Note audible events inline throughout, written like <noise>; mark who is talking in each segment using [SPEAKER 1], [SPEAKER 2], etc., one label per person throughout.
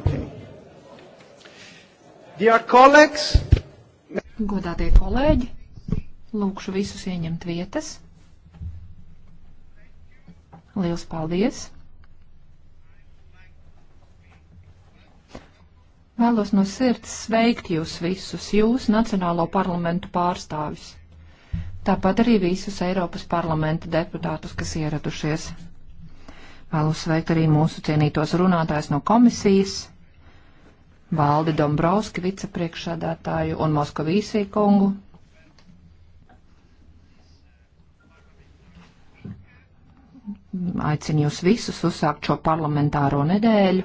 [SPEAKER 1] Okay.
[SPEAKER 2] Dear colleagues, Godātie kolēģi, lūkšu visus ieņemt vietas. Liels paldies! Vēlos no sirds sveikt jūs visus, jūs Nacionālo parlamentu pārstāvis. Tāpat arī visus Eiropas parlamenta deputātus, kas ieradušies. Vēlos sveikt arī mūsu cienītos runātājs no komisijas Valdi Dombrovski vicepriekšādātāju un Moskavīsī kungu. Aicinu jūs visus uzsākt šo parlamentāro nedēļu.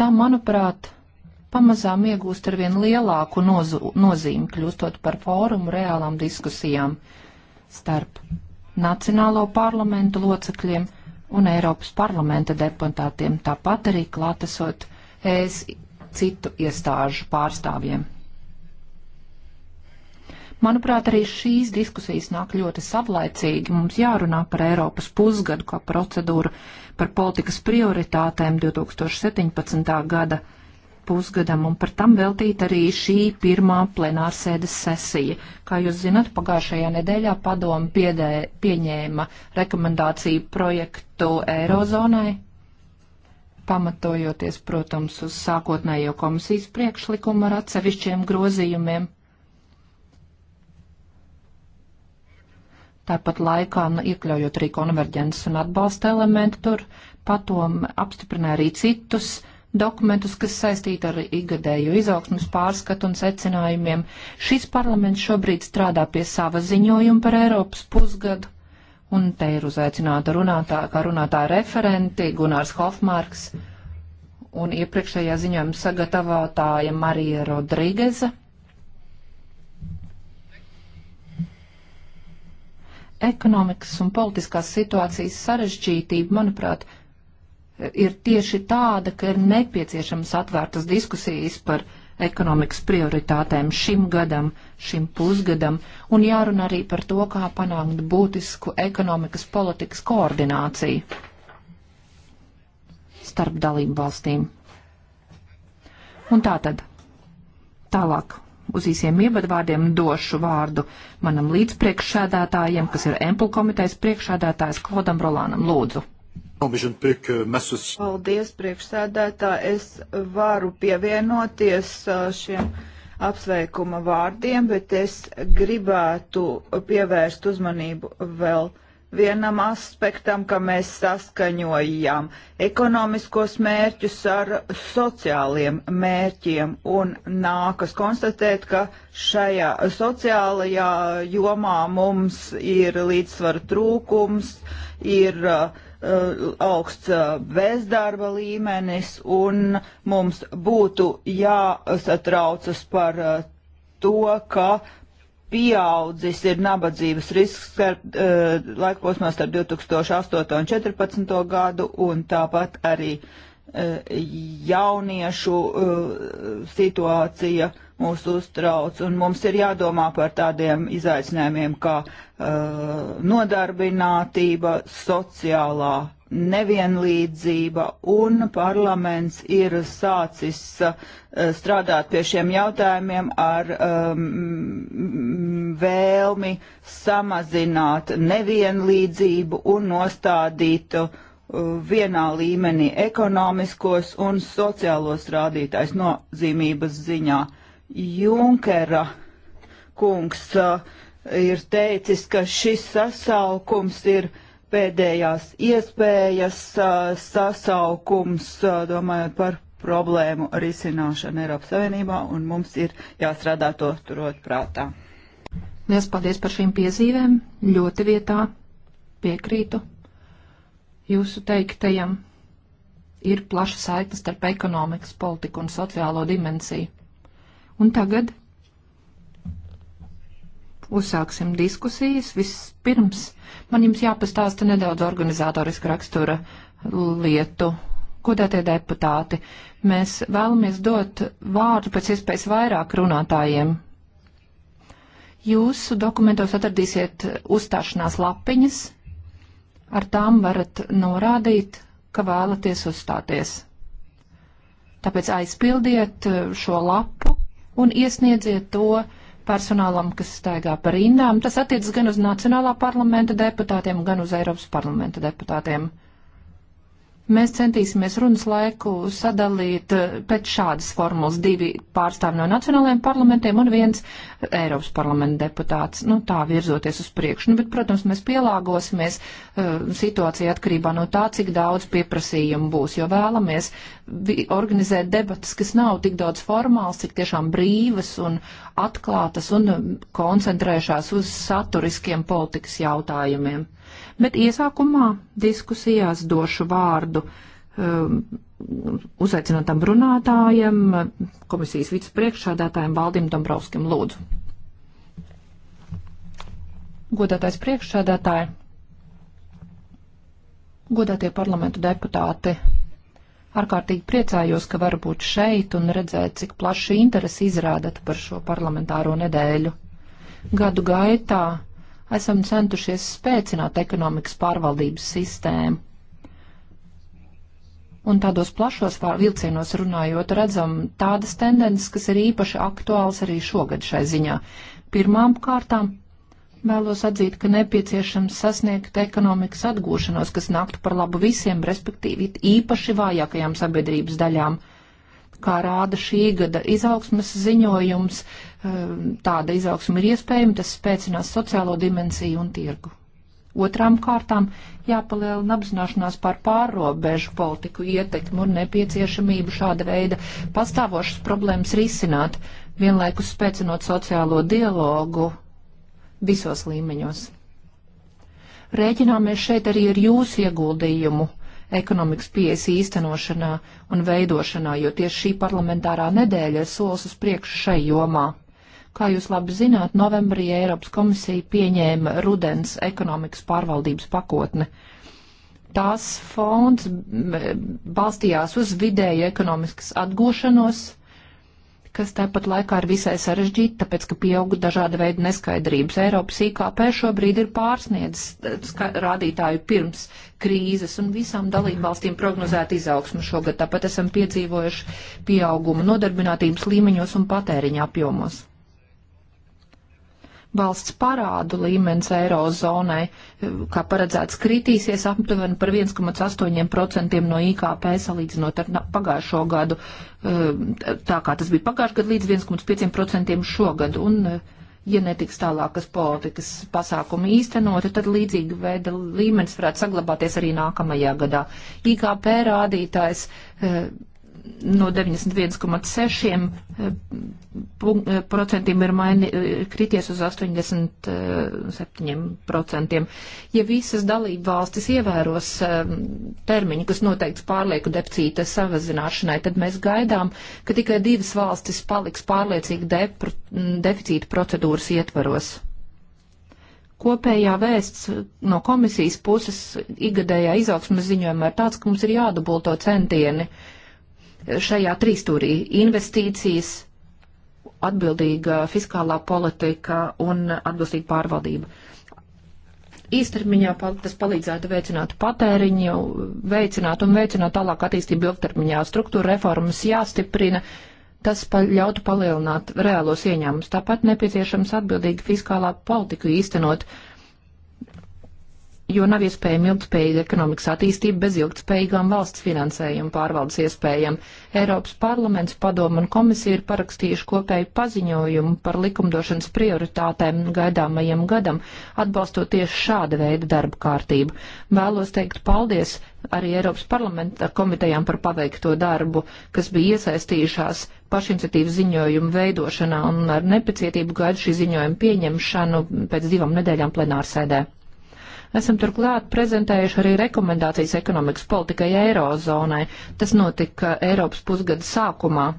[SPEAKER 2] Tā, manuprāt, pamazām iegūst ar vien lielāku nozu, nozīmi, kļūstot par fórumu reālām diskusijām starp Nacionālo parlamentu locekļiem un Eiropas parlamenta deputātiem, tāpat arī klātesot ES citu iestāžu pārstāvjiem. Manuprāt, arī šīs diskusijas nāk ļoti savlaicīgi. Mums jārunā par Eiropas pusgadu kā procedūru, par politikas prioritātēm 2017. gada pusgadam, un par tam veltīta arī šī pirmā plenārsēdes sesija. Kā jūs zinat, pagājušajā nedēļā padomu piedē, pieņēma rekomendāciju projektu Eirozonai, pamatojoties, protams, uz sākotnējo komisijas priekšlikumu ar atsevišķiem grozījumiem. Tāpat laikā, nu, iekļaujot arī konverģences un atbalsta elementu, tur patom apstiprināja arī citus uh, dokumentus, kas saistīti ar igadēju izaugsmas pārskatu un secinājumiem. Šis parlaments šobrīd strādā pie sava ziņojuma par Eiropas pusgadu, un te ir uzaicināta runātā, kā runātā referenti Gunārs Hofmārks un iepriekšējā ziņojuma sagatavotāja Marija Rodrīgeze. Ekonomikas un politiskās situācijas sarežģītība, manuprāt, ir tieši tāda, ka ir nepieciešams atvērtas diskusijas par ekonomikas prioritātēm šim gadam, šim pusgadam, un jārunā arī par to, kā panākt būtisku ekonomikas politikas koordināciju starp dalību valstīm. Un tā tad, tālāk uz īsiem ievadvārdiem došu vārdu manam līdzpriekšsēdētājiem, kas ir Empul komitejas priekšsēdētājs Klodam Rolānam
[SPEAKER 3] Lūdzu.
[SPEAKER 4] Paldies,
[SPEAKER 3] priekšsēdētā. Es varu pievienoties uh, šiem apsveikuma vārdiem, bet es gribētu pievērst uzmanību vēl vienam aspektam, ka mēs saskaņojām ekonomiskos mērķus ar sociāliem mērķiem un nākas konstatēt, ka šajā sociālajā jomā mums ir līdzsvara trūkums, ir uh, Uh, augsts uh, bezdarba līmenis un mums būtu jāsatraucas par uh, to, ka pieaudzis ir nabadzības risks ar, uh, laikposmā starp 2008 un 2014 gadu, un tāpat arī uh, jauniešu uh, situācija uh, mūs uztrauc, un mums ir jādomā par tādiem izaicinājumiem kā uh, nodarbinātība, sociālā nevienlīdzība, un parlaments ir sācis uh, strādāt pie šiem jautājumiem ar um, vēlmi samazināt nevienlīdzību un nostādīt uh, vienā līmenī ekonomiskos un sociālos rādītājs nozīmības ziņā. Uh, Junkera kungs uh, ir teicis, ka šis sasaukums ir pēdējās iespējas uh, sasaukums, uh, domājot par problēmu risināšanu Eiropas Savienībā, un mums ir jāstrādā to turot prātā. Liels paldies
[SPEAKER 2] par šīm piezīmēm. Ļoti vietā piekrītu jūsu teiktajam. Ir plaša saikne starp ekonomikas politiku un sociālo dimensiju. Un tagad uzsāksim diskusijas. Vispirms man jums jāpastāsta nedaudz organizatoriska rakstura lietu. Kodētie deputāti, mēs vēlamies dot vārdu pēc iespējas vairāk runātājiem. Jūsu dokumentos atradīsiet uzstāšanās lapiņas, ar tām varat norādīt, ka vēlaties uzstāties. Tāpēc aizpildiet šo lapu un iesniedziet to personālam, kas staigā par rindām. Tas attiecas gan uz Nacionālā parlamenta deputātiem, gan uz Eiropas parlamenta deputātiem. Mēs centīsimies runas laiku sadalīt eh, pēc šādas formulas divi pārstāvi no nacionālajiem parlamentiem un viens Eiropas parlamenta deputāts. Nu, tā virzoties uz priekšu. Nu, bet, protams, mēs pielāgosimies uh, situācijai atkarībā no tā, cik daudz pieprasījumu būs, jo vēlamies organizēt debatas, kas nav tik daudz formāls, cik tiešām brīvas un atklātas un eh, koncentrējušās uz saturiskiem politikas jautājumiem. Bet iesākumā diskusijās došu vārdu um, uzaicinātam runātājam, komisijas vicepriekšādātājam Valdim Dombrovskim lūdzu. Godātais priekšsādātāji, godātie parlamentu deputāti, ārkārtīgi priecājos, ka varu būt šeit un redzēt, cik plaši interesi izrādat par šo parlamentāro nedēļu. Gadu gaitā esam centušies spēcināt ekonomikas pārvaldības sistēmu. Un tādos plašos vilcienos runājot, redzam tādas tendences, kas ir īpaši aktuāls arī šogad šai ziņā. Pirmām kārtām vēlos atzīt, ka nepieciešams sasniegt ekonomikas atgūšanos, kas nāktu par labu visiem, respektīvi īpaši vājākajām sabiedrības daļām kā rāda šī gada izaugsmas ziņojums, eh, tāda izaugsma ir iespējama, tas spēcinās sociālo dimensiju un tirgu. Otrām kārtām jāpalielina apzināšanās par pārrobežu politiku ietekmu un nepieciešamību šāda veida pastāvošas problēmas risināt, vienlaikus spēcinot sociālo dialogu visos līmeņos. Rēķināmies šeit arī ar jūsu ieguldījumu ekonomikas pieejas īstenošanā un veidošanā, jo tieši šī parlamentārā nedēļa ir solis uz priekšu šai jomā. Kā jūs labi zināt, novembrī Eiropas komisija pieņēma rudens ekonomikas pārvaldības pakotni. Tās fonds balstījās uz vidēju ekonomiskas atgūšanos, kas tāpat laikā ir visai sarežģīta, tāpēc, ka pieauga dažāda veida neskaidrības. Eiropas IKP šobrīd ir pārsniedzis eh, rādītāju pirms krīzes un visām dalībvalstīm prognozēta izaugsma šogad. Tāpat esam piedzīvojuši pieaugumu nodarbinātības līmeņos un patēriņa apjomos valsts parādu līmenis eirozonai, kā paredzēts, kritīsies aptuveni par 1,8% no IKP salīdzinot ar pagājušo gadu, ehm, tā kā tas bija pagājušajā gadā, līdz 1,5% šogad. Un, eh, ja netiks tālākas politikas pasākumi īstenoti, tad līdzīga veida līmenis varētu saglabāties arī nākamajā gadā. IKP rādītājs ehm, no 91,6% eh, eh, ir, maini, ir eh, krities uz 87%. Ja visas dalība valstis ievēros termiņu, kas noteikts pārlieku deficīta savazināšanai, tad mēs gaidām, ka tikai divas valstis paliks pārliecīgi depr, deficīta procedūras ietvaros. Kopējā vēsts no komisijas puses igadējā izaugsmas ziņojumā ir tāds, ka mums ir jādubulto centieni uh, šajā trīstūrī - investīcijas, atbildīga fiskālā politika un atbilstīga pārvaldība. Īstermiņā tas palīdzētu veicināt patēriņu, veicināt un veicināt tālāk attīstību ilgtermiņā. Struktūra reformas jāstiprina, tas ļautu palielināt reālos ieņēmumus. Tāpat nepieciešams atbildīga fiskālā politika īstenot. Uh, jo nav iespējama ilgspējīga ekonomikas attīstība bez ilgspējīgām valsts finansējuma pārvaldes iespējām. Eiropas parlaments, padoma un komisija ir parakstījuši kopēju paziņojumu par likumdošanas prioritātēm gaidāmajam gadam, atbalstot tieši šāda veida darba kārtību. Vēlos teikt paldies arī Eiropas parlamenta komitejām par paveikto darbu, kas bija iesaistījušās pašiniciatīvas ziņojumu veidošanā un ar nepacietību gaidu šī ziņojuma pieņemšanu pēc divām nedēļām plenārsēdē. Esam turklāt prezentējuši arī rekomendācijas ekonomikas politikai Eirozonai. Tas notika Eiropas pusgada sākumā.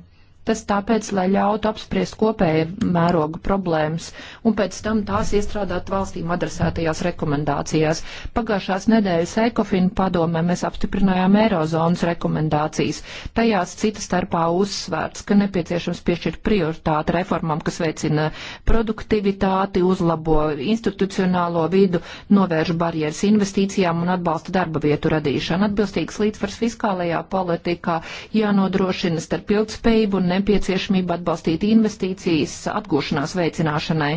[SPEAKER 2] Tas tāpēc, lai ļautu apspriest kopēja mēroga problēmas un pēc tam tās iestrādāt valstīm adresētajās rekomendācijās. Pagājušās nedēļas ECOFIN padomē mēs apstiprinājām Eirozonas rekomendācijas. Tajās cita starpā uzsvērts, ka nepieciešams piešķirt prioritāti reformām, kas veicina produktivitāti, uzlabo institucionālo vidu, novērš barjeras investīcijām un atbalsta darba vietu radīšanu. Atbilstīgs līdzsvars fiskālajā politikā jānodrošina starp ilgspējību un nepieciešamību atbalstīt investīcijas atgūšanās veicināšanai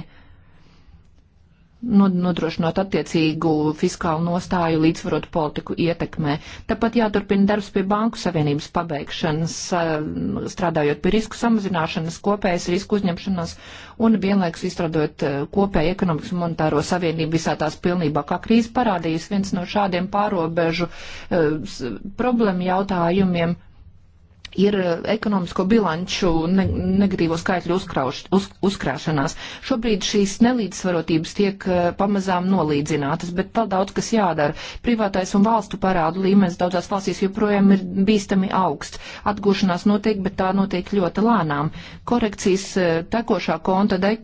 [SPEAKER 2] nodrošinot attiecīgu fiskālu nostāju līdzvarot politiku ietekmē. Tāpat jāturpina darbs pie Banku Savienības pabeigšanas, eh, strādājot pie risku samazināšanas, kopējas risku uzņemšanas un vienlaikus izstrādājot eh, kopēju ekonomikas un monetāro savienību visā tās pilnībā. Kā krīze parādījis, viens no šādiem pārobežu eh, problēmu jautājumiem ir e, ekonomisko bilanču ne, negatīvo skaitļu uzkrauš, uz, uzkrāšanās. Šobrīd šīs nelīdzsvarotības tiek e, pamazām nolīdzinātas, bet vēl daudz kas jādara. Privātais un valstu parādu līmenis daudzās valstīs joprojām ir bīstami augsts. Atgūšanās notiek, bet tā notiek ļoti lēnām. Korekcijas e, tekošā konta de,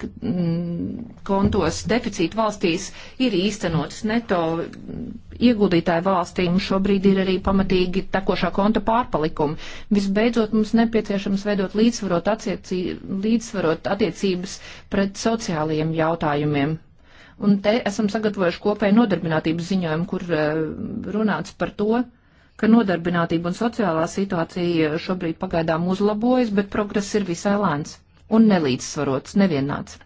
[SPEAKER 2] kontos deficīta valstīs ir īstenotas neto ieguldītāju valstīm šobrīd ir arī pamatīgi tekošā konta pārpalikumi. Visbeidzot, mums nepieciešams veidot līdzsvarot, attiecī, līdzsvarot attiecības pret sociālajiem jautājumiem. Un te esam sagatavojuši kopēju nodarbinātības ziņojumu, kur eh, runāts par to, ka nodarbinātība un sociālā situācija šobrīd pagaidām uzlabojas, bet progress ir visai lēns un nelīdzsvarots, nevienāds.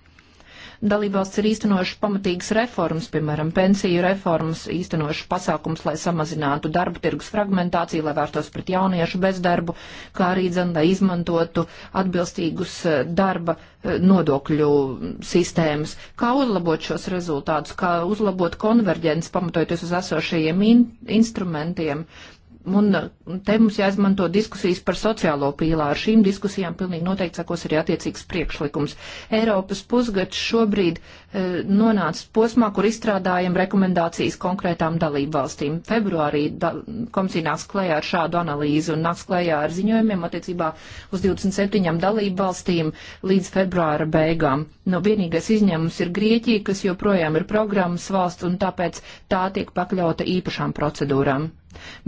[SPEAKER 2] Dalībvalsts ir īstenojuši pamatīgas reformas, piemēram, pensiju reformas, īstenojuši pasākums, lai samazinātu darba tirgus fragmentāciju, lai vērstos pret jauniešu bezdarbu, kā arī dzen, lai izmantotu atbilstīgus eh, darba eh, nodokļu mm, sistēmas. Kā uzlabot šos rezultātus, kā uzlabot konverģences, pamatojoties uz esošajiem in instrumentiem, Un te mums jāizmanto diskusijas par sociālo pīlāru. Šīm diskusijām pilnīgi noteikti sakos arī attiecīgs priekšlikums. Eiropas pusgads šobrīd E, nonācis posmā, kur izstrādājam rekomendācijas konkrētām dalību valstīm. Februārī da, komisija nāks klējā ar šādu analīzi un nāks klējā ar ziņojumiem attiecībā uz 27 dalību valstīm līdz februāra beigām. No nu, vienīgais izņēmums ir Grieķija, kas joprojām ir programmas valsts un tāpēc tā tiek pakļauta īpašām procedūrām.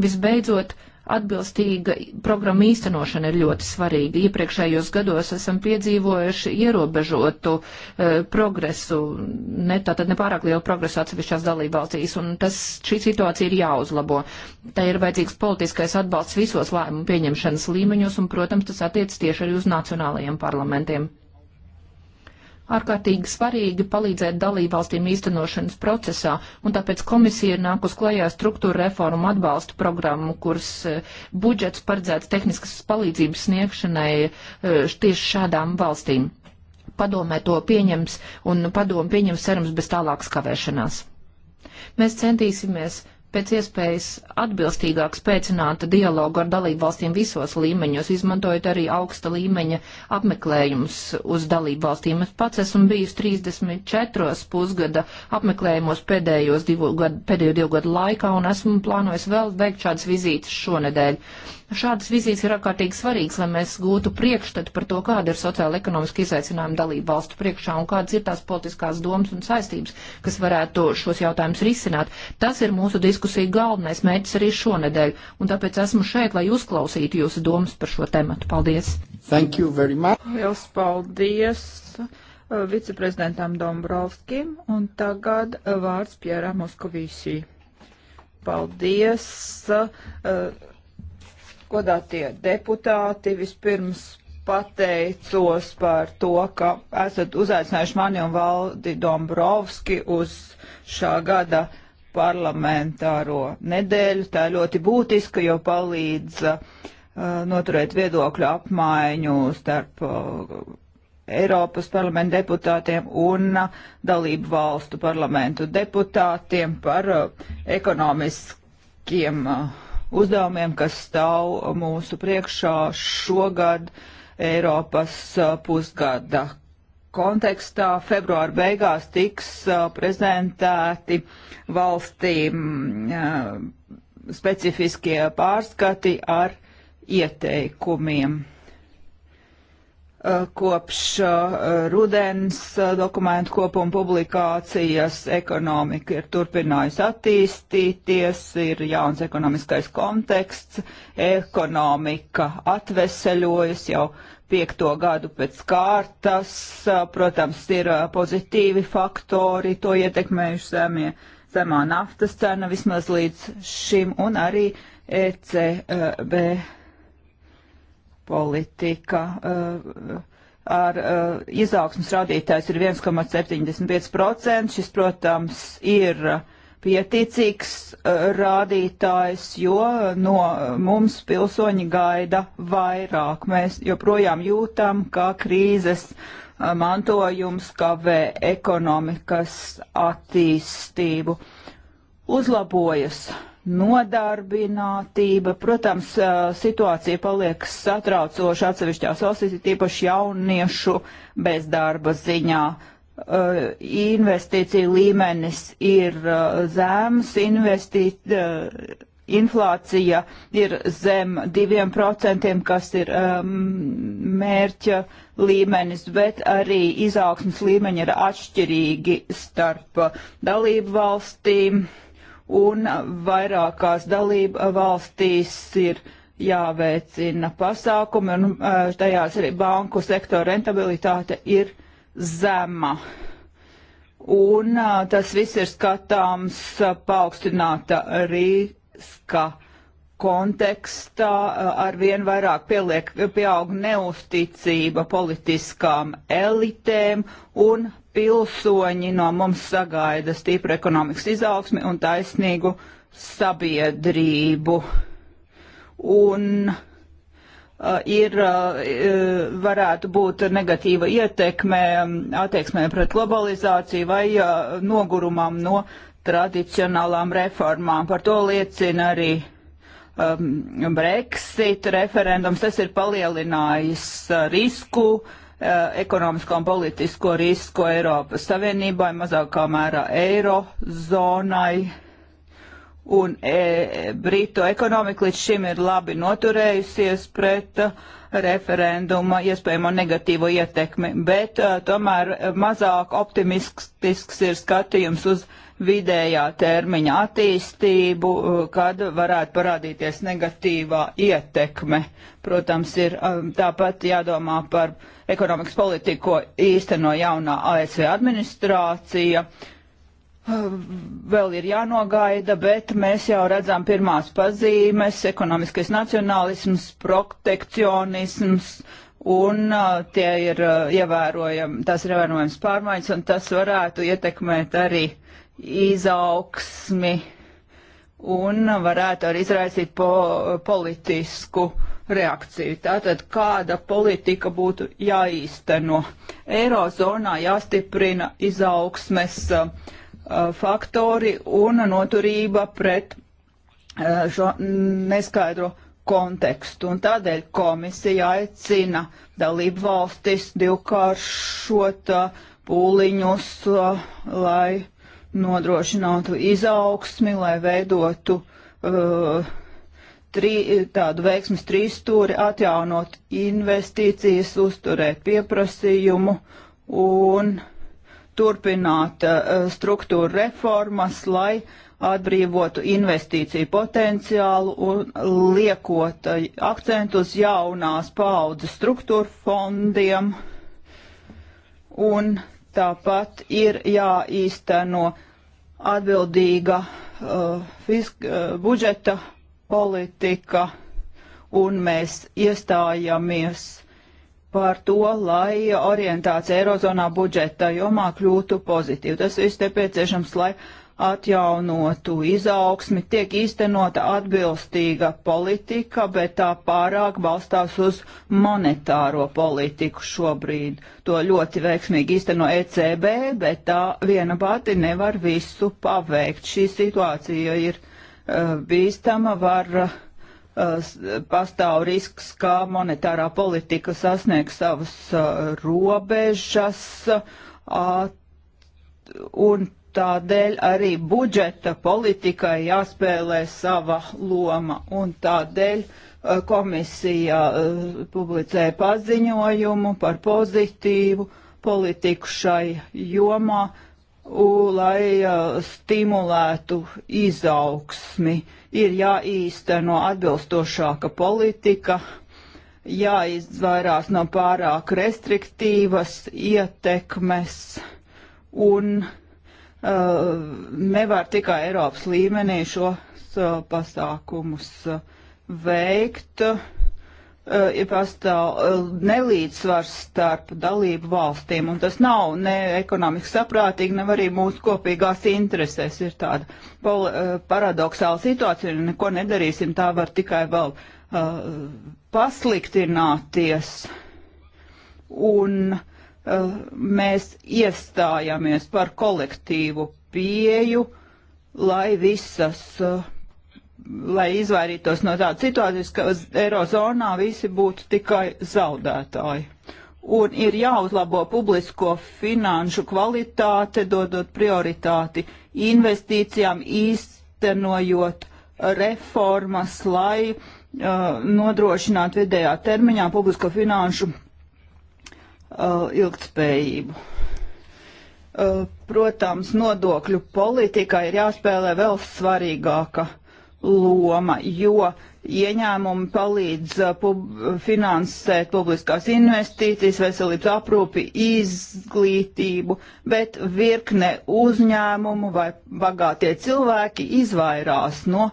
[SPEAKER 2] Visbeidzot, uh, atbilstīga programma īstenošana ir ļoti svarīga. Iepriekšējos gados esam piedzīvojuši ierobežotu e, progresu, ne tātad nepārāk lielu progresu atsevišķās dalībvalstīs, un tas, šī situācija ir jāuzlabo. Tā ir vajadzīgs politiskais atbalsts visos lēmumu pieņemšanas līmeņos, un, protams, tas attiec tieši arī uz nacionālajiem parlamentiem ārkārtīgi svarīgi palīdzēt dalībvalstīm īstenošanas procesā, un tāpēc komisija ir nākus klajā struktūra reformu atbalstu programmu, kuras e, budžets paredzēts tehniskas palīdzības sniegšanai e, tieši šādām valstīm. Padomē to pieņems, un padomu pieņems cerams bez tālākas kavēšanās. Mēs centīsimies pēc iespējas atbilstīgāk spēcināta dialogu ar dalību valstīm visos līmeņos, izmantojot arī augsta līmeņa apmeklējumus uz dalību valstīm. Es pats esmu bijis 34 pusgada apmeklējumos pēdējos divu gadu, pēdējo divu gadu laikā un esmu plānojis vēl veikt šādas vizītes šonedēļ. Šādas vizijas ir ārkārtīgi svarīgas, lai mēs gūtu priekšstatu par to, kāda ir sociāla ekonomiska izaicinājuma dalība valstu priekšā un kādas ir tās politiskās domas un saistības, kas varētu šos jautājumus risināt. Tas ir mūsu diskusija galvenais mērķis arī šonedēļ, un tāpēc esmu šeit, lai uzklausītu jūsu domas par šo tematu. Paldies!
[SPEAKER 1] Thank you very much!
[SPEAKER 3] Liels paldies uh, viceprezidentam Dombrovskim, un tagad uh, vārds Pjēram Moskovīsī. Paldies! Uh, godātie deputāti, vispirms pateicos par to, ka esat uzaicinājuši mani un valdi Dombrovski uz šā gada parlamentāro nedēļu. Tā ir ļoti būtiska, jo palīdz uh, noturēt viedokļu apmaiņu starp uh, Eiropas parlamenta deputātiem un uh, dalību valstu parlamentu deputātiem par uh, ekonomiskiem uh, uzdevumiem, kas stāv mūsu priekšā šogad Eiropas pusgada kontekstā. Februāra beigās tiks prezentēti valstīm specifiskie pārskati ar ieteikumiem. Eh, kopš eh, rudens eh, dokumentu kopuma publikācijas ekonomika ir turpinājusi attīstīties, ir jauns ekonomiskais konteksts, ekonomika atveseļojas jau piekto gadu pēc kārtas, protams, ir pozitīvi faktori, to ietekmējuši zemie, zemā naftas cena vismaz līdz šim un arī ECB politika. Eh, ar eh, izaugsmas rādītājs ir 1,75%. Šis, protams, ir pieticīgs eh, rādītājs, jo no mums pilsoņi gaida vairāk. Mēs joprojām jūtam, kā krīzes mantojums kavē ekonomikas attīstību. Uzlabojas nodarbinātība. Protams, situācija paliek satraucoša atsevišķās valstīs, tīpaši jauniešu bezdarba ziņā. Investīcija līmenis ir zems, investīcija inflācija ir zem 2%, kas ir um, mērķa līmenis, bet arī izaugsmas līmeņi ir atšķirīgi starp dalību valstīm. Uh, un vairākās dalība valstīs ir jāveicina pasākumi, un uh, tajās arī banku sektora rentabilitāte ir zema. Un uh, tas viss ir skatāms uh, paaugstināta riska kontekstā, ar vien vairāk pieliek, pieaug neusticība politiskām elitēm un pilsoņi no mums sagaida stipru ekonomikas izaugsmi un taisnīgu sabiedrību. Un uh, ir, uh, uh varētu būt negatīva ietekme um, attieksmē pret globalizāciju vai uh, nogurumam no tradicionālām reformām. Par to liecina arī um, Brexit referendums. Tas ir palielinājis uh, risku uh, Eh, ekonomisko un politisko risku Eiropas Savienībai, mazākā mērā eirozonai. Un e, Britu ekonomika līdz šim ir labi noturējusies pret eh, referenduma iespējamo negatīvo ietekmi, bet eh, tomēr mazāk optimistisks ir skatījums uz vidējā termiņa attīstību, eh, kad varētu parādīties negatīvā ietekme. Protams, ir eh, tāpat jādomā par ekonomikas politiku, ko īsteno jaunā ASV administrācija. Eh, vēl ir jānogaida, bet mēs jau redzam pirmās pazīmes - ekonomiskais nacionālisms, protekcionisms, un uh, tie ir uh, ievērojami, tas ir ievērojams pārmaiņas, un tas varētu ietekmēt arī uh, izaugsmi un varētu arī izraisīt po, politisku reakciju. Tātad kāda politika būtu jāīsteno? Eirozonā jāstiprina izaugsmes uh, faktori un noturība pret uh, šo neskaidro kontekstu, un tādēļ komisija aicina dalību valstis divkāršot uh, pūliņus, uh, lai nodrošinātu izaugsmi, lai veidotu uh, tri, tādu veiksmes trīsstūri, atjaunot investīcijas, uzturēt pieprasījumu un turpināt uh, struktūra reformas, lai atbrīvotu investīciju potenciālu un liekot uh, akcentu uz jaunās paaudzes struktūra fondiem un Tāpat ir jāīsteno atbildīga uh, fisk, uh, budžeta politika, un mēs iestājamies par to, lai orientācija Eirozonā budžeta jomā kļūtu pozitīva. Tas viss nepieciešams, lai uh, atjaunotu izaugsmi, tiek īstenota atbilstīga politika, bet tā pārāk balstās uz monetāro politiku šobrīd. To ļoti veiksmīgi īsteno ECB, bet tā viena pati nevar visu paveikt. Šī situācija ir uh, bīstama, var uh, pastāv risks, ka monetārā politika sasniegs savas uh, robežas. Uh, un Tādēļ arī budžeta politikai jāspēlē sava loma, un tādēļ eh, komisija uh, publicē paziņojumu par pozitīvu politiku šai jomā, uh, lai uh, stimulētu izaugsmi. Ir jāīsteno atbilstošāka politika, jāizvairās no pārāk restriktīvas ietekmes un uh, Uh, nevar tikai Eiropas līmenī šos uh, pasākumus uh, veikt. Ja pastāv nelīdzsvars starp dalību valstīm, un tas nav ne ekonomiski saprātīgi, ne arī mūsu kopīgās interesēs. Ir tāda paradoxāla situācija, ja neko nedarīsim, tā var tikai vēl uh, pasliktināties. Un uh, Eh, mēs iestājamies par kolektīvu pieju, lai visas, eh, lai izvairītos no tādas situācijas, ka Eirozonā visi būtu tikai zaudētāji. Un ir jāuzlabo publisko finanšu kvalitāte, dodot prioritāti investīcijām, īstenojot reformas, lai uh, eh, nodrošinātu vidējā termiņā publisko finanšu kvalitāti Uh, ilgtspējību. Uh, protams, nodokļu politikā ir jāspēlē vēl svarīgāka loma, jo ieņēmumi palīdz uh, pub finansēt publiskās investīcijas, veselības aprūpi, izglītību, bet virkne uzņēmumu vai bagātie cilvēki izvairās no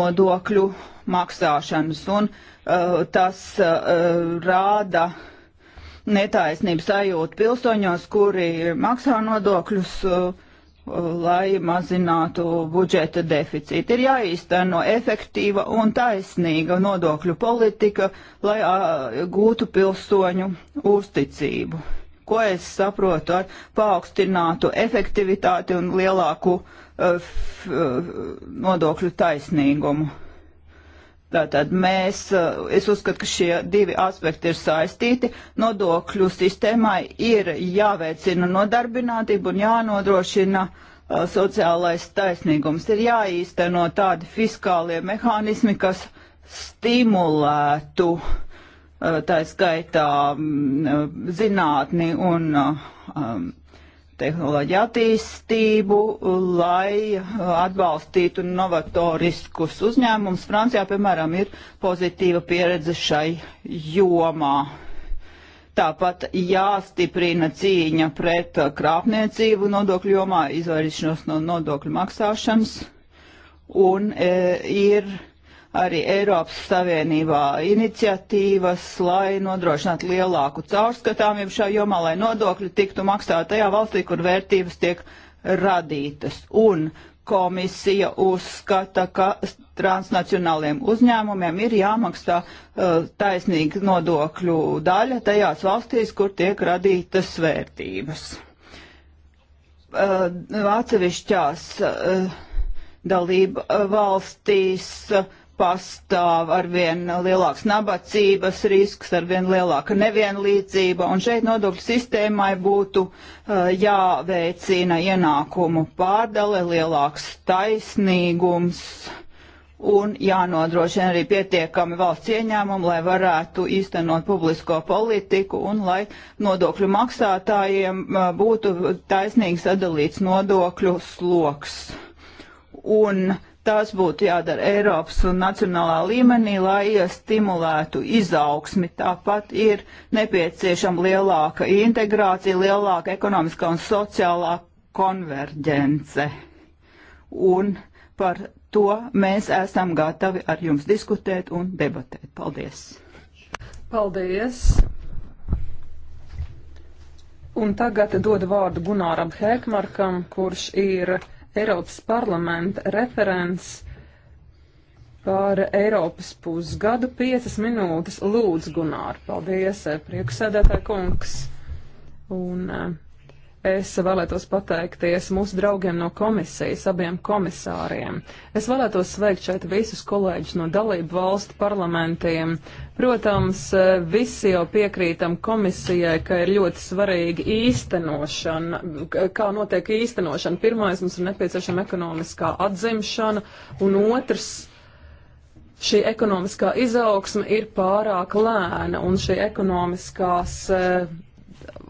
[SPEAKER 3] nodokļu maksāšanas, un uh, tas uh, rāda uh, netaisnības sajūtu pilsoņos, kuri maksā nodokļus, uh, lai mazinātu budžeta deficītu. Ir jāīsteno efektīva un taisnīga nodokļu politika, lai uh, gūtu pilsoņu uzticību. Ko es saprotu ar paaugstinātu efektivitāti un lielāku uh, nodokļu taisnīgumu? Tātad mēs, eh, es uzskatu, ka šie divi aspekti ir saistīti. Nodokļu sistēmai ir jāveicina nodarbinātība un jānodrošina eh, sociālais taisnīgums. Ir jāīsteno tādi fiskālie mehānismi, kas stimulētu eh, tā skaitā mm, zinātni un tehnoloģiju attīstību, lai uh, atbalstītu novatoriskus uzņēmumus. Francijā, piemēram, ir pozitīva pieredze šai jomā. Tāpat jāstiprina cīņa pret uh, krāpniecību nodokļu jomā, izvairīšanos no nodokļu maksāšanas, un e, ir arī Eiropas Savienībā iniciatīvas, lai nodrošinātu lielāku caurskatāmību šā jomā, lai nodokļi tiktu maksāti tajā valstī, kur vērtības tiek radītas. Un komisija uzskata, ka transnacionāliem uzņēmumiem ir jāmaksā uh, taisnīga nodokļu daļa tajās valstīs, kur tiek radītas vērtības. Uh, atsevišķās uh, dalība uh, valstīs uh, pastāv arvien lielāks nabadzības risks, arvien lielāka nevienlīdzība, un šeit nodokļu sistēmai būtu uh, jāveicina ienākumu pārdale, lielāks taisnīgums un jānodrošina arī pietiekami valsts ieņēmumi, lai varētu īstenot publisko politiku un lai nodokļu maksātājiem uh, būtu taisnīgi sadalīts nodokļu sloks. Un uh, tās būtu jādara Eiropas un nacionālā līmenī, lai stimulētu izaugsmi. Tāpat ir nepieciešama lielāka integrācija, lielāka ekonomiskā un sociālā konverģence. Un par to mēs esam gatavi ar jums diskutēt
[SPEAKER 5] un debatēt. Paldies! Paldies! Un tagad dodu vārdu Gunāram Hēkmarkam, kurš ir Eiropas parlamenta referents par Eiropas pusgadu. Piecas minūtes lūdzu, Gunār. Paldies, eh, prieksēdētāji kungs. Un, uh, Es vēlētos pateikties mūsu draugiem no komisijas, abiem komisāriem. Es vēlētos sveikt šeit visus kolēģus no dalību valstu parlamentiem. Protams, visi jau piekrītam komisijai, ka ir ļoti svarīgi īstenošana, kā notiek īstenošana. Pirmais mums ir nepieciešama ekonomiskā atzimšana, un otrs šī ekonomiskā izaugsme ir pārāk lēna un šī ekonomiskās eh,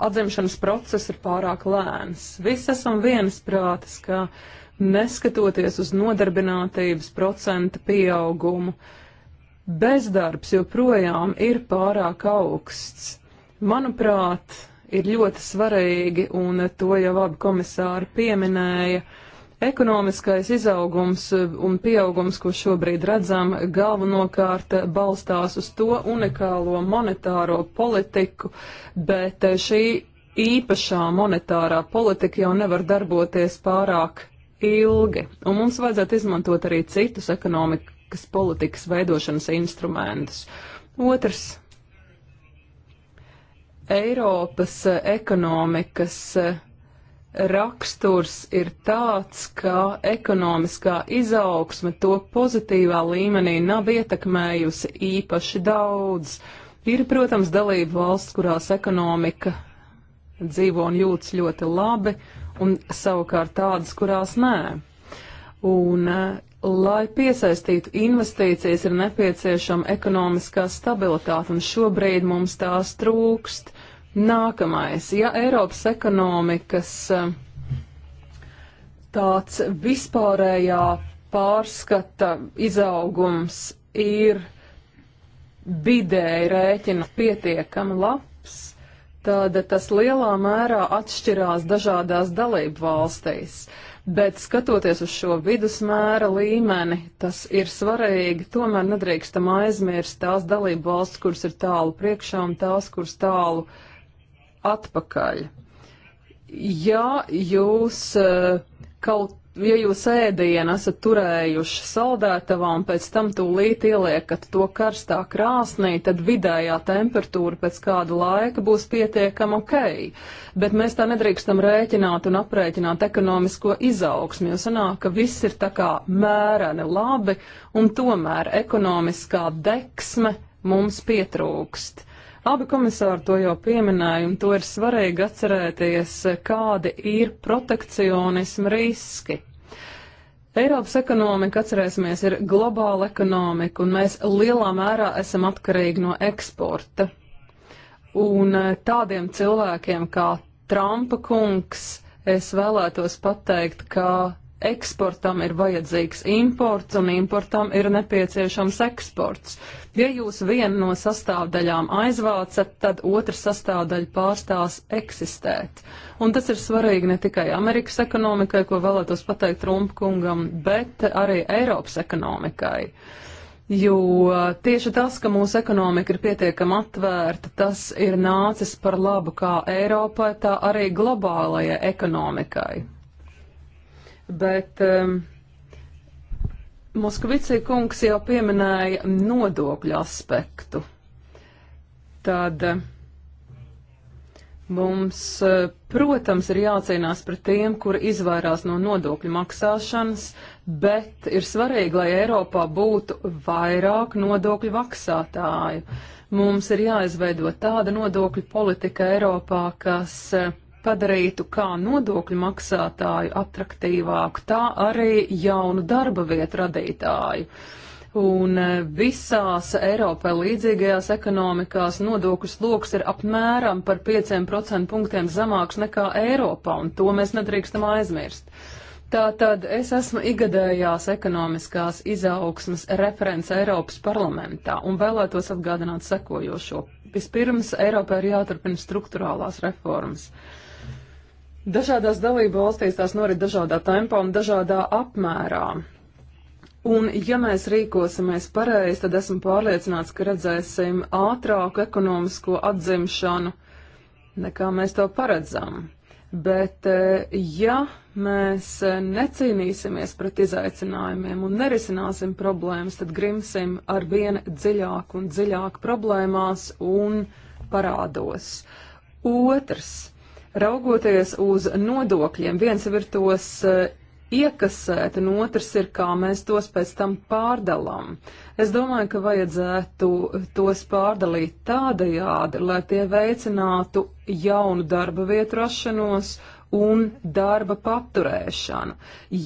[SPEAKER 5] atzimšanas process ir pārāk lēns. Visi esam viensprātis, ka neskatoties uz nodarbinātības procenta pieaugumu, bezdarbs joprojām ir pārāk augsts. Manuprāt, ir ļoti svarīgi, un to jau abi komisāri pieminēja, uh, Ekonomiskais izaugums e, un pieaugums, ko šobrīd redzam, galvenokārt balstās uz to unikālo monetāro politiku, bet šī īpašā monetārā politika jau nevar darboties pārāk ilgi, un mums vajadzētu izmantot arī citus ekonomikas politikas veidošanas instrumentus. Otrs Eiropas ekonomikas e, raksturs ir tāds, ka ekonomiskā izaugsme to pozitīvā līmenī nav ietekmējusi īpaši daudz. Ir, protams, dalība valsts, kurās ekonomika dzīvo un jūtas ļoti labi, un savukārt tādas, kurās nē. Un, eh, lai piesaistītu investīcijas, ir nepieciešama ekonomiskā stabilitāte, un šobrīd mums tās trūkst. Nākamais, ja Eiropas ekonomikas eh, tāds vispārējā pārskata izaugums ir vidēji rēķina pietiekami labs, tad tas lielā mērā atšķirās dažādās dalību valstīs. Bet skatoties uz šo vidusmēra līmeni, tas ir svarīgi. Tomēr nedrīkstam aizmirst tās dalību valsts, kuras ir tālu priekšā un tās, kuras tālu uh, atpakaļ. Ja jūs eh, kaut ja jūs ēdienu esat turējuši saldētavā un pēc tam tūlīt ieliekat to karstā krāsnī, tad vidējā temperatūra pēc kāda laika būs pietiekama ok. Bet mēs tā nedrīkstam rēķināt un aprēķināt ekonomisko izaugsmu, jo sanāk, ka viss ir tā kā mēreni labi un tomēr ekonomiskā deksme mums pietrūkst. Abi komisāri to jau pieminēja, un to ir svarīgi atcerēties, kādi ir protekcionisma riski. Eiropas ekonomika, atcerēsimies, ir globāla ekonomika, un mēs lielā mērā esam atkarīgi no eksporta. Un eh, tādiem cilvēkiem kā Trumpa kungs es vēlētos pateikt, ka eksportam ir vajadzīgs imports un importam ir nepieciešams eksports. Ja jūs vienu no sastāvdaļām aizvācat, tad otra sastāvdaļa pārstās eksistēt. Un tas ir svarīgi ne tikai Amerikas ekonomikai, ko vēlētos pateikt Trumpkungam, bet arī Eiropas ekonomikai. Jo tieši tas, ka mūsu ekonomika ir pietiekami atvērta, tas ir nācis par labu kā Eiropai, tā arī globālajai ekonomikai bet um, Moskvici kungs jau pieminēja nodokļu aspektu. Tad uh, mums, uh, protams, ir jācīnās pret tiem, kuri izvairās no nodokļu maksāšanas, bet ir svarīgi, lai Eiropā būtu vairāk nodokļu maksātāju. Mums ir jāizveido tāda nodokļu politika Eiropā, kas uh, padarītu kā nodokļu maksātāju attraktīvāku, tā arī jaunu darba vietu radītāju. Un e, visās Eiropai līdzīgajās ekonomikās nodokļu sloks ir apmēram par 5% punktiem zemāks nekā Eiropā, un to mēs nedrīkstam aizmirst. Tātad es esmu igadējās ekonomiskās izaugsmas referents Eiropas parlamentā un vēlētos atgādināt sekojošo. Vispirms Eiropā ir jāturpina struktūrālās reformas. Uh, Dažādās dalību valstīs tās norit dažādā tempā un dažādā apmērā. Un, ja mēs rīkosimies pareizi, tad esmu pārliecināts, ka redzēsim ātrāku ekonomisko atzimšanu, nekā mēs to paredzam. Bet, eh, ja mēs eh, necīnīsimies pret izaicinājumiem un nerisināsim problēmas, tad grimsim ar vien dziļāk un dziļāk problēmās un parādos. Otrs Raugoties uz nodokļiem, viens jau ir tos eh, iekasēt, un otrs ir, kā mēs tos pēc tam pārdalām. Es domāju, ka vajadzētu tos pārdalīt tādajādi, lai tie veicinātu jaunu darba vietu rašanos un darba paturēšanu.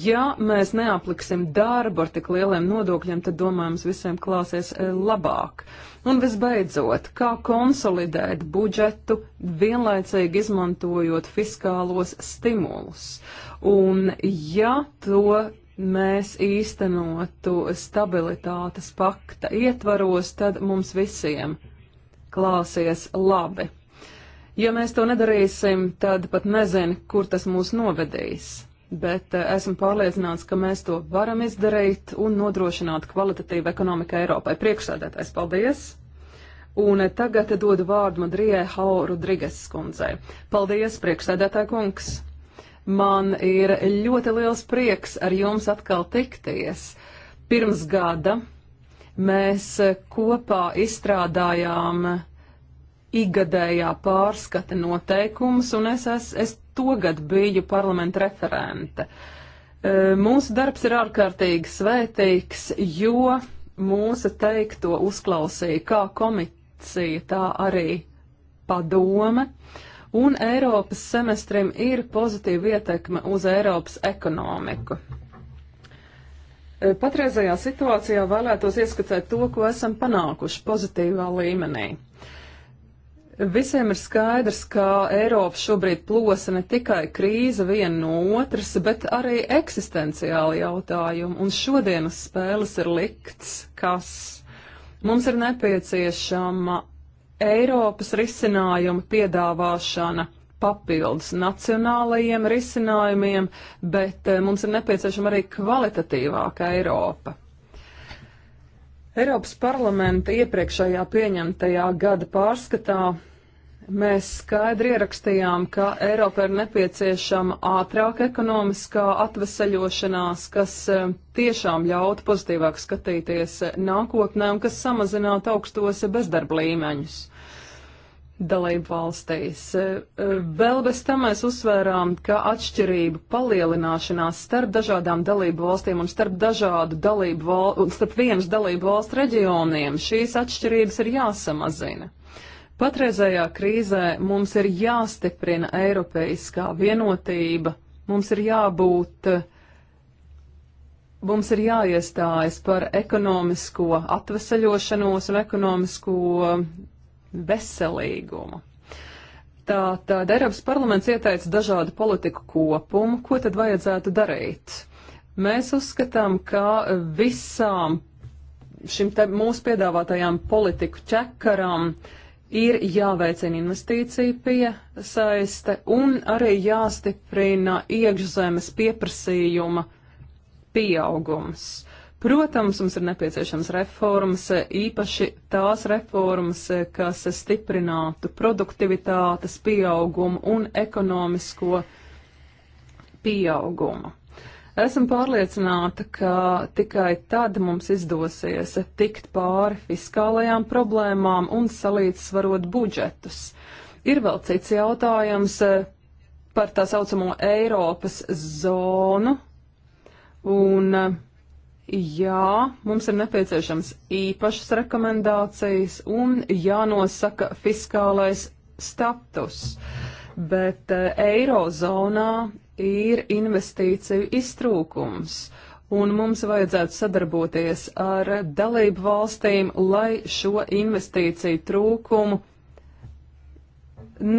[SPEAKER 5] Ja mēs neapliksim darbu ar tik lieliem nodokļiem, tad domājams visiem klāsies eh, labāk. Uh, Un visbeidzot, kā konsolidēt budžetu, vienlaicīgi izmantojot fiskālos stimulus. Un ja to mēs īstenotu stabilitātes pakta ietvaros, tad mums visiem klāsies labi. Ja mēs to nedarīsim, tad pat nezinu, kur tas mūs novedīs bet eh, esmu pārliecināts, ka mēs to varam izdarīt un nodrošināt kvalitatīvu ekonomiku Eiropai. Priekšsēdētājs, paldies! Un eh, tagad dodu vārdu Madrijai Hau Rodriges skundzei. Paldies, priekšsēdētāja kungs! Man ir ļoti liels prieks ar jums atkal tikties. Pirms gada mēs eh, kopā izstrādājām igadējā pārskata noteikumus, un es, es, es to gadu biju parlamenta referente. E, mūsu darbs ir ārkārtīgi svētīgs, jo mūsu teikto uzklausīja kā komisija, tā arī padome, un Eiropas semestrim ir pozitīva ietekme uz Eiropas ekonomiku. E, patreizajā situācijā vēlētos ieskatīt to, ko esam panākuši pozitīvā līmenī. Visiem ir skaidrs, ka Eiropa šobrīd plosa ne tikai krīze viena no otras, bet arī eksistenciāli jautājumi, un šodienas spēles ir likts, kas mums ir nepieciešama Eiropas risinājuma piedāvāšana papildus nacionālajiem risinājumiem, bet eh, mums ir nepieciešama arī kvalitatīvāka Eiropa. Eiropas parlamenta iepriekšējā pieņemtajā gada pārskatā mēs skaidri ierakstījām, ka Eiropa ir nepieciešama ātrāka ekonomiskā atvesaļošanās, kas e, tiešām ļautu pozitīvāk skatīties nākotnē un kas samazinātu augstos bezdarba līmeņus dalību valstīs. E, vēl bez tam mēs uzsvērām, ka atšķirība palielināšanās starp dažādām dalību valstīm un starp dažādu dalību valstu un starp vienas dalību valstu reģioniem šīs atšķirības ir jāsamazina. Patreizējā krīzē mums ir jāstiprina eiropeiskā vienotība, mums ir jābūt Mums ir jāiestājas par ekonomisko atvesaļošanos un ekonomisko veselīgumu. Tātad Eiropas parlaments ieteica dažādu politiku kopumu, ko tad vajadzētu darīt. Mēs uzskatām, ka visām šim te mūsu piedāvātajām politiku čekaram ir jāveicina investīcija piesaiste un arī jāstiprina iekšzemes pieprasījuma pieaugums. Protams, mums ir nepieciešams reformas, īpaši tās reformas, kas stiprinātu produktivitātes pieaugumu un ekonomisko pieaugumu. Esmu pārliecināta, ka tikai tad mums izdosies tikt pāri fiskālajām problēmām un salīdzsvarot budžetus. Ir vēl cits jautājums par tā saucamo Eiropas zonu. Un, uh, Jā, mums ir nepieciešams īpašas rekomendācijas un jānosaka fiskālais status, bet eh, eirozonā ir investīciju iztrūkums. Un mums vajadzētu sadarboties ar dalību valstīm, lai šo investīciju trūkumu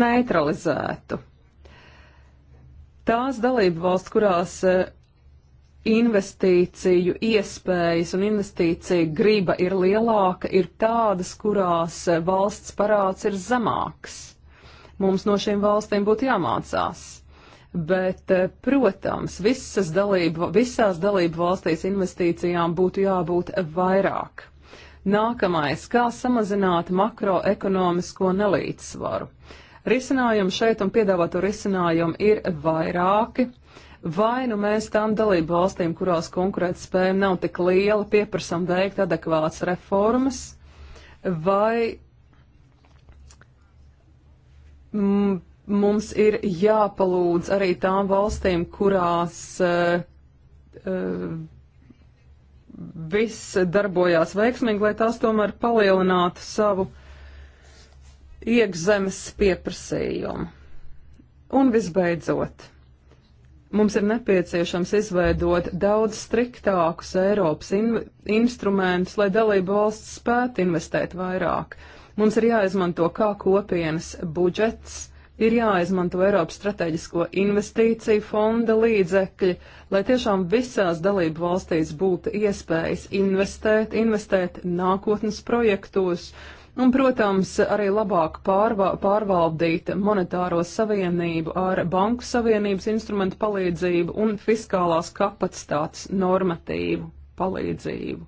[SPEAKER 5] neutralizētu. Tās dalību valsts, kurās eh, investīciju iespējas un investīcija griba ir lielāka, ir tādas, kurās valsts parāds ir zemāks. Mums no šīm valstīm būtu jāmācās. Bet, eh, protams, visas dalību, visās dalību valstīs investīcijām būtu jābūt vairāk. Nākamais - kā samazināt makroekonomisko nelīdzsvaru. Risinājumu šeit un piedāvāto risinājumu ir vairāki, Vai nu mēs tām dalību valstīm, kurās konkurētspēja nav tik liela, pieprasām veikt adekvātas reformas, vai mums ir jāpalūdz arī tām valstīm, kurās uh, uh, viss darbojās veiksmīgi, lai tās tomēr palielinātu savu iekšzemes pieprasījumu. Un visbeidzot. Mums ir nepieciešams izveidot daudz striktākus Eiropas in instrumentus, lai dalību valsts spētu investēt vairāk. Mums ir jāizmanto kā kopienas budžets, ir jāizmanto Eiropas strateģisko investīciju fonda līdzekļi, lai tiešām visās dalību valstīs būtu iespējas investēt, investēt nākotnes projektos Un, protams, arī labāk pārva pārvaldīt monetāro savienību ar banku savienības instrumentu palīdzību un fiskālās kapacitātes normatīvu palīdzību.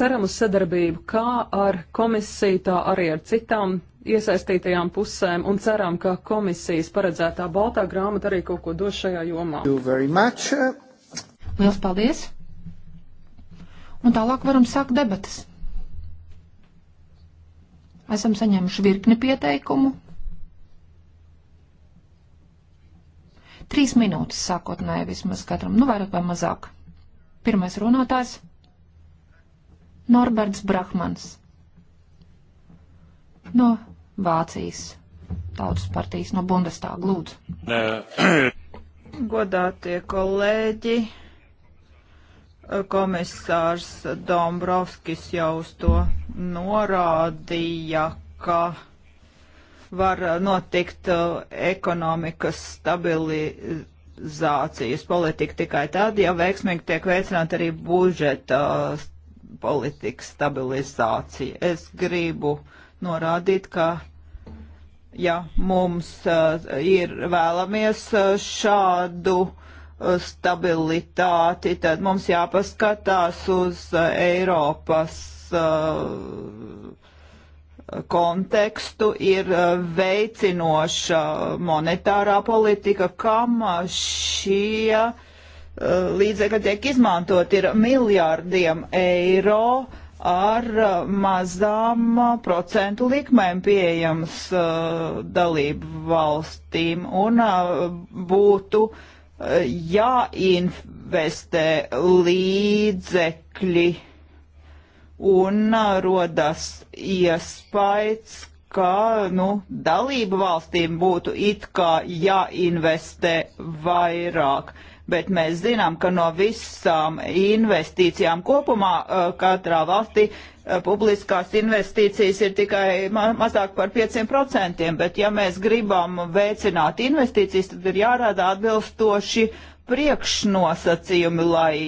[SPEAKER 5] Ceram uz sadarbību kā ar komisiju, tā arī ar citām iesaistītajām pusēm un ceram, ka komisijas paredzētā baltā grāmata arī kaut ko dos šajā jomā. Lielas paldies!
[SPEAKER 2] Un tālāk varam sākt debatas. Esam saņēmuši virkni pieteikumu. Trīs minūtes sākotnēji vismaz katram, nu vairāk vai mazāk. Pirmais runātājs - Norberts Brahmans no Vācijas Tautas partijas,
[SPEAKER 3] no Bundestāga
[SPEAKER 4] lūdzu.
[SPEAKER 3] <coughs> Godātie kolēģi, Komisārs Dombrovskis jau uz to norādīja, ka var notikt uh, ekonomikas stabilizācija stabilizācijas politika tikai tad, ja veiksmīgi tiek veicināta arī budžeta uh, politikas stabilizācija. Es gribu norādīt, ka ja mums uh, ir vēlamies uh, šādu stabilitāti, tad mums jāpaskatās uz uh, Eiropas uh, kontekstu ir uh, veicinoša monetārā politika, kam šie līdzekļi tiek izmantot, ir miljārdiem eiro ar mazām procentu likmēm pieejams dalību valstīm un būtu uh, jāinvestē līdzekļi un rodas iespējas, ka nu, dalību valstīm būtu it kā jāinvestē vairāk. Uh, bet mēs zinām, ka no visām investīcijām kopumā uh, katrā valstī uh, publiskās investīcijas ir tikai ma mazāk par 5%, bet ja mēs gribam veicināt investīcijas, tad ir jārādā atbilstoši priekšnosacījumi, lai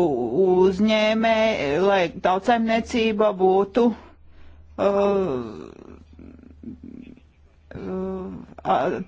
[SPEAKER 3] uzņēmē, lai tautsaimniecība būtu uh, uh,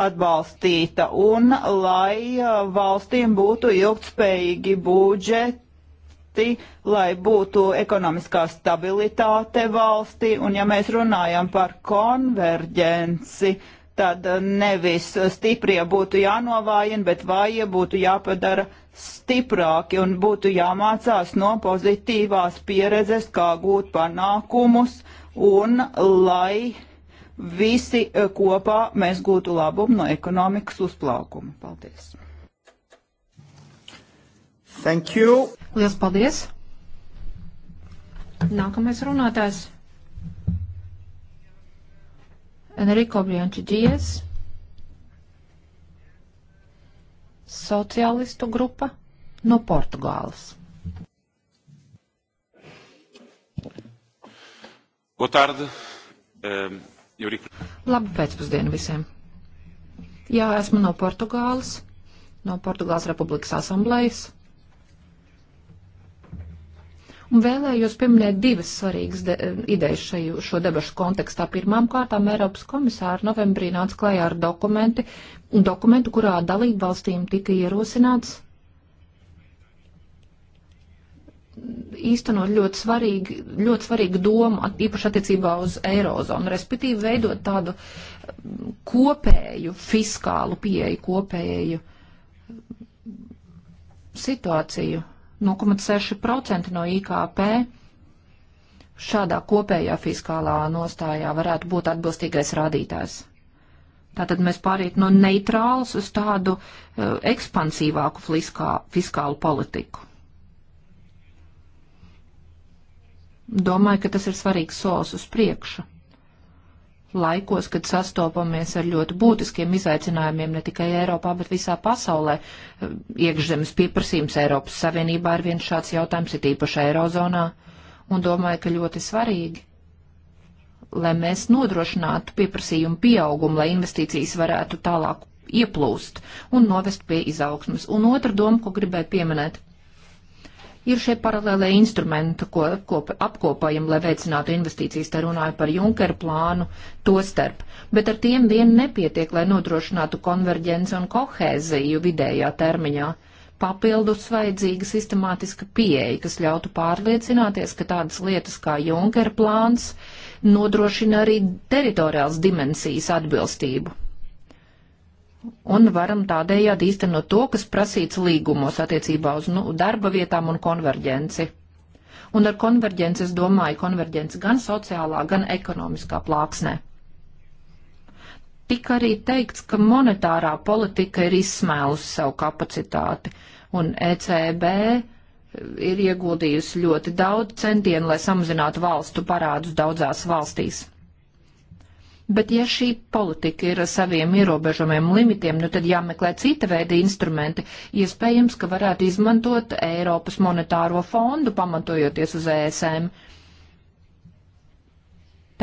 [SPEAKER 3] atbalstīta un lai uh, valstīm būtu ilgtspējīgi budžeti, lai būtu ekonomiskā stabilitāte valstī. Un ja mēs runājam par konverģenci, tad uh, nevis stiprie būtu jānovājina, bet vājie būtu jāpadara stiprāki un būtu jāmācās no pozitīvās pieredzes, kā gūt panākumus un lai visi eh, kopā mēs gūtu labumu no ekonomikas uzplaukuma. Paldies!
[SPEAKER 1] Thank you!
[SPEAKER 3] Lielas paldies!
[SPEAKER 2] Nākamais runātājs. Enrico Brianči Džies. Socialistu grupa no Portugāles.
[SPEAKER 5] Boa tarde. Um,
[SPEAKER 2] Labu pēcpusdienu visiem. Jā, esmu no Portugāles, no Portugāles Republikas asamblējas. Un vēlējos pieminēt divas svarīgas de, idejas šaju, šo debašu kontekstā. Pirmām kārtām Eiropas komisāra novembrī nāca klajā ar dokumenti, dokumentu, kurā dalību valstīm tika ierosināts īstenot ļoti svarīgu, ļoti svarīgu domu, īpaši attiecībā uz eirozonu, respektīvi veidot tādu um, kopēju fiskālu pieeju, kopēju um, situāciju. 0,6% no IKP šādā kopējā fiskālā nostājā varētu būt atbilstīgais rādītājs. Tātad mēs pāriet no neitrāls uz tādu uh, ekspansīvāku fiskā, fiskālu politiku. Domāju, ka tas ir svarīgs solis uz priekšu. Laikos, kad sastopamies ar ļoti būtiskiem izaicinājumiem ne tikai Eiropā, bet visā pasaulē, iekšzemes pieprasījums Eiropas Savienībā ir viens šāds jautājums, ir īpaši Eirozonā, un domāju, ka ļoti svarīgi, lai mēs nodrošinātu pieprasījumu pieaugumu, lai investīcijas varētu tālāk ieplūst un novest pie izaugsmas. Un otra doma, ko gribēju pieminēt ir šie paralēlē instrumenti, ko, ko apkopojam, lai veicinātu investīcijas. Te runāju par Junker plānu to starp. Bet ar tiem vien nepietiek, lai nodrošinātu konverģenci un kohēziju vidējā termiņā. Papildus vajadzīga sistemātiska pieeja, kas ļautu pārliecināties, ka tādas lietas kā Junker plāns nodrošina arī teritoriāls dimensijas atbilstību un varam tādējādi īstenot to, kas prasīts līgumos attiecībā uz nu, darba vietām un konverģenci. Un ar konverģenci es domāju konverģenci gan sociālā, gan ekonomiskā plāksnē. Tika arī teikts, ka monetārā politika ir izsmēlusi savu kapacitāti, un ECB ir ieguldījusi ļoti daudz centienu, lai samazinātu valstu parādus daudzās valstīs. Bet ja šī politika ir ar saviem ierobežojumiem, limitiem, nu tad jāmeklē cita veida instrumenti. Iespējams, ka varētu izmantot Eiropas monetāro fondu, pamatojoties uz ESM.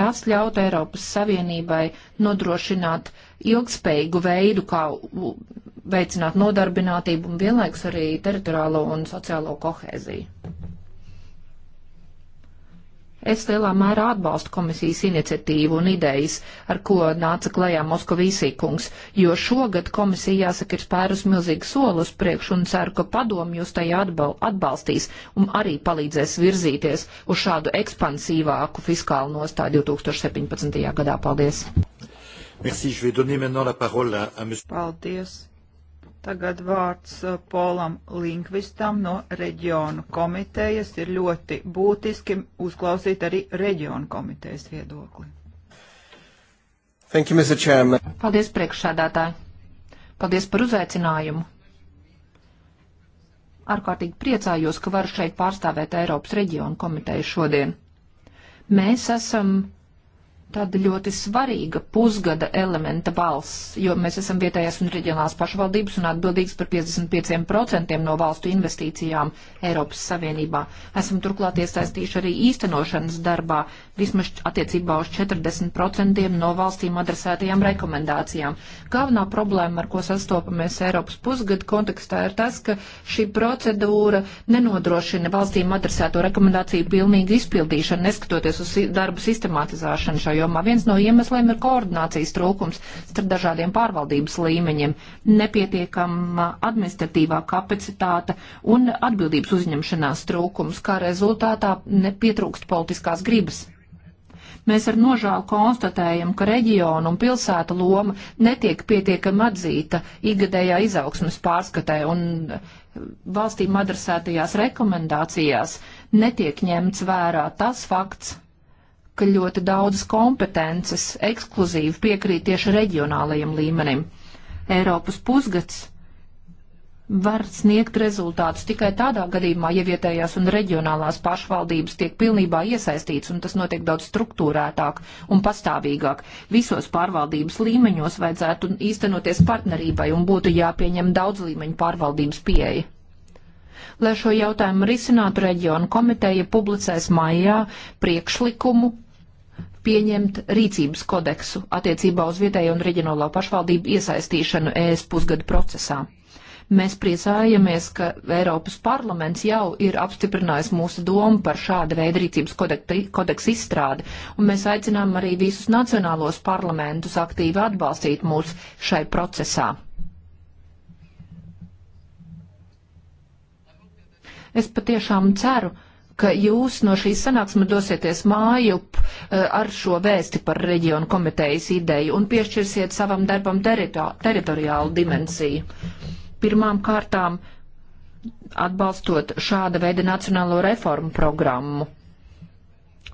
[SPEAKER 2] Tas ļaut Eiropas Savienībai nodrošināt ilgspējīgu veidu, kā veicināt nodarbinātību un vienlaikus arī teritoriālo un sociālo kohēziju. Es lielā mērā atbalstu komisijas iniciatīvu un idejas, ar ko nāca klajā Moskovīsī kungs, jo šogad komisija jāsaka ir spērus milzīgu soli uz priekšu un ceru, ka padomu jūs tajā atbal atbalstīs un arī palīdzēs virzīties uz šādu ekspansīvāku fiskālu nostāju 2017. gadā. Paldies!
[SPEAKER 4] Merci, je vais donner maintenant la parole à, à monsieur.
[SPEAKER 3] Paldies. Tagad vārds uh, Polam Linkvistam no reģionu komitejas. Ir ļoti būtiski uzklausīt arī reģionu komitejas viedokli.
[SPEAKER 4] Thank you, Mr. Chairman.
[SPEAKER 2] Paldies, priekšsēdētāji. Paldies par uzaicinājumu. Ārkārtīgi priecājos, ka varu šeit pārstāvēt Eiropas reģionu komiteju šodien. Mēs esam tāda ļoti svarīga pusgada elementa valsts, jo mēs esam vietējās un reģionālās pašvaldības un atbildīgs par 55% no valstu investīcijām Eiropas Savienībā. Esam turklāt iesaistījuši arī īstenošanas darbā vismaz attiecībā uz 40% no valstīm adresētajām rekomendācijām. Galvenā problēma, ar ko sastopamies Eiropas pusgada kontekstā, ir tas, ka šī procedūra nenodrošina valstīm adresēto rekomendāciju pilnīgu izpildīšanu, neskatoties uz darbu sistematizēšanu šajā jomā. Viens no iemesliem ir koordinācijas trūkums starp dažādiem pārvaldības līmeņiem, nepietiekama administratīvā kapacitāte un atbildības uzņemšanās trūkums, kā rezultātā pietrūkst politiskās gribas mēs ar nožēlu konstatējam, ka reģionu un pilsētu loma netiek pietiekami atzīta ikgadējā izaugsmas pārskatē un valstīm adresētajās rekomendācijās netiek ņemts vērā tas fakts, ka ļoti daudzas kompetences ekskluzīvi piekrīt tieši reģionālajiem līmenim. Eiropas pusgads var sniegt rezultātus tikai tādā gadījumā, ja vietējās un reģionālās pašvaldības tiek pilnībā iesaistīts, un tas notiek daudz struktūrētāk un pastāvīgāk. Visos pārvaldības līmeņos vajadzētu īstenoties partnerībai un būtu jāpieņem daudz līmeņu pārvaldības pieeja. Lai šo jautājumu risinātu, reģionu komiteja publicēs maijā priekšlikumu pieņemt rīcības kodeksu attiecībā uz vietējo un reģionālo pašvaldību iesaistīšanu ES pusgadu procesā. Mēs priecājamies, ka Eiropas parlaments jau ir apstiprinājis mūsu domu par šāda veida rīcības kodeksu izstrādi, un mēs aicinām arī visus nacionālos parlamentus aktīvi atbalstīt mūs šai procesā. Es patiešām ceru, ka ka jūs no šīs sanāksmes dosieties mājup eh, ar šo vēsti par reģionu komitejas ideju un piešķirsiet savam darbam terito teritoriālu dimensiju. Pirmām kārtām atbalstot šāda veida nacionālo reformu programmu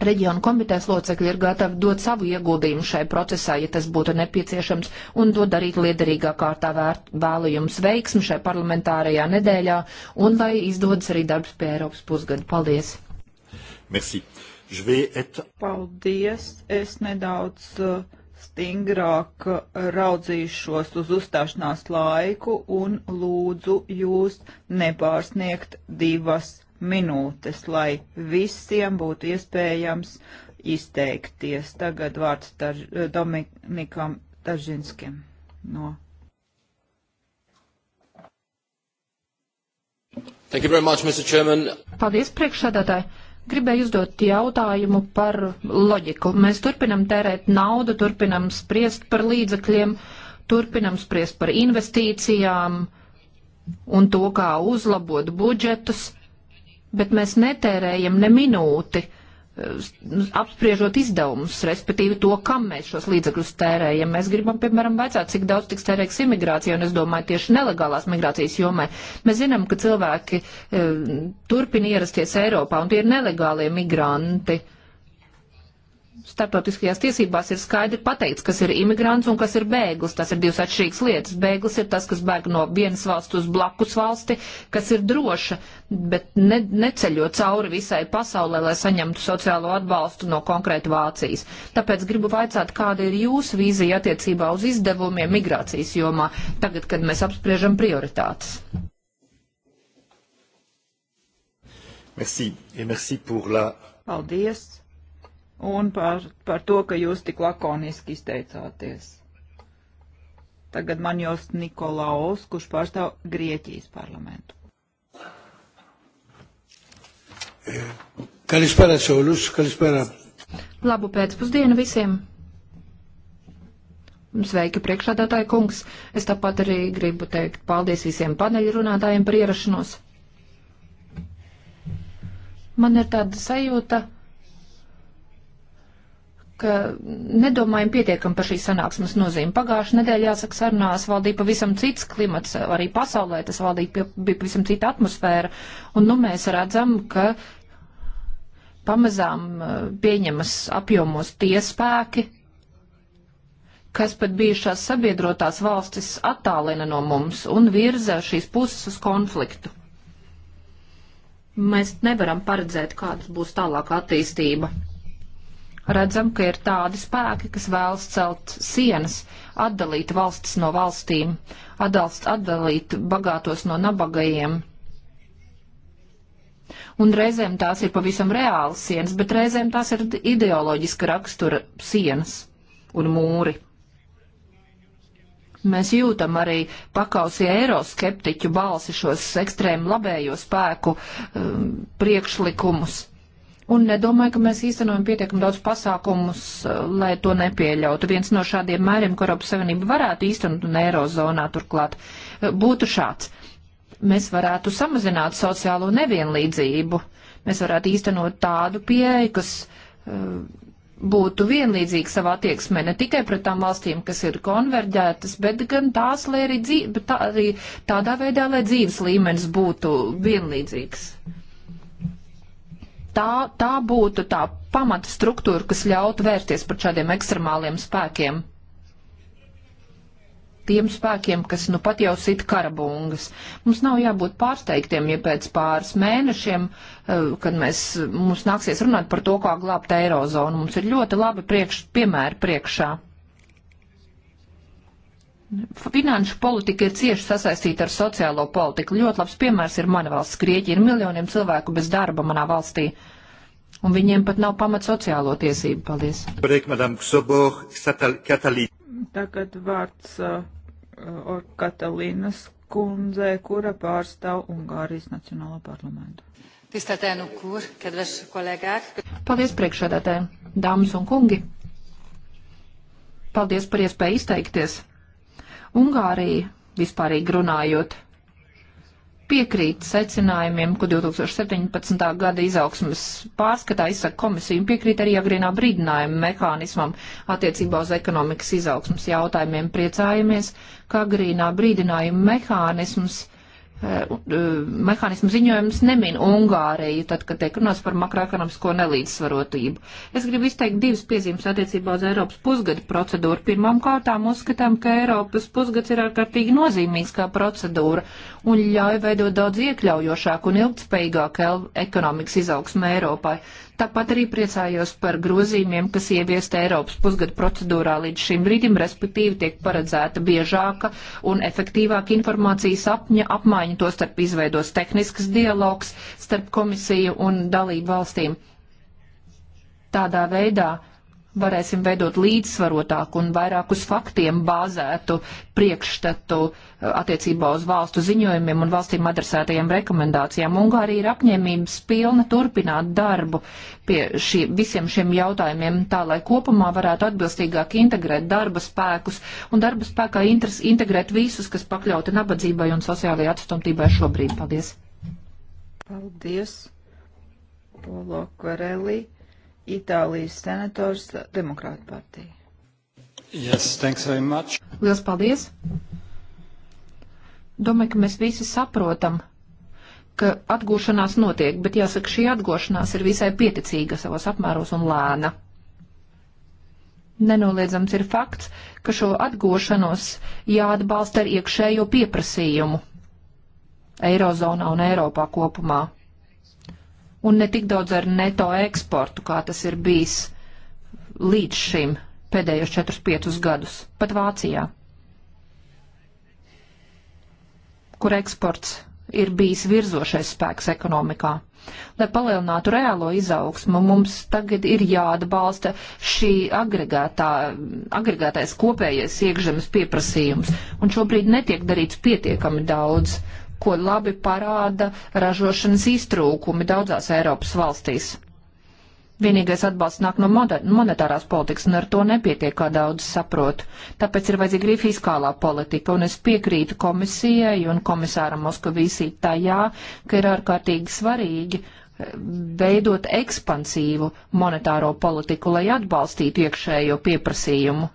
[SPEAKER 2] Reģionu komitejas locekļi ir gatavi dot savu ieguldījumu šai procesā, ja tas būtu nepieciešams, un to darīt liederīgā kārtā vērt, vēlu jums veiksmi šai parlamentārajā nedēļā, un lai izdodas arī darbs pie Eiropas pusgada. Paldies!
[SPEAKER 4] Merci. Et... Paldies!
[SPEAKER 3] Es nedaudz. Uh stingrāk uh, raudzīšos uz uzstāšanās laiku un lūdzu jūs nepārsniegt divas minūtes, lai visiem būtu iespējams izteikties. Tagad vārds taž, Dominikam Tažinskim no.
[SPEAKER 5] Thank you very much, Mr. Chairman.
[SPEAKER 2] Paldies, priekšsādātāji. Gribēju uzdot jautājumu par loģiku. Mēs turpinam tērēt naudu, turpinam spriest par līdzekļiem, turpinam spriest par investīcijām un to, kā uzlabot budžetus bet mēs netērējam ne minūti eh, apspriežot izdevumus, respektīvi to, kam mēs šos līdzekļus tērējam. Mēs gribam, piemēram, vaicāt, cik daudz tiks tērēts imigrācija, un es domāju, tieši nelegālās migrācijas jomē. Mēs zinām, ka cilvēki e, turpina ierasties Eiropā, un tie ir nelegālie migranti. E, starptautiskajās tiesībās ir skaidri pateikts, kas ir imigrants un kas ir bēglis. Tas ir divas atšķirīgas lietas. Bēglis ir tas, kas bēg no vienas valsts uz blakus valsti, kas ir droša, bet ne, neceļo cauri visai pasaulē, lai saņemtu sociālo atbalstu no konkrēti Vācijas. Tāpēc gribu vaicāt, kāda ir jūsu vīzija attiecībā uz izdevumiem migrācijas jomā, tagad, kad mēs apspriežam prioritātes.
[SPEAKER 4] Merci, et merci pour la...
[SPEAKER 3] Paldies un par, par to, ka jūs tik lakoniski izteicāties. Tagad man jūs Nikolaus, kurš pārstāv Grieķijas parlamentu.
[SPEAKER 4] Kalispēra Saulus, Kalispēra.
[SPEAKER 2] Labu pēcpusdienu visiem. Sveiki, priekšādātāji kungs. Es tāpat arī gribu teikt paldies visiem paneļrunātājiem par ierašanos. Man ir tāda sajūta, ka nedomājam pietiekam par šīs sanāksmes nozīmi. Pagājušajā nedēļā, jāsaka, sarunās valdīja pavisam cits klimats, arī pasaulē tas valdīja, bija pavisam cita atmosfēra, un nu mēs redzam, ka pamazām uh, pieņemas apjomos tie spēki, kas pat bijušās sabiedrotās valstis attālina no mums un virza šīs puses uz konfliktu. Mēs nevaram paredzēt, kādas būs tālāka attīstība redzam, ka ir tādi spēki, kas vēlas celt sienas, atdalīt valstis no valstīm, atdalst, atdalīt bagātos no nabagajiem. Un reizēm tās ir pavisam reālas sienas, bet reizēm tās ir ideoloģiska rakstura sienas un mūri. Mēs jūtam arī pakausie eiroskeptiķu balsi šos ekstrēmu labējo spēku um, priekšlikumus Un nedomāju, ka mēs īstenojam pietiekam daudz pasākumus, eh, lai to nepieļautu. Viens no šādiem mēriem, ko Eiropas Savienība varētu īstenot un Eirozonā turklāt, eh, būtu šāds. Mēs varētu samazināt sociālo nevienlīdzību. Mēs varētu īstenot tādu pieeju, kas eh, būtu vienlīdzīga savā attieksmē ne tikai pret tām valstīm, kas ir konverģētas, bet gan tās, lai arī, dzīve, tā, arī tādā veidā, lai dzīves līmenis būtu vienlīdzīgs. Mm tā, tā būtu tā pamata struktūra, kas ļautu vērsties par šādiem ekstremāliem spēkiem. Tiem spēkiem, kas nu pat jau sit karabungas. Mums nav jābūt pārsteigtiem, ja pēc pāris mēnešiem, eh, kad mēs, mums nāksies runāt par to, kā glābt eirozonu. Mums ir ļoti labi priekš, piemēri priekšā. Finanšu politika ir cieši sasaistīta ar sociālo politiku. Ļoti labs piemērs ir mana valsts Grieķija. Ir miljoniem cilvēku bez darba manā valstī. Un viņiem
[SPEAKER 3] pat nav pamat sociālo tiesību. Paldies. Tagad vārds uh, Katalīnas kundze, kura pārstāv Ungārijas Nacionālo parlamentu.
[SPEAKER 2] Tisztelt elnök úr, kedves kollégák! Paldies priekšsēdētājiem, dāmas un kungi! Paldies par iespēju izteikties! Ungārija, vispārīgi runājot, piekrīt secinājumiem, ko 2017. gada izaugsmas pārskatā izsaka komisija un piekrīt arī agrīnā brīdinājuma mehānismam attiecībā uz ekonomikas izaugsmas jautājumiem. Priecājamies, ka agrīnā brīdinājuma mehānisms Eh, eh, mehānismu ziņojums nemin Ungāriju, tad, kad tiek runāts par makroekonomisko nelīdzsvarotību. Es gribu izteikt divas piezīmes attiecībā uz Eiropas pusgada procedūru. Pirmām kārtām uzskatām, ka Eiropas pusgads ir ārkārtīgi nozīmīgs kā procedūra, un ļauj veidot daudz iekļaujošāku un ilgtspējīgāku ekonomikas izaugsmu Eiropai. Tāpat arī priecājos par grozījumiem, kas ieviest Eiropas pusgada procedūrā līdz šim brīdim, respektīvi tiek paredzēta biežāka un efektīvāka informācijas apņa, apmaiņa, to starp izveidos tehnisks dialogs starp komisiju un dalību valstīm. Tādā veidā varēsim veidot līdzsvarotāku un vairāk uz faktiem bāzētu priekšstatu uh, attiecībā uz valstu ziņojumiem un valstīm adresētajām rekomendācijām. Ungārija ir apņēmības pilna turpināt darbu pie šī, visiem šiem jautājumiem, tā lai kopumā varētu atbilstīgāk integrēt darba spēkus un darba spēkā interes, integrēt visus, kas pakļauti nabadzībai un sociālajai atstumtībai šobrīd. Paldies!
[SPEAKER 3] Paldies, Polo Korelī. Itālijas senators Demokrāta partija.
[SPEAKER 4] Yes, thanks very much.
[SPEAKER 2] Liels paldies! Domāju, ka mēs visi saprotam, ka atgūšanās notiek, bet jāsaka, šī atgūšanās ir visai pieticīga savos apmēros un lēna. Nenoliedzams ir fakts, ka šo atgūšanos jāatbalsta ar iekšējo pieprasījumu Eirozonā un Eiropā kopumā un ne tik daudz ar neto eksportu, kā tas ir bijis līdz šim pēdējos 4-5 gadus, pat Vācijā, kur eksports ir bijis virzošais spēks ekonomikā. Lai palielinātu reālo izaugsmu, mums tagad ir jāatbalsta šī agregātā, agregātais kopējais iekšzemes pieprasījums, un šobrīd netiek darīts pietiekami daudz, ko labi parāda ražošanas iztrūkumi daudzās Eiropas valstīs. Vienīgais atbalsts nāk no monetārās politikas, un ar to nepietiek, kā daudz saprot. Tāpēc ir vajadzīga arī fiskālā politika, un es piekrītu komisijai un komisāram Moskavīsī tajā, ka ir ārkārtīgi svarīgi eh, veidot ekspansīvu monetāro politiku, lai atbalstītu iekšējo pieprasījumu.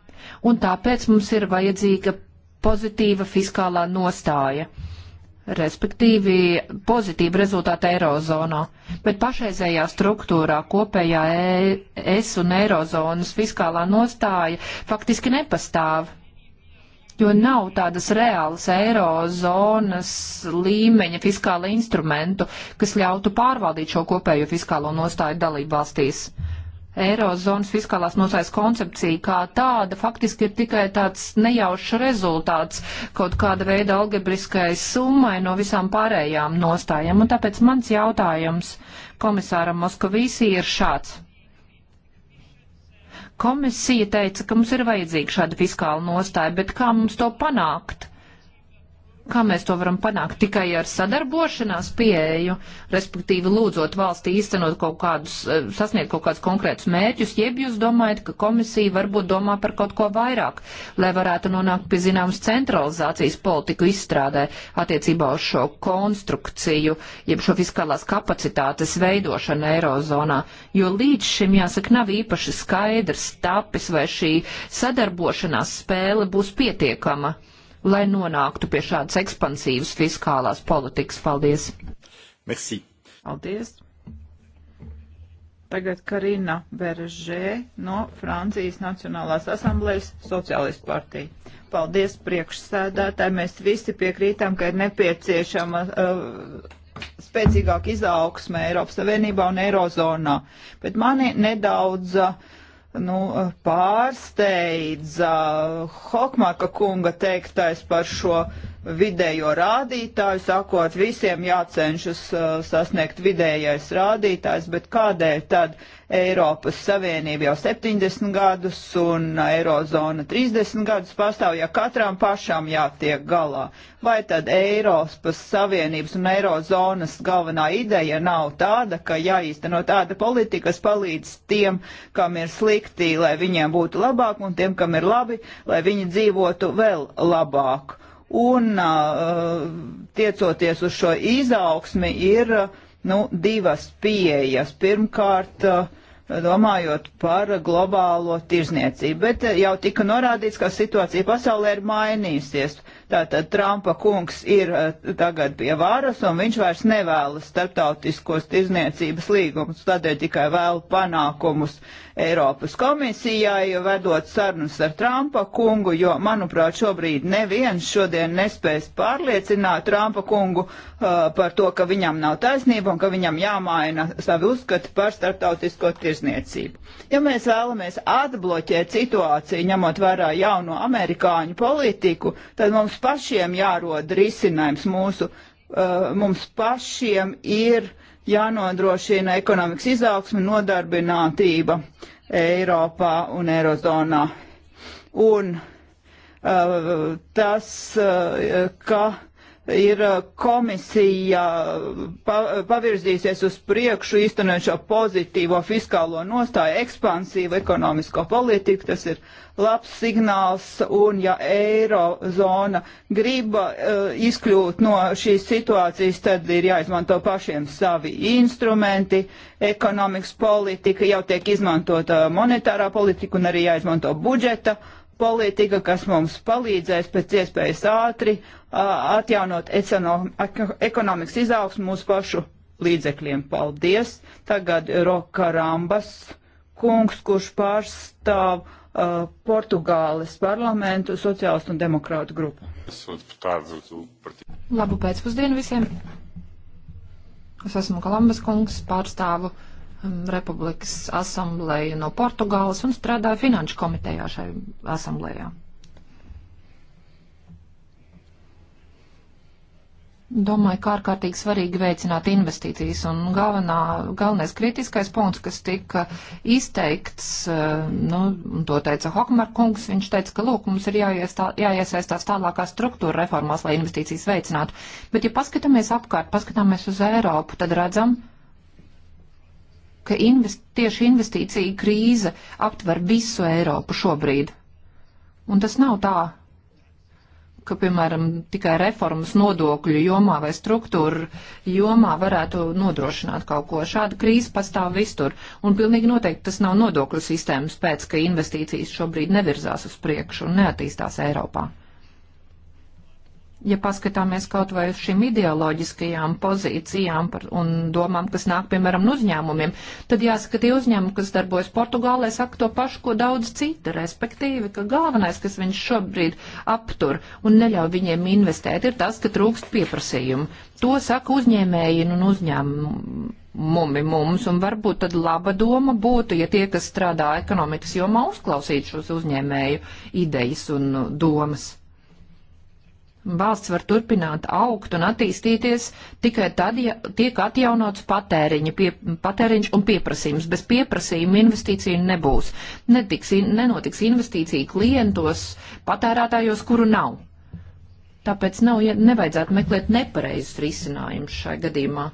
[SPEAKER 2] Un tāpēc mums ir vajadzīga pozitīva fiskālā nostāja respektīvi pozitīvu rezultātu eirozonā. Bet pašreizējā struktūrā kopējā es un eirozonas fiskālā nostāja faktiski nepastāv jo nav tādas reālas eirozonas līmeņa fiskāla instrumentu, kas ļautu pārvaldīt šo kopējo fiskālo nostāju dalību valstīs. Eirozonas fiskālās nosais koncepcija kā tāda faktiski ir tikai tāds nejaušs rezultāts, kaut kāda veida algebriskai summai no visām pārējām nostājām. Un tāpēc mans jautājums komisāram Moskavīsī ir šāds. Komisija teica, ka mums ir vajadzīga šāda fiskāla nostāja, bet kā mums to panākt? Kā mēs to varam panākt? Tikai ar sadarbošanās pieeju, respektīvi lūdzot valsti īstenot kaut kādus, eh, sasniegt kaut kādus konkrētus mērķus, jeb jūs domājat, ka komisija varbūt domā par kaut ko vairāk, lai varētu nonākt pie zināmas centralizācijas politiku izstrādē attiecībā uz šo konstrukciju, jeb šo fiskālās kapacitātes veidošanu Eirozonā, jo līdz šim, jāsaka, nav īpaši skaidrs tapis vai šī sadarbošanās spēle būs pietiekama lai nonāktu pie šādas ekspansīvas fiskālās politikas. Paldies! Merci!
[SPEAKER 3] Paldies! Tagad Karina Beržē no Francijas Nacionālās asamblejas sociālistu partija. Paldies priekšsēdētāji. Mēs visi piekrītam, ka ir nepieciešama uh, spēcīgāka izaugsme Eiropas Savienībā un Eirozonā. Bet mani nedaudz uh, nu, pārsteidza Hokmaka kunga teiktais par šo vidējo rādītāju, sakot, visiem jācenšas uh, sasniegt vidējais rādītājs, bet kādēļ tad Eiropas Savienība jau 70 gadus un Eirozona 30 gadus pastāv, ja katram pašam jātiek galā? Vai tad Eiropas Savienības un Eirozonas galvenā ideja nav tāda, ka jāīsteno tāda politika, kas palīdz tiem, kam ir slikti, lai viņiem būtu labāk, un tiem, kam ir labi, lai viņi dzīvotu vēl labāk? un tiecoties uz šo izaugsmi ir nu, divas pieejas. Pirmkārt, domājot par globālo tirzniecību, bet jau tika norādīts, ka situācija pasaulē ir mainījusies. Uh, Tātad Trumpa kungs ir eh, tagad pie varas un viņš vairs nevēlas starptautiskos tirzniecības līgumus, tādēļ tikai vēl panākumus Eiropas komisijai, vedot sarunas ar Trumpa kungu, jo, manuprāt, šobrīd neviens šodien nespēs pārliecināt Trumpa kungu uh, par to, ka viņam nav taisnība un ka viņam jāmaina savi uzskati par starptautisko tirzniecību. Ja mēs vēlamies atbloķēt situāciju, ņemot vērā jauno amerikāņu politiku, tad mums mums pašiem jārod risinājums mūsu, uh, mums pašiem ir jānodrošina ekonomikas izaugsme, nodarbinātība Eiropā un Eirozonā. Un uh, tas, uh, ka ir uh, komisija uh, uh, pavirzīsies uz priekšu, īstenot šo pozitīvo fiskālo nostāju, ekspansīvu ekonomisko politiku. Tas ir labs signāls, un ja eirozona grib uh, izkļūt no šīs situācijas, tad ir jāizmanto pašiem savi instrumenti. Ekonomikas politika jau tiek izmantota monetārā politika un arī jāizmanto budžeta. Uh, politika, kas mums palīdzēs pēc iespējas ātri atjaunot ekonomikas izaugsmu mūsu pašu līdzekļiem. Paldies! Tagad Roka Rambas kungs, kurš pārstāv uh, Portugāles parlamentu sociālistu un demokrātu grupu.
[SPEAKER 2] Labu pēcpusdienu visiem! Es esmu Kalambas kungs, pārstāvu Um, Republikas asamblēja no Portugāles un strādāja finanšu komitejā šai asamblējā. Domāju, kā ārkārtīgi svarīgi veicināt investīcijas, un galvenā, galvenais kritiskais punkts, kas tika izteikts, um, nu, to teica Hokmar kungs, viņš teica, ka, lūk, mums ir jāiestā, jāiesaistās tālākās struktūra reformās, lai investīcijas veicinātu. Bet, ja paskatāmies apkārt, paskatāmies uz Eiropu, tad redzam, ka ka invest, tieši investīcija krīze aptver visu Eiropu šobrīd. Un tas nav tā, ka, piemēram, tikai reformas nodokļu jomā vai struktūra jomā varētu nodrošināt kaut ko. Šāda krīze pastāv vistur. Un pilnīgi noteikti tas nav nodokļu sistēmas pēc, ka investīcijas šobrīd nevirzās uz priekšu un neattīstās Eiropā ja paskatāmies kaut vai uz šīm ideoloģiskajām pozīcijām par, un domām, kas nāk, piemēram, no uzņēmumiem, tad jāsaka, tie uzņēmumi, kas darbojas Portugālē, saka to pašu, ko daudz citi, respektīvi, ka galvenais, kas viņš šobrīd aptur un neļauj viņiem investēt, ir tas, ka trūkst pieprasījumu. To saka uzņēmēji un uzņēmumi mums, un varbūt tad laba doma būtu, ja tie, kas strādā ekonomikas jomā, uzklausītu šos uzņēmēju idejas un domas. Valsts var turpināt augt un attīstīties tikai tad, ja tiek atjaunots patēriņa, pie, patēriņš un pieprasījums. Bez pieprasījuma investīciju nebūs. Netiks, nenotiks investīcija klientos, patērētājos, kuru nav. Tāpēc nav, ja nevajadzētu meklēt nepareizus risinājumus šai gadījumā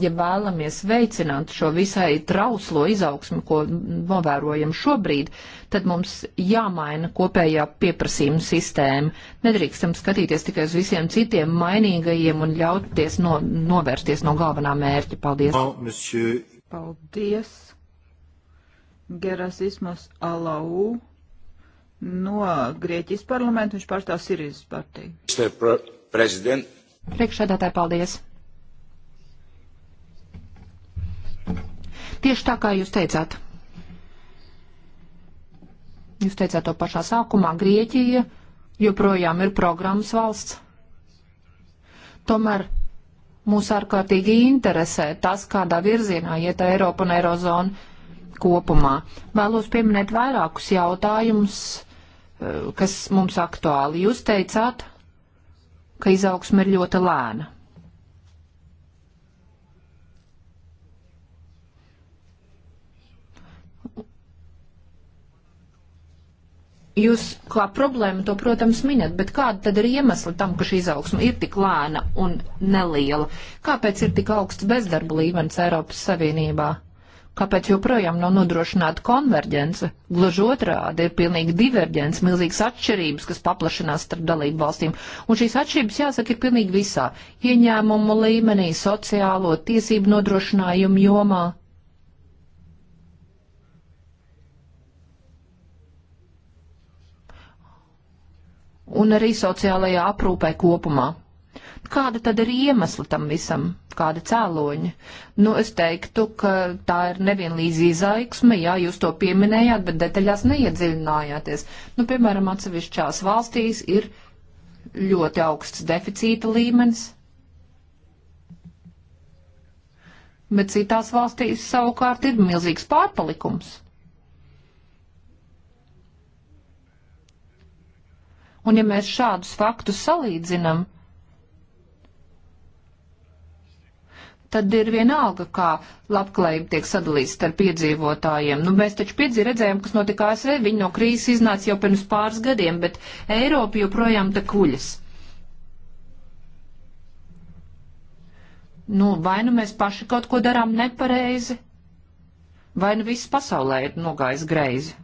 [SPEAKER 2] ja vēlamies veicināt šo visai trauslo izaugsmu, ko novērojam šobrīd, tad mums jāmaina kopējā pieprasījuma sistēma. Nedrīkstam skatīties tikai uz visiem citiem mainīgajiem un ļauties no, novērsties no galvenā mērķa. Paldies! Oh,
[SPEAKER 4] Paldies!
[SPEAKER 3] Gerasismas Alau no Grieķijas parlamenta, viņš pārstāv Sirijas partiju. Priekšsēdētāji, paldies! tieši tā,
[SPEAKER 2] kā jūs teicāt. Jūs teicāt to pašā sākumā, Grieķija joprojām ir programmas valsts. Tomēr mūs ārkārtīgi interesē tas, kādā virzienā iet Eiropa un Eirozona kopumā. Vēlos pieminēt vairākus jautājumus, eh, kas mums aktuāli. Jūs teicāt, ka izaugsme ir ļoti lēna. Jūs kā problēmu to, protams, minat, bet kāda tad ir iemesla tam, ka šī izaugsma ir tik lēna un neliela? Kāpēc ir tik augsts bezdarba līmenis Eiropas Savienībā? Kāpēc joprojām nav nodrošināta konverģence? Gluži otrādi ir pilnīgi diverģence, milzīgas atšķirības, kas paplašinās starp dalību valstīm. Un šīs atšķirības, jāsaka, ir pilnīgi visā - ieņēmumu līmenī, sociālo tiesību nodrošinājumu jomā un arī sociālajā aprūpē kopumā. Kāda tad ir iemesla tam visam? Kāda cēloņa? Nu, es teiktu, ka tā ir nevienlīdz izaiksme, jā, jūs to pieminējāt, bet detaļās neiedziļinājāties. Nu, piemēram, atsevišķās valstīs ir ļoti augsts deficīta līmenis, bet citās valstīs savukārt ir milzīgs pārpalikums. Un ja mēs šādus faktus salīdzinam, tad ir vienalga, kā labklājība tiek sadalīta starp piedzīvotājiem. Nu, mēs taču piedzīvojām, kas notika ASV, viņi no krīzes iznāca jau pirms pāris gadiem, bet Eiropa joprojām te kuļas. Nu, vai nu mēs paši kaut ko darām nepareizi, vai nu viss pasaulē ir nogājis greizi.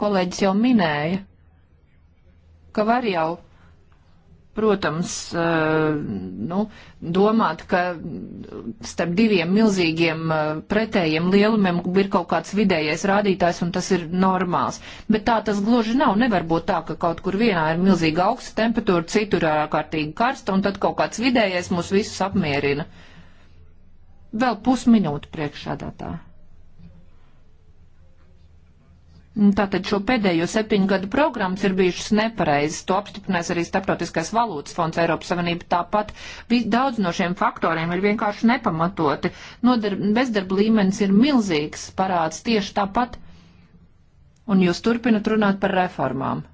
[SPEAKER 2] Kolēģis jau minēja, ka var jau, protams, eh, nu, domāt, ka starp diviem milzīgiem eh, pretējiem lielumiem ir kaut kāds vidējais rādītājs un tas ir normāls. Bet tā tas gluži nav. Nevar būt tā, ka kaut kur vienā ir milzīga augsta temperatūra, citur ir ārkārtīgi karsta un tad kaut kāds vidējais mūs visus apmierina. Vēl pusminūte priekšādā tā. Tātad šo pēdējo septiņu gadu programmas ir bijušas nepareizas. To apstiprinās arī Startautiskais valūtas fonds Eiropas Savienība. Tāpat daudz no šiem faktoriem ir vienkārši nepamatoti. Nodar, bezdarba līmenis ir milzīgs parāds tieši tāpat. Un jūs turpinat runāt par reformām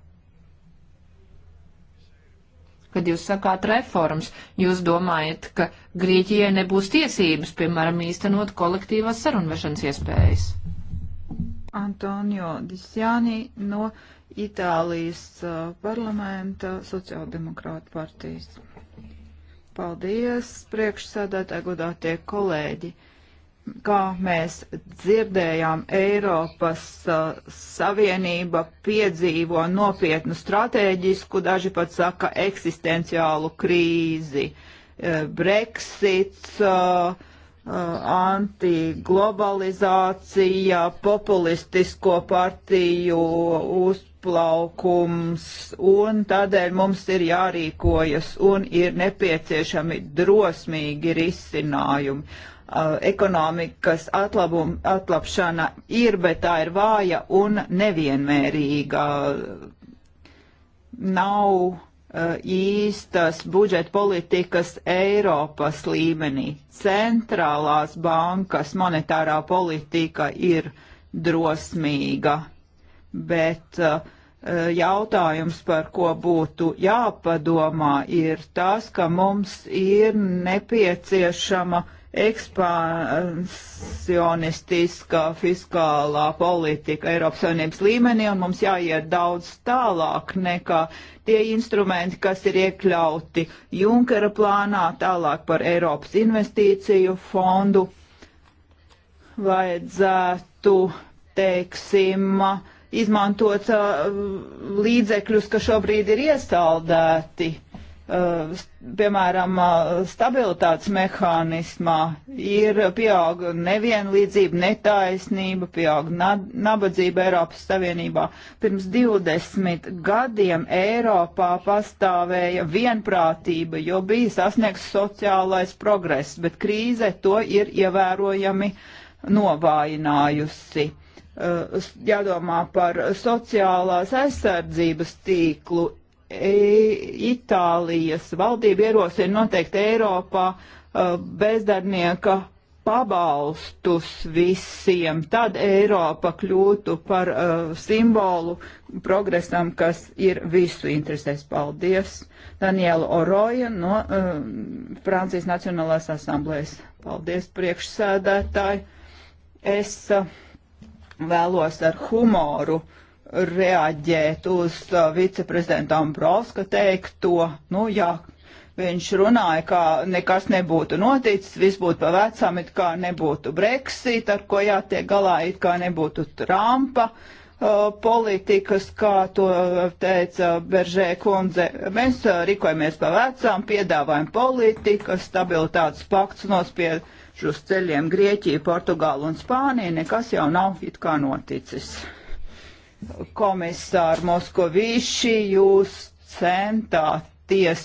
[SPEAKER 2] kad jūs sakāt reformas, jūs domājat, ka Grieķijai nebūs tiesības, piemēram, īstenot kolektīvās sarunvešanas iespējas.
[SPEAKER 3] Antonio Disjani no Itālijas uh, parlamenta sociāldemokrāta partijas. Paldies, priekšsēdētāji, godātie kolēģi! Kā mēs dzirdējām, Eiropas uh, Savienība piedzīvo nopietnu stratēģisku, daži pat saka, eksistenciālu krīzi. Uh, Brexits, uh, Uh, antiglobalizācija, populistisko partiju uzplaukums, un tādēļ mums ir jārīkojas un ir nepieciešami drosmīgi risinājumi. Uh, ekonomikas atlabum, atlapšana ir, bet tā ir vāja un nevienmērīga. Nav Uh, īstas budžeta politikas Eiropas līmenī. Centrālās bankas monetārā politika ir drosmīga, bet uh, uh, jautājums, par ko būtu jāpadomā, ir tas, ka mums ir nepieciešama ekspansionistiskā fiskālā politika Eiropas Savienības līmenī, un mums jāiet daudz tālāk nekā tie instrumenti, kas ir iekļauti Junkera plānā, tālāk par Eiropas investīciju fondu. Vajadzētu, teiksim, izmantot uh, līdzekļus, kas šobrīd ir iesaldēti Eh, piemēram, eh, stabilitātes mehānismā ir pieauga nevienlīdzība, netaisnība, pieauga nabadzība Eiropas Savienībā. Pirms 20 gadiem Eiropā pastāvēja vienprātība, jo bija sasniegts sociālais progress, bet krīze to ir ievērojami novājinājusi. Eh, jādomā par sociālās aizsardzības tīklu E, Itālijas valdība ierosina noteikti Eiropā e, bezdarbnieka pabalstus visiem, tad Eiropa kļūtu par uh, simbolu progresam, kas ir visu interesēs. Paldies! Daniela Oroja no uh, Francijas Nacionālās asamblēs. Paldies, priekšsēdētāji! Es uh, vēlos ar humoru uh, reaģēt uz uh, viceprezidenta Ambrovska teikto. Nu, jā, viņš runāja, ka nekas nebūtu noticis, viss būtu pa vecam, it kā nebūtu Brexit, ar ko jātiek galā, it kā nebūtu Trumpa uh, politikas, kā to teica Beržē kundze. Mēs uh, rīkojamies pa vecām, piedāvājam politikas, stabilitātes pakts nospied šos ceļiem Grieķiju, Portugālu un Spāniju, nekas jau nav it kā noticis komisāri Moskovīši, jūs centāties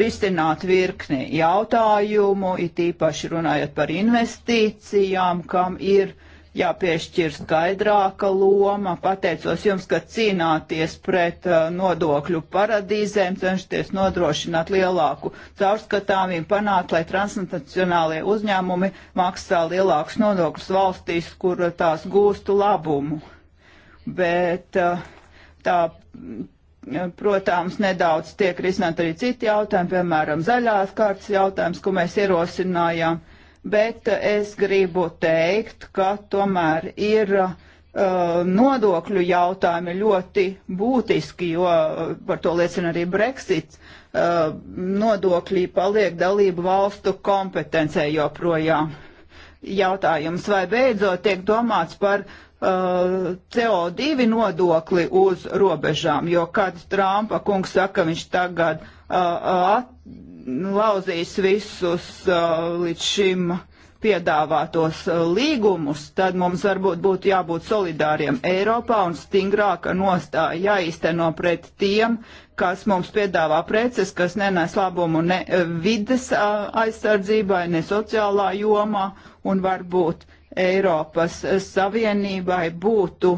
[SPEAKER 3] risināt virkni jautājumu, it īpaši runājot par investīcijām, kam ir jāpiešķir skaidrāka loma. Pateicos jums, ka cīnāties pret uh, nodokļu paradīzēm, cenšaties nodrošināt lielāku caurskatāmību, panākt, lai transnacionālie uzņēmumi maksā lielākus nodokļus valstīs, kur uh, tās gūstu labumu bet eh, tā, eh, protams, nedaudz tiek risināt arī citi jautājumi, piemēram, zaļās kārtas jautājums, ko mēs ierosinājām, bet eh, es gribu teikt, ka tomēr ir nodokļu jautājumi ļoti būtiski, jo par to liecina arī Brexits. Nodokļi paliek dalību valstu kompetencē joprojām. Jautājums, vai beidzot tiek domāts par uh, CO2 uh, nodokli uz robežām, jo kad Trumpa kungs saka, viņš tagad uh, uh, at, lauzīs visus uh, līdz šim piedāvātos uh, līgumus, tad mums varbūt būtu jābūt solidāriem Eiropā un stingrāka nostāja jāizteno pret tiem, kas mums piedāvā preces, kas nenes labumu ne uh, vides aizsardzībai, ne sociālā jomā un varbūt Eiropas Savienībai būtu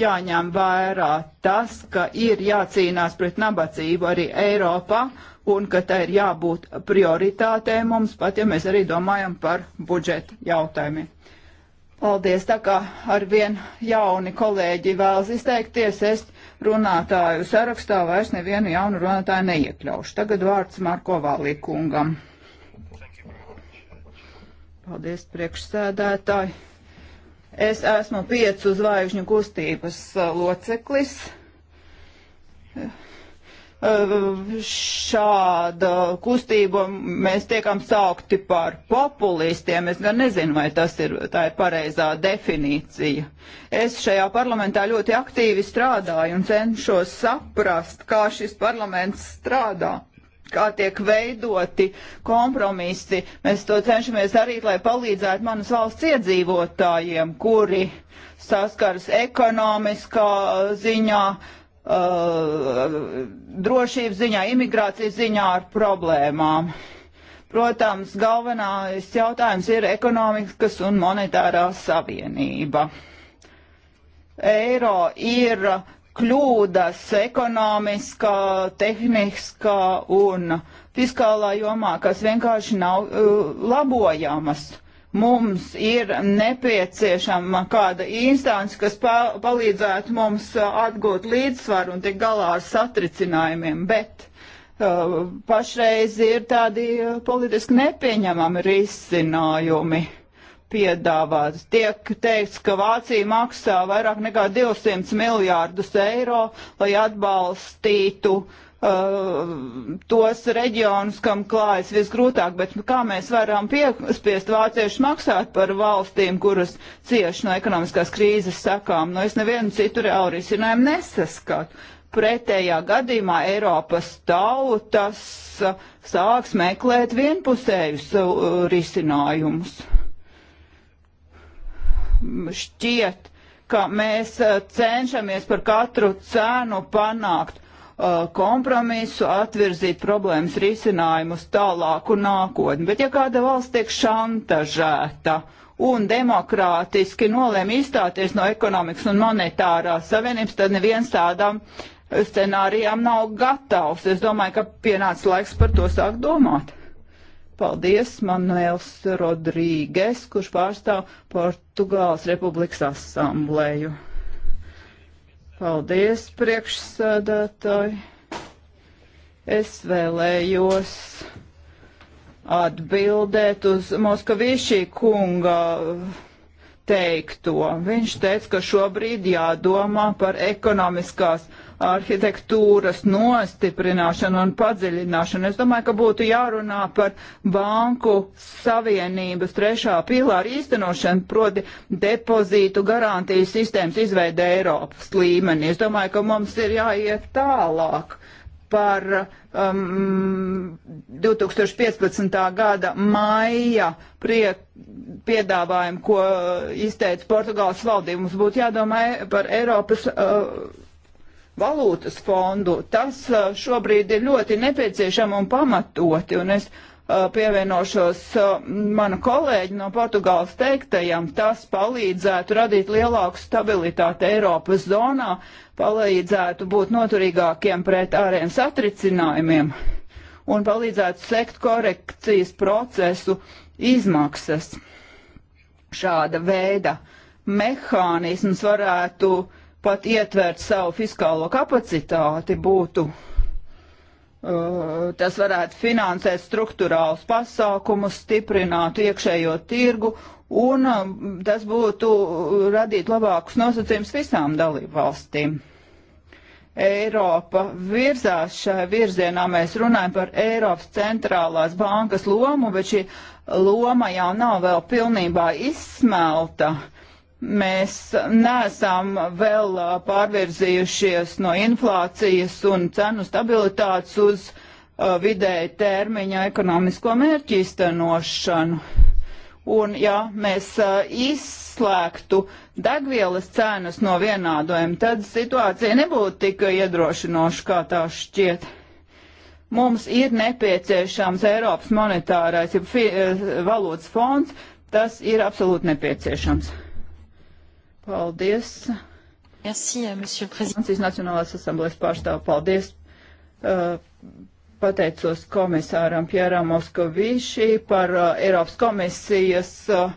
[SPEAKER 3] jāņem vērā tas, ka ir jācīnās pret nabadzību arī Eiropā un ka tā ir jābūt prioritātē mums, pat ja mēs arī domājam par budžeta jautājumiem. Paldies, tā kā ar vien jauni kolēģi vēlas izteikties, es runātāju sarakstā vairs nevienu jaunu runātāju neiekļaušu. Tagad vārds Marko Valī kungam. Paldies, priekšsēdētāji. Es esmu piecu zvaigžņu kustības uh, loceklis. Uh, šāda kustība mēs tiekam saukti par populistiem. Es gan nezinu, vai tas ir tā ir pareizā definīcija. Es šajā parlamentā ļoti aktīvi strādāju un cenšos saprast, kā šis parlaments strādā kā tiek veidoti kompromisi. Mēs to cenšamies darīt, lai palīdzētu manas valsts iedzīvotājiem, kuri saskaras ekonomiskā ziņā, uh, drošības ziņā, imigrācijas ziņā ar problēmām. Protams, galvenais jautājums ir ekonomikas un monetārā savienība. Eiro ir kļūdas ekonomiskā, tehniskā un fiskālā jomā, kas vienkārši nav uh, labojamas. Mums ir nepieciešama kāda instance, kas pa palīdzētu mums uh, atgūt līdzsvaru un tik galā ar satricinājumiem, bet uh, pašreiz ir tādi uh, politiski nepieņemami risinājumi. Uh, piedāvāts. Tiek teikts, ka Vācija maksā vairāk nekā 200 miljārdus eiro, lai atbalstītu uh, tos reģionus, kam klājas visgrūtāk, bet kā mēs varam piespiest vāciešus maksāt par valstīm, kuras cieši no ekonomiskās krīzes sakām? Nu, es nevienu citu reāli risinājumu nesaskatu pretējā gadījumā Eiropas tautas uh, sāks meklēt vienpusējus uh, risinājumus. Uh, šķiet, ka mēs eh, cenšamies par katru cenu panākt eh, kompromisu, atvirzīt problēmas risinājumus tālāku nākotni. Bet ja kāda valsts tiek šantažēta un demokrātiski nolēma izstāties no ekonomikas un monetārās savienības, tad neviens tādam scenārijām nav gatavs. Es domāju, ka pienāca laiks par to sākt domāt. Paldies Manuēls Rodrīges, kurš pārstāv Portugāles Republikas asamblēju. Paldies, priekšsēdētāji. Es vēlējos atbildēt uz Moskavīšī kunga teikto. Viņš teica, ka šobrīd jādomā par ekonomiskās arhitektūras nostiprināšanu un padziļināšanu. Es domāju, ka būtu jārunā par banku savienības trešā pīlāra īstenošanu, proti depozītu garantijas sistēmas izveida Eiropas līmenī. Es domāju, ka mums ir jāiet tālāk par um, 2015. gada maija priek, piedāvājumu, ko izteica Portugāles valdība. Mums būtu jādomā par Eiropas uh, valūtas fondu, tas uh, šobrīd ir ļoti nepieciešama un pamatoti. Un es uh, pievienošos uh, mana kolēģi no Portugāles teiktajam, tas palīdzētu radīt lielāku stabilitāti Eiropas zonā, palīdzētu būt noturīgākiem pret ārējiem satricinājumiem un palīdzētu sekt korekcijas procesu izmaksas. Šāda veida mehānisms varētu uh, pat ietvērt savu fiskālo kapacitāti būtu, uh, tas varētu finansēt struktūrālus pasākumus, stiprinātu iekšējo tirgu un uh, tas būtu radīt labākus nosacījumus visām dalību valstīm. Eiropa virzās šajā virzienā. Mēs runājam par Eiropas centrālās bankas lomu, bet šī loma jau nav vēl pilnībā izsmelta. Mēs neesam vēl pārvirzījušies no inflācijas un cenu stabilitātes uz vidēja termiņa ekonomisko mērķu īstenošanu. Un ja mēs izslēgtu degvielas cenas no vienādojuma, tad situācija nebūtu tik iedrošinoša, kā tā šķiet mums ir nepieciešams Eiropas monetārais ja valūtas fonds, tas ir absolūti nepieciešams. Paldies. Merci, euh, monsieur le président. Francijas Nacionālās asamblejas pārstāv, paldies. Uh, pateicos komisāram Pjēram Moskovišī par uh, Eiropas komisijas uh,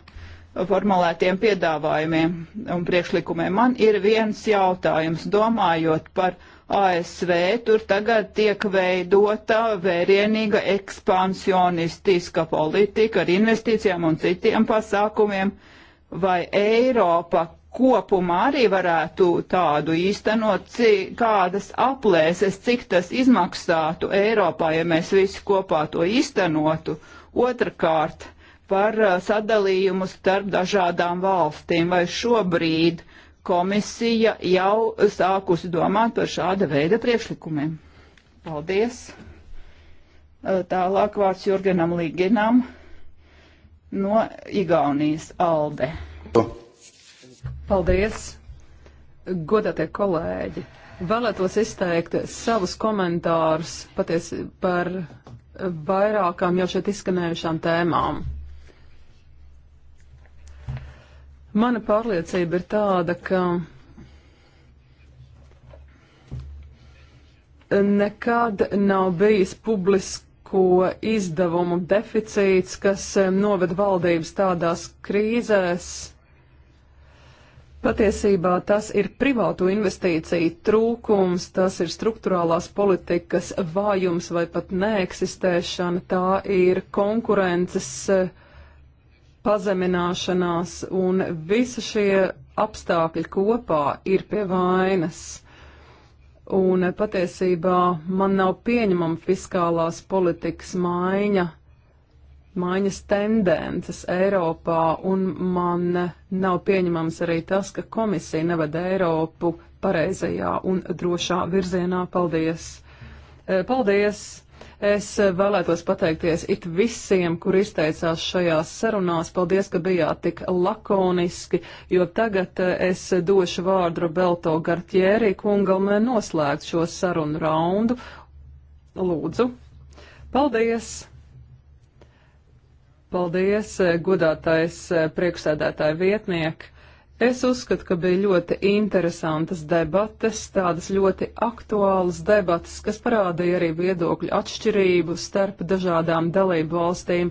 [SPEAKER 3] formulētiem piedāvājumiem un priekšlikumiem. Man ir viens jautājums, domājot par ASV, tur tagad tiek veidota vērienīga ekspansionistiska politika ar investīcijām un citiem pasākumiem, vai Eiropa kopumā arī varētu tādu īstenot, kādas aplēses, cik tas izmaksātu Eiropā, ja mēs visi kopā to īstenotu. Otrakārt, par uh, sadalījumu starp dažādām valstīm, vai šobrīd komisija jau sākusi domāt par šāda veida priekšlikumiem. Paldies! Uh, tālāk vārds Jurgenam Liginam
[SPEAKER 5] no Igaunijas Alde. Oh. Paldies! Godātie kolēģi! Vēlētos izteikt savus komentārus paties, par vairākām jau šeit izskanējušām tēmām. Mana pārliecība ir tāda, ka nekad nav bijis publisko izdevumu deficīts, kas noved valdības tādās krīzēs, Patiesībā tas ir privātu investīciju trūkums, tas ir struktūrālās politikas vājums vai pat neeksistēšana, tā ir konkurences eh, pazemināšanās un visi šie apstākļi kopā ir pie vainas. Un eh, patiesībā man nav pieņemama fiskālās politikas maiņa maiņas tendences Eiropā, un man nav pieņemams arī tas, ka komisija nevada Eiropu pareizajā un drošā virzienā. Paldies! Eh, paldies! Es vēlētos pateikties it visiem, kur izteicās šajās sarunās. Paldies, ka bijāt tik lakoniski, jo tagad eh, es došu vārdu Roberto Gartjērī kungam noslēgt šo sarunu raundu. Lūdzu! Paldies! Paldies, eh, godātais eh, priekšsēdētāja vietniek. Es uzskatu, ka bija ļoti interesantas debates, tādas ļoti aktuālas debates, kas parādīja arī viedokļu atšķirību starp dažādām dalību valstīm,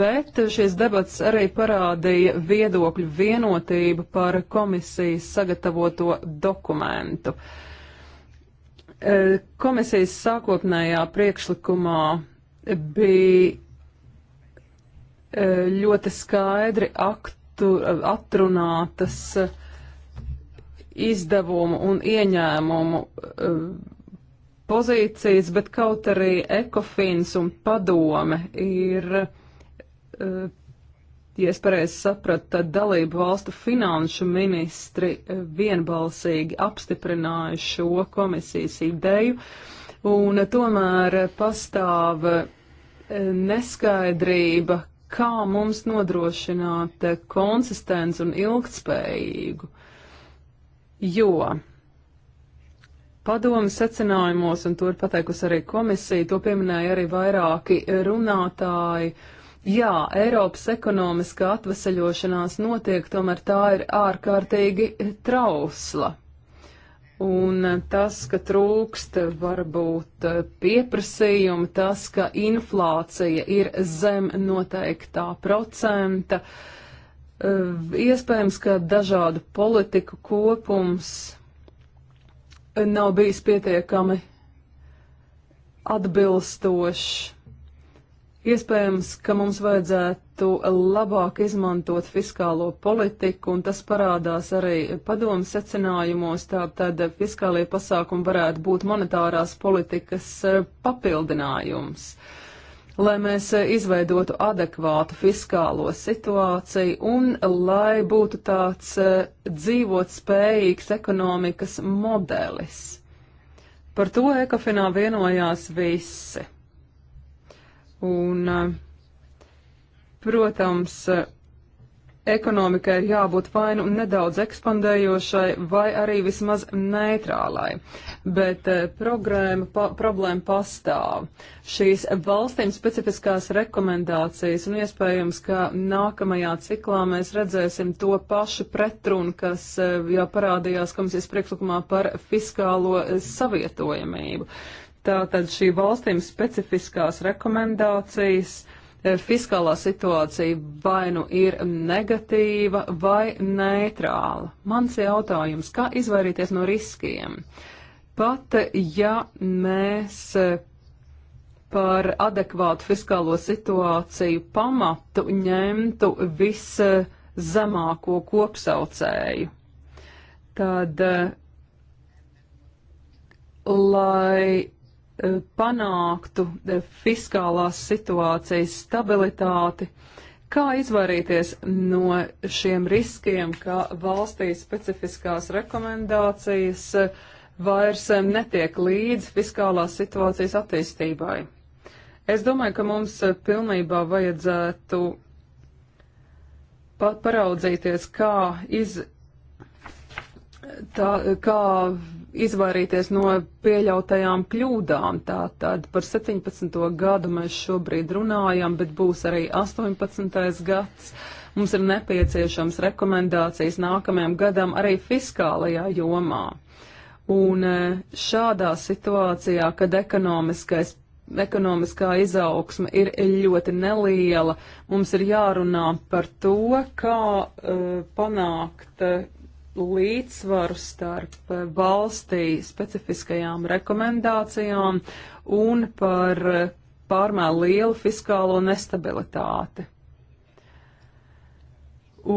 [SPEAKER 5] bet šīs debates arī parādīja viedokļu vienotību par komisijas sagatavoto dokumentu. Eh, komisijas sākotnējā priekšlikumā bija E, ļoti skaidri aktu, e, atrunātas e, izdevumu un ieņēmumu pozīcijas, bet kaut arī ekofins un padome ir, ja es pareizi sapratu, tad dalību valstu finanšu ministri vienbalsīgi apstiprināja šo komisijas ideju, un tomēr pastāv neskaidrība, kā mums nodrošināt konsistenci un ilgtspējīgu. Jo padomu secinājumos, un to ir pateikusi arī komisija, to pieminēja arī vairāki runātāji, jā, Eiropas ekonomiskā atveseļošanās notiek, tomēr tā ir ārkārtīgi trausla. Un tas, ka trūkst varbūt pieprasījuma, tas, ka inflācija ir zem noteiktā procenta, eh, iespējams, ka dažādu politiku kopums nav bijis pietiekami atbilstošs. Iespējams, ka mums vajadzētu labāk izmantot fiskālo politiku, un tas parādās arī padomu secinājumos, tātad fiskālie pasākumi varētu būt monetārās politikas eh, papildinājums. Lai mēs eh, izveidotu adekvātu fiskālo situāciju un lai būtu tāds eh, dzīvot spējīgs ekonomikas modelis. Par to ekofinā vienojās visi Un, eh, protams, eh, ekonomikai ir jābūt vai nu nedaudz ekspandējošai, vai arī vismaz neitrālai. Bet eh, problēma, pa, problēma pastāv. Šīs valstīm specifiskās rekomendācijas un iespējams, ka nākamajā ciklā mēs redzēsim to pašu pretrunu, kas eh, jau parādījās komisijas priekšlikumā par fiskālo eh, savietojamību. Uh, Tātad šī valstīm specifiskās rekomendācijas, eh, fiskālā situācija vai nu ir negatīva vai neitrāla. Mans jautājums, kā izvairīties no riskiem? Pat ja mēs eh, par adekvātu fiskālo situāciju pamatu ņemtu viszemāko kopsaucēju, tad, eh, lai Eh, panāktu eh, fiskālās situācijas stabilitāti, kā izvairīties no šiem riskiem, ka valstī specifiskās rekomendācijas eh, vairs netiek līdz fiskālās situācijas attīstībai. Es domāju, ka mums pilnībā vajadzētu paraudzīties, kā, iz, tā, kā izvairīties no pieļautajām kļūdām. Tātad par 17. gadu mēs šobrīd runājam, bet būs arī 18. gads. Mums ir nepieciešams rekomendācijas nākamajam gadam arī fiskālajā jomā. Un e, šādā situācijā, kad ekonomiskais ekonomiskā izaugsme ir ļoti neliela. Mums ir jārunā par to, kā uh, panākt uh, līdzsvaru starp eh, valstī specifiskajām rekomendācijām un par eh, pārmēr lielu fiskālo nestabilitāti.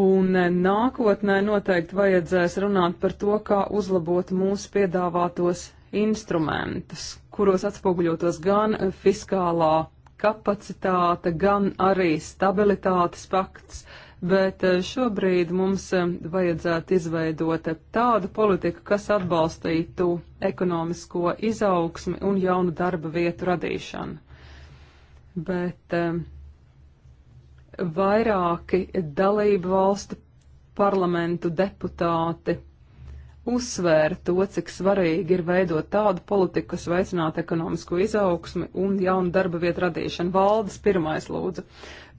[SPEAKER 5] Un eh, nākotnē noteikti vajadzēs runāt par to, kā uzlabot mūsu piedāvātos instrumentus, kuros atspoguļotos gan fiskālā kapacitāte, gan arī stabilitātes pakts. Uh, bet eh, šobrīd mums eh, vajadzētu izveidot eh, tādu politiku, kas atbalstītu ekonomisko izaugsmi un jaunu darba vietu radīšanu. Bet vairāki dalību valstu parlamentu deputāti uzsvēra to, cik svarīgi ir veidot tādu politiku, kas veicinātu ekonomisko izaugsmi un jaunu darba vietu radīšanu. Valdes pirmais lūdzu.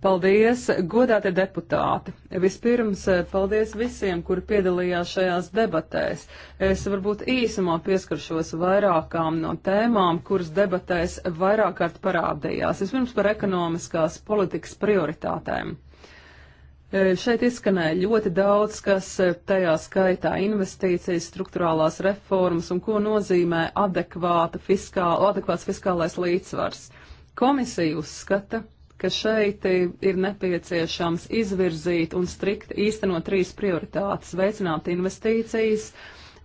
[SPEAKER 5] Paldies, godātie deputāti! Vispirms, eh, paldies visiem, kuri piedalījās šajās debatēs. Es varbūt īsumā pieskaršos vairākām no tēmām, kuras debatēs vairāk kārt parādījās. Vispirms par ekonomiskās politikas prioritātēm. Eh, šeit izskanēja ļoti daudz, kas eh, tajā skaitā investīcijas, struktūrālās reformas un ko nozīmē adekvāta fiskāla, adekvāts fiskālais līdzsvars. Komisija uzskata, ka šeit ir nepieciešams izvirzīt un strikt īstenot trīs prioritātes - veicināt investīcijas,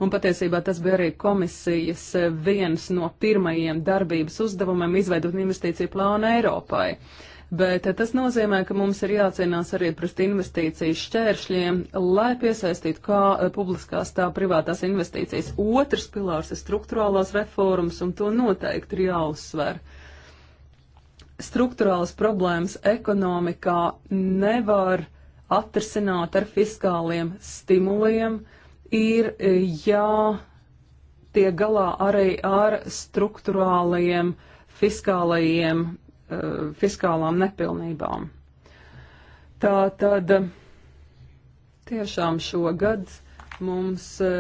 [SPEAKER 5] un patiesībā tas bija arī komisijas viens no pirmajiem darbības uzdevumiem izveidot investīciju plānu Eiropai. Bet tas nozīmē, ka mums ir jācīnās arī pret investīciju šķēršļiem, lai piesaistītu kā publiskās, tā privātās investīcijas. Otrs pilārs ir struktūrālās reformas, un to noteikti ir jāuzsver. Uh, struktūrāls problēmas ekonomikā nevar atrisināt ar fiskāliem stimuliem, ir e, jātiek galā arī ar struktūrāliem fiskālajiem, e, fiskālām nepilnībām. Tā tad tiešām šogad mums e,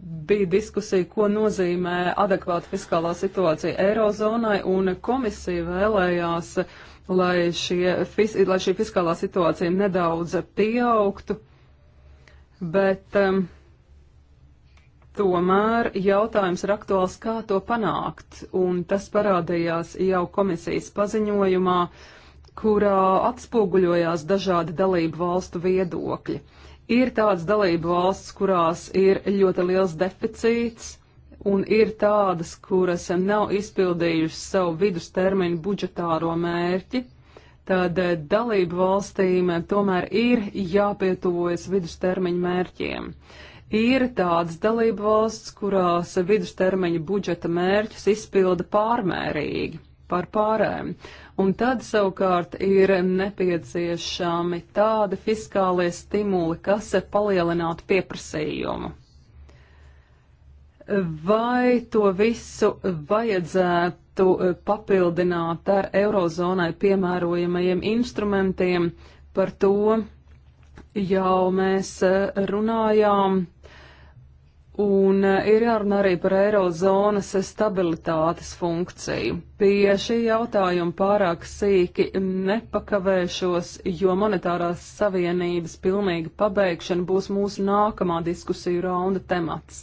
[SPEAKER 5] bija diskusija, ko nozīmē adekvāta fiskālā situācija Eirozonai, un komisija vēlējās, lai, šie, lai šī fiskālā situācija nedaudz pieaugtu, bet um, tomēr jautājums ir aktuāls, kā to panākt, un tas parādījās jau komisijas paziņojumā, kurā atspoguļojās dažādi dalību valstu viedokļi. Ir tādas dalību valsts, kurās ir ļoti liels deficīts, un ir tādas, kuras nav izpildījušas savu vidustermiņu budžetāro mērķi, tad eh, dalību valstīm eh, tomēr ir jāpietuvojas vidustermiņu mērķiem. Ir tādas dalību valsts, kurās vidustermiņa budžeta mērķus izpilda pārmērīgi par pārēm. Un tad savukārt ir nepieciešami tādi fiskālie stimuli, kas palielinātu pieprasījumu. Vai to visu vajadzētu eh, papildināt ar Eirozonai piemērojamajiem instrumentiem? Par to jau mēs eh, runājām Un eh, ir jārunā arī par eirozonas stabilitātes funkciju. Pie šī jautājuma pārāk sīki nepakavēšos, jo monetārās savienības pilnīga pabeigšana būs mūsu nākamā diskusiju raunda temats.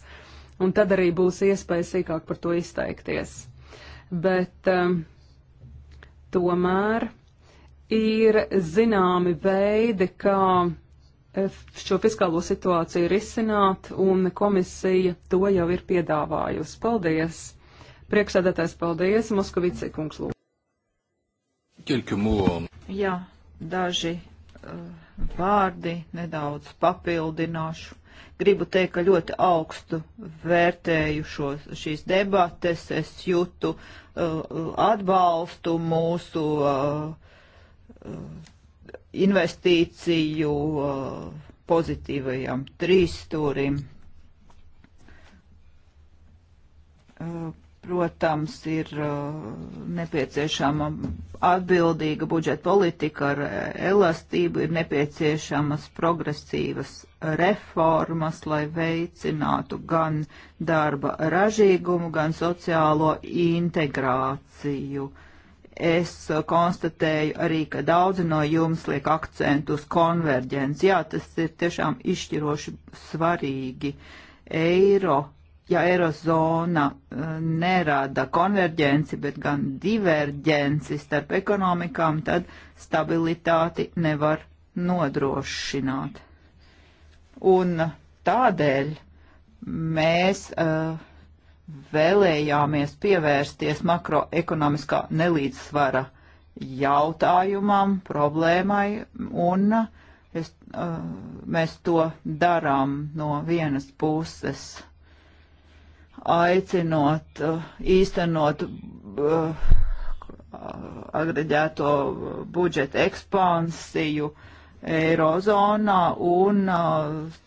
[SPEAKER 5] Un tad arī būs iespēja sīkāk par to izteikties. Bet um, tomēr ir zināmi veidi, kā šo fiskālo situāciju risināt, un komisija to jau ir piedāvājusi. Paldies! Priekšsēdētājs, paldies! Moskavici kungs lūdzu. Jā,
[SPEAKER 3] daži uh, vārdi nedaudz papildināšu. Gribu teikt, ka ļoti augstu vērtēju šos, šīs debates, es jūtu uh, atbalstu mūsu uh, uh, investīciju uh, pozitīvajam trīsstūrim. Uh, protams, ir uh, nepieciešama atbildīga budžeta politika ar elastību, ir nepieciešamas progresīvas reformas, lai veicinātu gan darba ražīgumu, gan sociālo integrāciju. Uh, Es konstatēju arī, ka daudzi no jums liek akcentu uz konverģenci. Jā, tas ir tiešām izšķiroši svarīgi. Eiro, ja eirozona eh, nerada konverģenci, bet gan diverģenci starp ekonomikām, tad stabilitāti nevar nodrošināt. Un tādēļ mēs uh, vēlējāmies pievērsties makroekonomiskā nelīdzsvara jautājumam, problēmai, un es, uh, mēs to darām no vienas puses, aicinot uh, īstenot uh, agreģēto budžeta ekspansiju eirozonā un uh,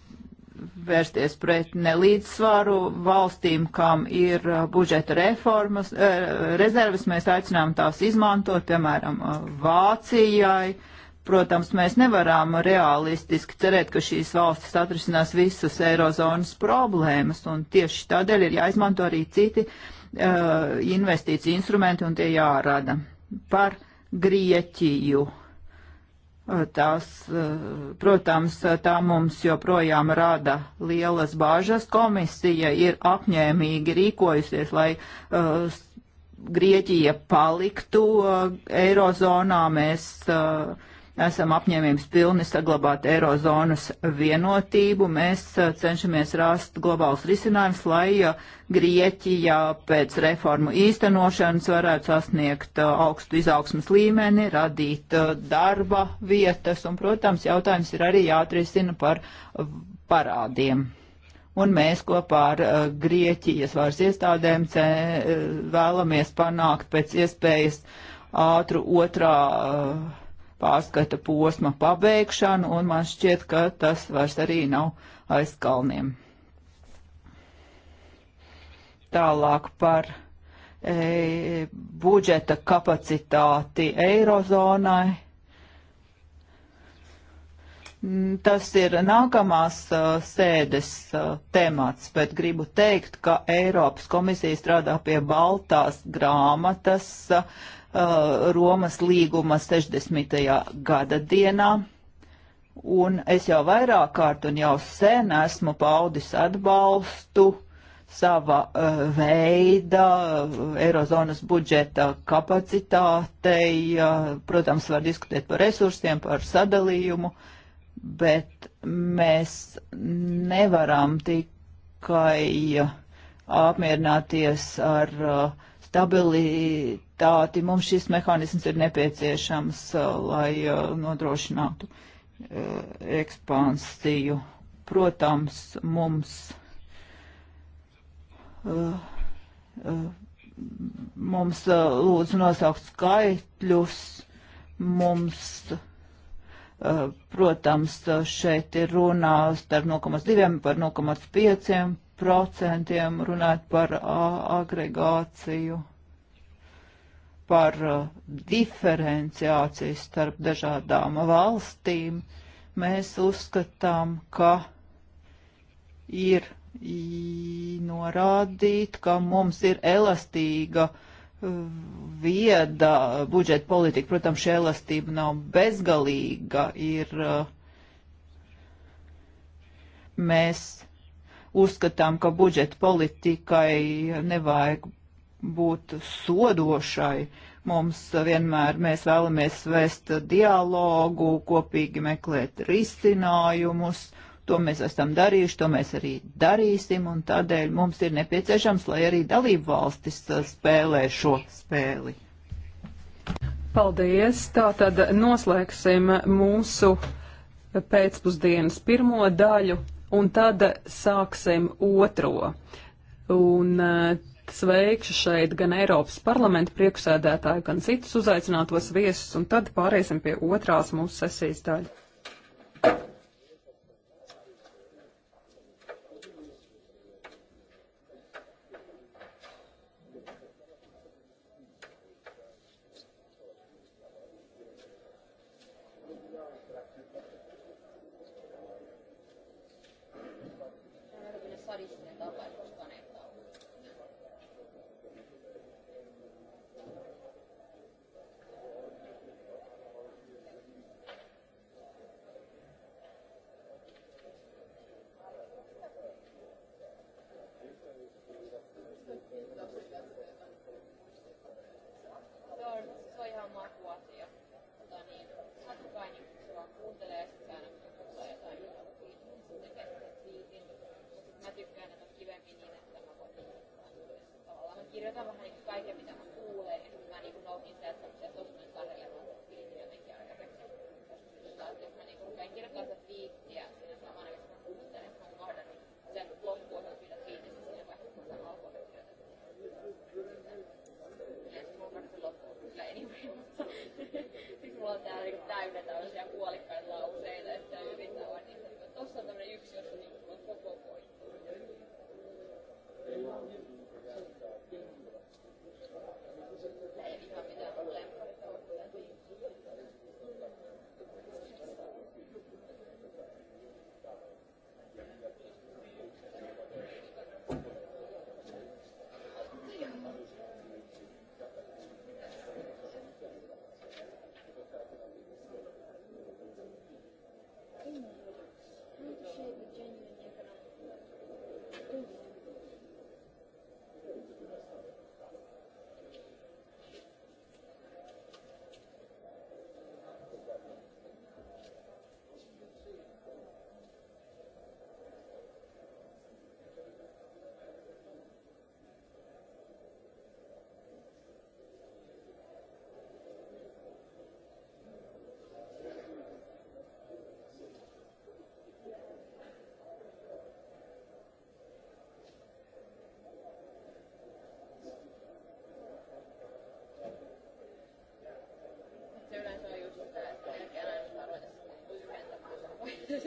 [SPEAKER 3] vērsties pret nelīdzsvaru valstīm, kam ir uh, budžeta reformas, uh, rezerves. Mēs aicinām tās izmantot, piemēram, uh, Vācijai. Protams, mēs nevaram realistiski cerēt, ka šīs valstis atrisinās visas eirozonas problēmas, un tieši tādēļ ir jāizmanto arī citi uh, investīciju instrumenti, un tie jārada. Par Grieķiju. Tās, protams, tā mums joprojām rada lielas bāžas. Komisija ir apņēmīgi rīkojusies, lai uh, Grieķija paliktu uh, Eirozonā. Mēs uh, esam apņēmības pilni saglabāt Eirozonas vienotību. Mēs uh, cenšamies rast globāls risinājums, lai uh, Grieķijā pēc reformu īstenošanas varētu sasniegt uh, augstu izaugsmas līmeni, radīt darba vietas, un, protams, jautājums ir arī jāatrisina par parādiem un mēs kopā ar uh, Grieķijas varas iestādēm cē, vēlamies panākt pēc iespējas ātru otrā uh, pārskata posma pabeigšanu, un man šķiet, ka tas vairs arī nav aiz kalniem. Tālāk par e, budžeta kapacitāti Eirozonai. Mm, tas ir nākamās uh, sēdes uh, temats, bet gribu teikt, ka Eiropas komisija strādā pie baltās grāmatas uh, uh, Romas līguma 60. gada dienā. Un es jau vairāk kārt un jau sen esmu paudis atbalstu sava uh, veida uh, Eirozonas budžeta kapacitātei. Uh, protams, var diskutēt par resursiem, par sadalījumu, bet mēs nevaram tikai uh, apmierināties ar uh, stabilitāti efektivitāti. Mums šis mehānisms ir nepieciešams, uh, lai uh, nodrošinātu uh, ekspansiju. Protams, mums mums lūdzu nosaukt skaitļus, mums, protams, šeit ir runā starp 0,2 par 0,5 procentiem runāt par agregāciju par uh, diferenciāciju starp dažādām valstīm, mēs uzskatām, ka ir norādīt, ka mums ir elastīga uh, vieda budžeta politika. Protams, šī elastība nav bezgalīga. Ir, uh, mēs uzskatām, ka budžeta politikai nevajag būt sodošai. Mums vienmēr mēs vēlamies vest dialogu, kopīgi meklēt risinājumus. To mēs esam darījuši, to mēs arī darīsim, un tādēļ mums ir nepieciešams, lai arī dalību valstis spēlē šo
[SPEAKER 5] spēli. Paldies! Tātad noslēgsim mūsu pēcpusdienas pirmo daļu, un tad sāksim otro. Un sveikšu šeit gan Eiropas parlamenta priekšsēdētāju, gan citus uzaicinātos viesus, un tad pāriesim pie otrās mūsu sesijas daļas.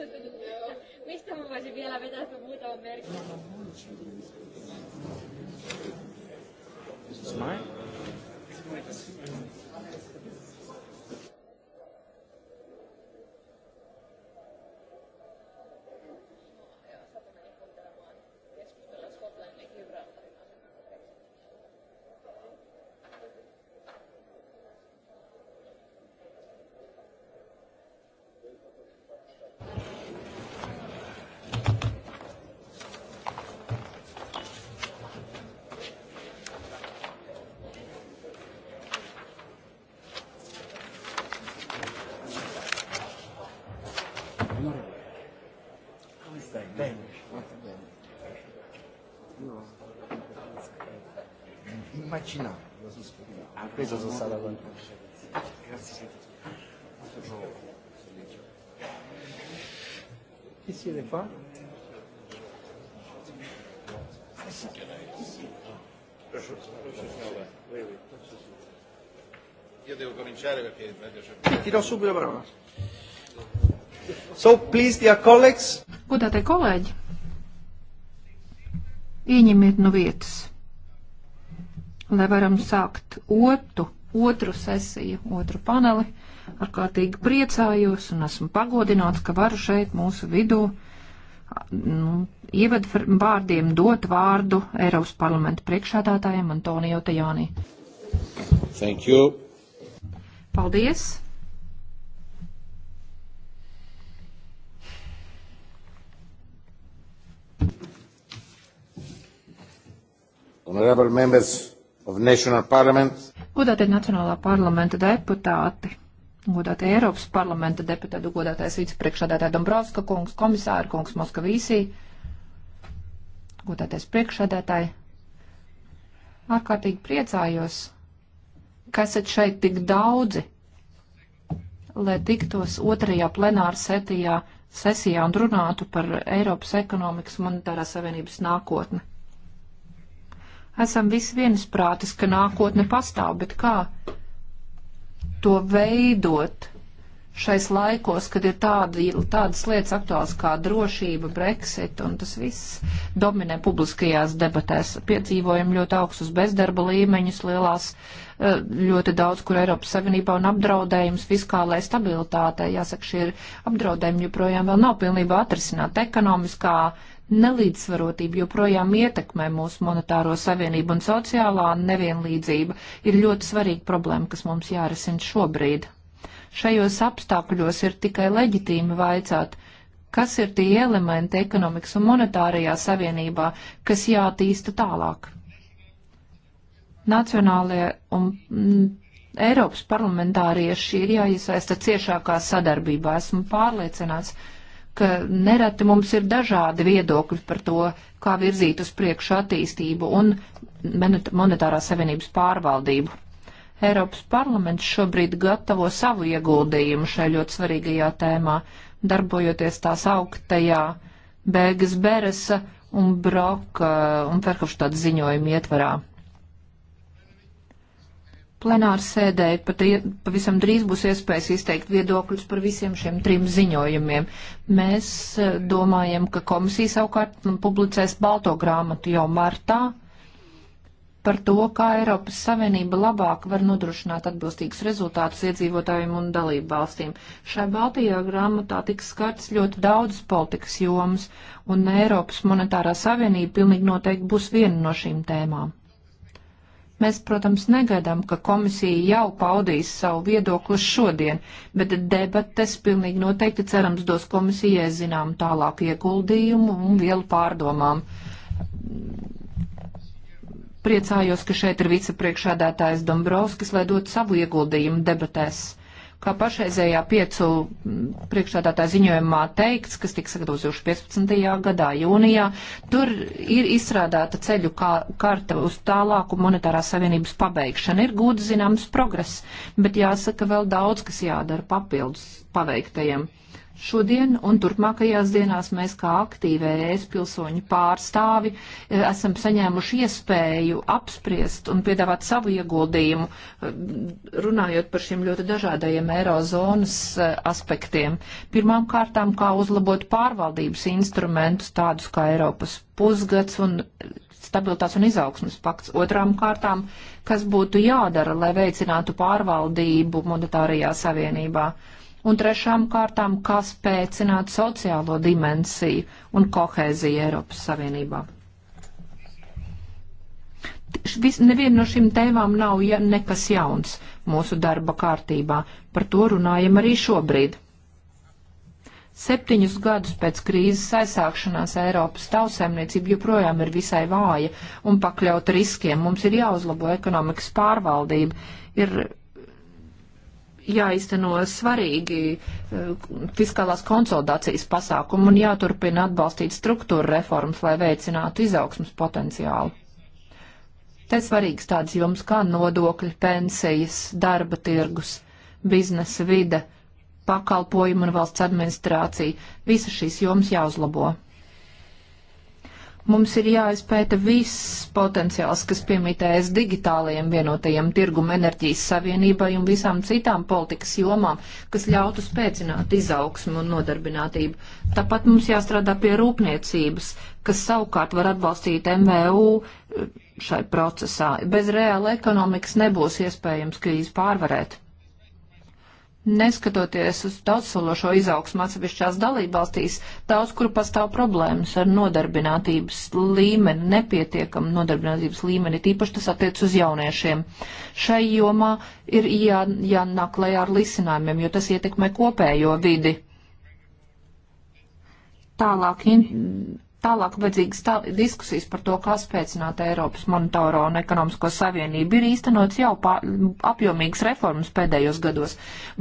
[SPEAKER 4] Questo è tutto. Questa mi facevi la metà dovuta a
[SPEAKER 5] merito.
[SPEAKER 4] Bene. Io
[SPEAKER 1] immaginavo,
[SPEAKER 4] lo sospetto. Ah,
[SPEAKER 1] questo sono stato con
[SPEAKER 4] Grazie. Chi siete qua? Ah, sì. Io devo cominciare perché... Ti do
[SPEAKER 1] subito la parola. So, please, dear colleagues. Godātie kolēģi,
[SPEAKER 2] ieņemiet no vietas, lai varam sākt otru, otru sesiju, otru paneli. Ar kārtīgi priecājos un esmu pagodināts, ka varu šeit mūsu vidū nu, ievadu vārdiem dot vārdu Eiropas parlamenta priekšādātājiem Antonio Tajānī. Thank you. Paldies.
[SPEAKER 4] honorable members of national parliaments.
[SPEAKER 2] Godātie Nacionālā parlamenta deputāti, godātie Eiropas parlamenta deputāti, godātais vicepriekšādātāja Dombrovska kungs, komisāra kungs Moskavīsī, godātais priekšādātāji, ārkārtīgi priecājos, ka esat šeit tik daudzi, lai tiktos otrajā plenāra setijā, sesijā un runātu par Eiropas ekonomikas monetārā savienības nākotni. Esam visi viensprātis, ka nākotne pastāv, bet kā to veidot šais laikos, kad ir tādi, tādas lietas aktuāls kā drošība, Brexit un tas viss dominē publiskajās debatēs. Piedzīvojam ļoti augstus bezdarba līmeņus, lielās eh, ļoti daudz, kur Eiropas Savienībā un apdraudējums fiskālai stabilitātei. Jāsaka, šie apdraudējumi joprojām vēl nav pilnībā atrisināti. Ekonomiskā uh, Nelīdzsvarotība joprojām ietekmē mūsu monetāro savienību un sociālā nevienlīdzība ir ļoti svarīga problēma, kas mums jārisina šobrīd. Šajos apstākļos ir tikai leģitīmi vaicāt, kas ir tie elementi ekonomikas un monetārajā savienībā, kas jātīsta tālāk. Nacionālajie un mm, Eiropas parlamentārieši ir jāiesaista ciešākā sadarbībā. Esmu pārliecināts, ka ka nereti mums ir dažādi viedokļi par to, kā virzīt uz priekšu attīstību un monetārās savienības pārvaldību. Eiropas parlaments šobrīd gatavo savu ieguldījumu šai ļoti svarīgajā tēmā, darbojoties tās augtajā Bēgas Beresa un Broka un Ferhofštāta ziņojuma ietvarā plenāra sēdē pat pavisam drīz būs iespējas izteikt viedokļus par visiem šiem trim ziņojumiem. Mēs eh, domājam, ka komisija savukārt mm, publicēs balto grāmatu jau martā par to, kā Eiropas Savienība labāk var nodrošināt atbilstīgus rezultātus iedzīvotājiem un dalību valstīm. Šai Baltijā grāmatā tiks skarts ļoti daudz politikas jomas, un Eiropas monetārā savienība pilnīgi noteikti būs viena no šīm tēmām. Mēs, protams, negaidām, ka komisija jau paudīs savu viedokli šodien, bet debates pilnīgi noteikti cerams dos komisijai zinām tālāk ieguldījumu un vielu pārdomām. Priecājos, ka šeit ir vicepriekšādātājs Dombrovskis, lai dotu savu ieguldījumu debatēs kā pašreizējā piecu priekšstādātā ziņojumā teikts, kas tika sagatavots 2015. gadā jūnijā, tur ir izstrādāta ceļu kā, karta uz tālāku monetārā savienības pabeigšanu. Ir gūda zināms progress, bet jāsaka vēl daudz, kas jādara papildus paveiktajam. Šodien un turpmākajās dienās mēs kā aktīvējais pilsoņu pārstāvi e, esam saņēmuši iespēju apspriest un piedāvāt savu ieguldījumu, e, runājot par šiem ļoti dažādajiem eirozonas e, aspektiem. Pirmām kārtām, kā uzlabot pārvaldības instrumentus, tādus kā Eiropas pusgads un stabilitātes un izaugsmas pakts. Otrām kārtām, kas būtu jādara, lai veicinātu pārvaldību monetārajā savienībā. Uh, un trešām kārtām, kā spēcināt sociālo dimensiju un kohēziju Eiropas Savienībā. Neviena no šīm tēmām nav ja nekas jauns mūsu darba kārtībā. Par to runājam arī šobrīd. Septiņus gadus pēc krīzes aizsākšanās Eiropas tautsēmniecība joprojām ir visai vāja un pakļauta riskiem. Mums ir jāuzlabo ekonomikas pārvaldība, ir jāizteno svarīgi eh, fiskālās konsolidācijas pasākumi un jāturpina atbalstīt struktūra reformas, lai veicinātu izaugsmas potenciālu. Te svarīgs tāds jums kā nodokļi, pensijas, darba tirgus, biznesa vide, pakalpojumi un valsts administrācija. Visas šīs jums jāuzlabo. Mums ir jāizpēta viss potenciāls, kas piemītējas digitālajiem vienotajiem tirgum enerģijas savienībai un visām citām politikas jomām, kas ļautu spēcināt izaugsmu un nodarbinātību. Tāpat mums jāstrādā pie rūpniecības, kas savukārt var atbalstīt MVU eh, šai procesā. Bez reāla ekonomikas nebūs iespējams krīzi pārvarēt. Neskatoties uz daudzsološo izaugsmu atsevišķās dalībvalstīs, daudz kur pastāv problēmas ar nodarbinātības līmeni, nepietiekamu nodarbinātības līmeni, tīpaši tas attiec uz jauniešiem. Šai jomā ir jā, jānāk lejā ar risinājumiem, jo tas ietekmē kopējo vidi. Tālāk in, tālāk vajadzīgas tā, diskusijas par to, kā spēcināt Eiropas monetāro un ekonomisko savienību. Ir īstenots jau pā, apjomīgas reformas pēdējos gados.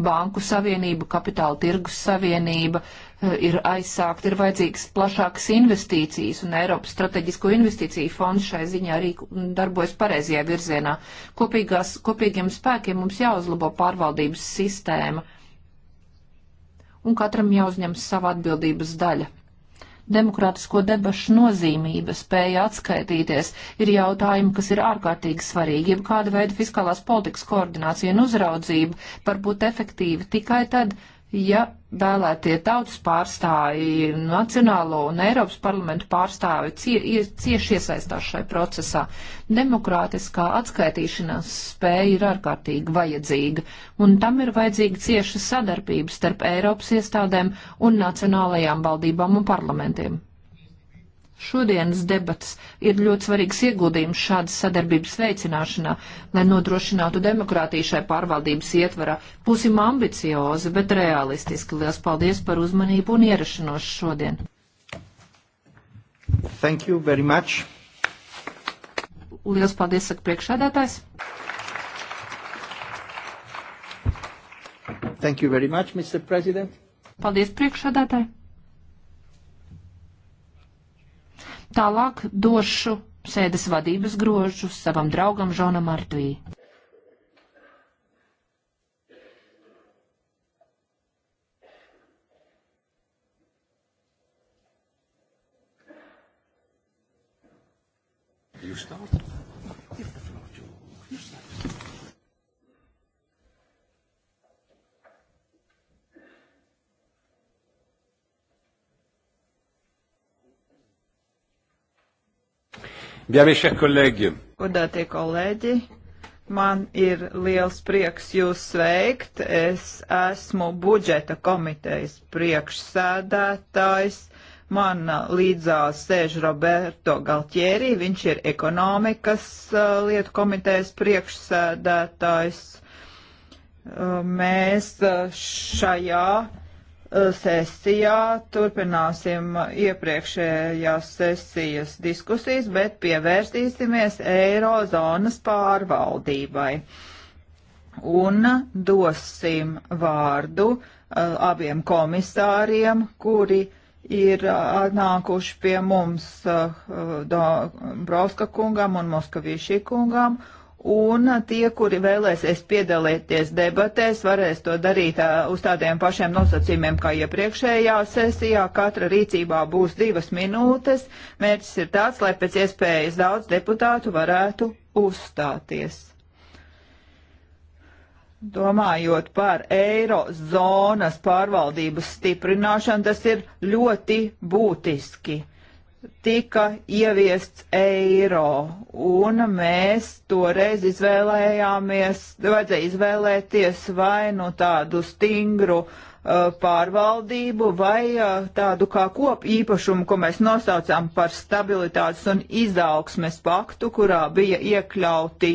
[SPEAKER 2] Banku savienība, kapitāla tirgus savienība eh, ir aizsākt, ir vajadzīgas plašākas investīcijas, un Eiropas strateģisko investīciju fonds šai ziņā arī darbojas pareizajā virzienā. Kopīgās, kopīgiem spēkiem mums jāuzlabo pārvaldības sistēma, un katram jāuzņem sava atbildības daļa demokrātisko debašu nozīmība, spēja atskaitīties, ir jautājumi, kas ir ārkārtīgi svarīgi. Ja kāda veida fiskālās politikas koordinācija un uzraudzība var būt efektīva tikai tad, ja vēlētie tautas pārstāji, Nacionālo un Eiropas parlamentu pārstāvi cie, cieši iesaistās šai procesā. Demokrātiskā atskaitīšanās spēja ir ārkārtīgi vajadzīga, un tam ir vajadzīga cieša sadarbība starp Eiropas iestādēm un nacionālajām valdībām un parlamentiem. Šodienas debatas ir ļoti svarīgs ieguldījums šādas sadarbības veicināšanā, lai nodrošinātu demokrātiju šai pārvaldības ietvarā. Būsim ambiciozi, bet realistiski. Lielas paldies par uzmanību un ierašanos šodien.
[SPEAKER 1] Thank you very much.
[SPEAKER 2] Lielas paldies, saka priekšādātājs.
[SPEAKER 1] Thank you very much, Mr. President.
[SPEAKER 2] Paldies priekšādātāji. Tālāk došu sēdes vadības grožu savam draugam Žonam Artuī.
[SPEAKER 4] You start. Bien, mes chers collègues.
[SPEAKER 3] Godātie kolēģi, man ir liels prieks jūs sveikt. Es esmu budžeta komitejas priekšsēdētājs. Man uh, līdzās sēž Roberto Galtieri, viņš ir ekonomikas uh, lietu komitejas priekšsēdētājs. Uh, mēs šajā sesijā turpināsim iepriekšējās sesijas diskusijas, bet pievērsīsimies eirozonas pārvaldībai. Un dosim vārdu uh, abiem komisāriem, kuri ir atnākuši uh, pie mums uh, uh Brauska kungam un Moskavīšī kungam, Un tie, kuri vēlēsies piedalīties debatēs, varēs to darīt uh, uz tādiem pašiem nosacījumiem kā iepriekšējā sesijā. Katra rīcībā būs divas minūtes. Mērķis ir tāds, lai pēc iespējas daudz deputātu varētu uzstāties. Domājot par eirozonas pārvaldības stiprināšanu, tas ir ļoti būtiski tika ieviests eiro, un mēs toreiz izvēlējāmies, vajadzēja izvēlēties vai nu tādu stingru uh, pārvaldību vai uh, tādu kā kopu īpašumu, ko mēs nosaucām par stabilitātes un izaugsmes paktu, kurā bija iekļauti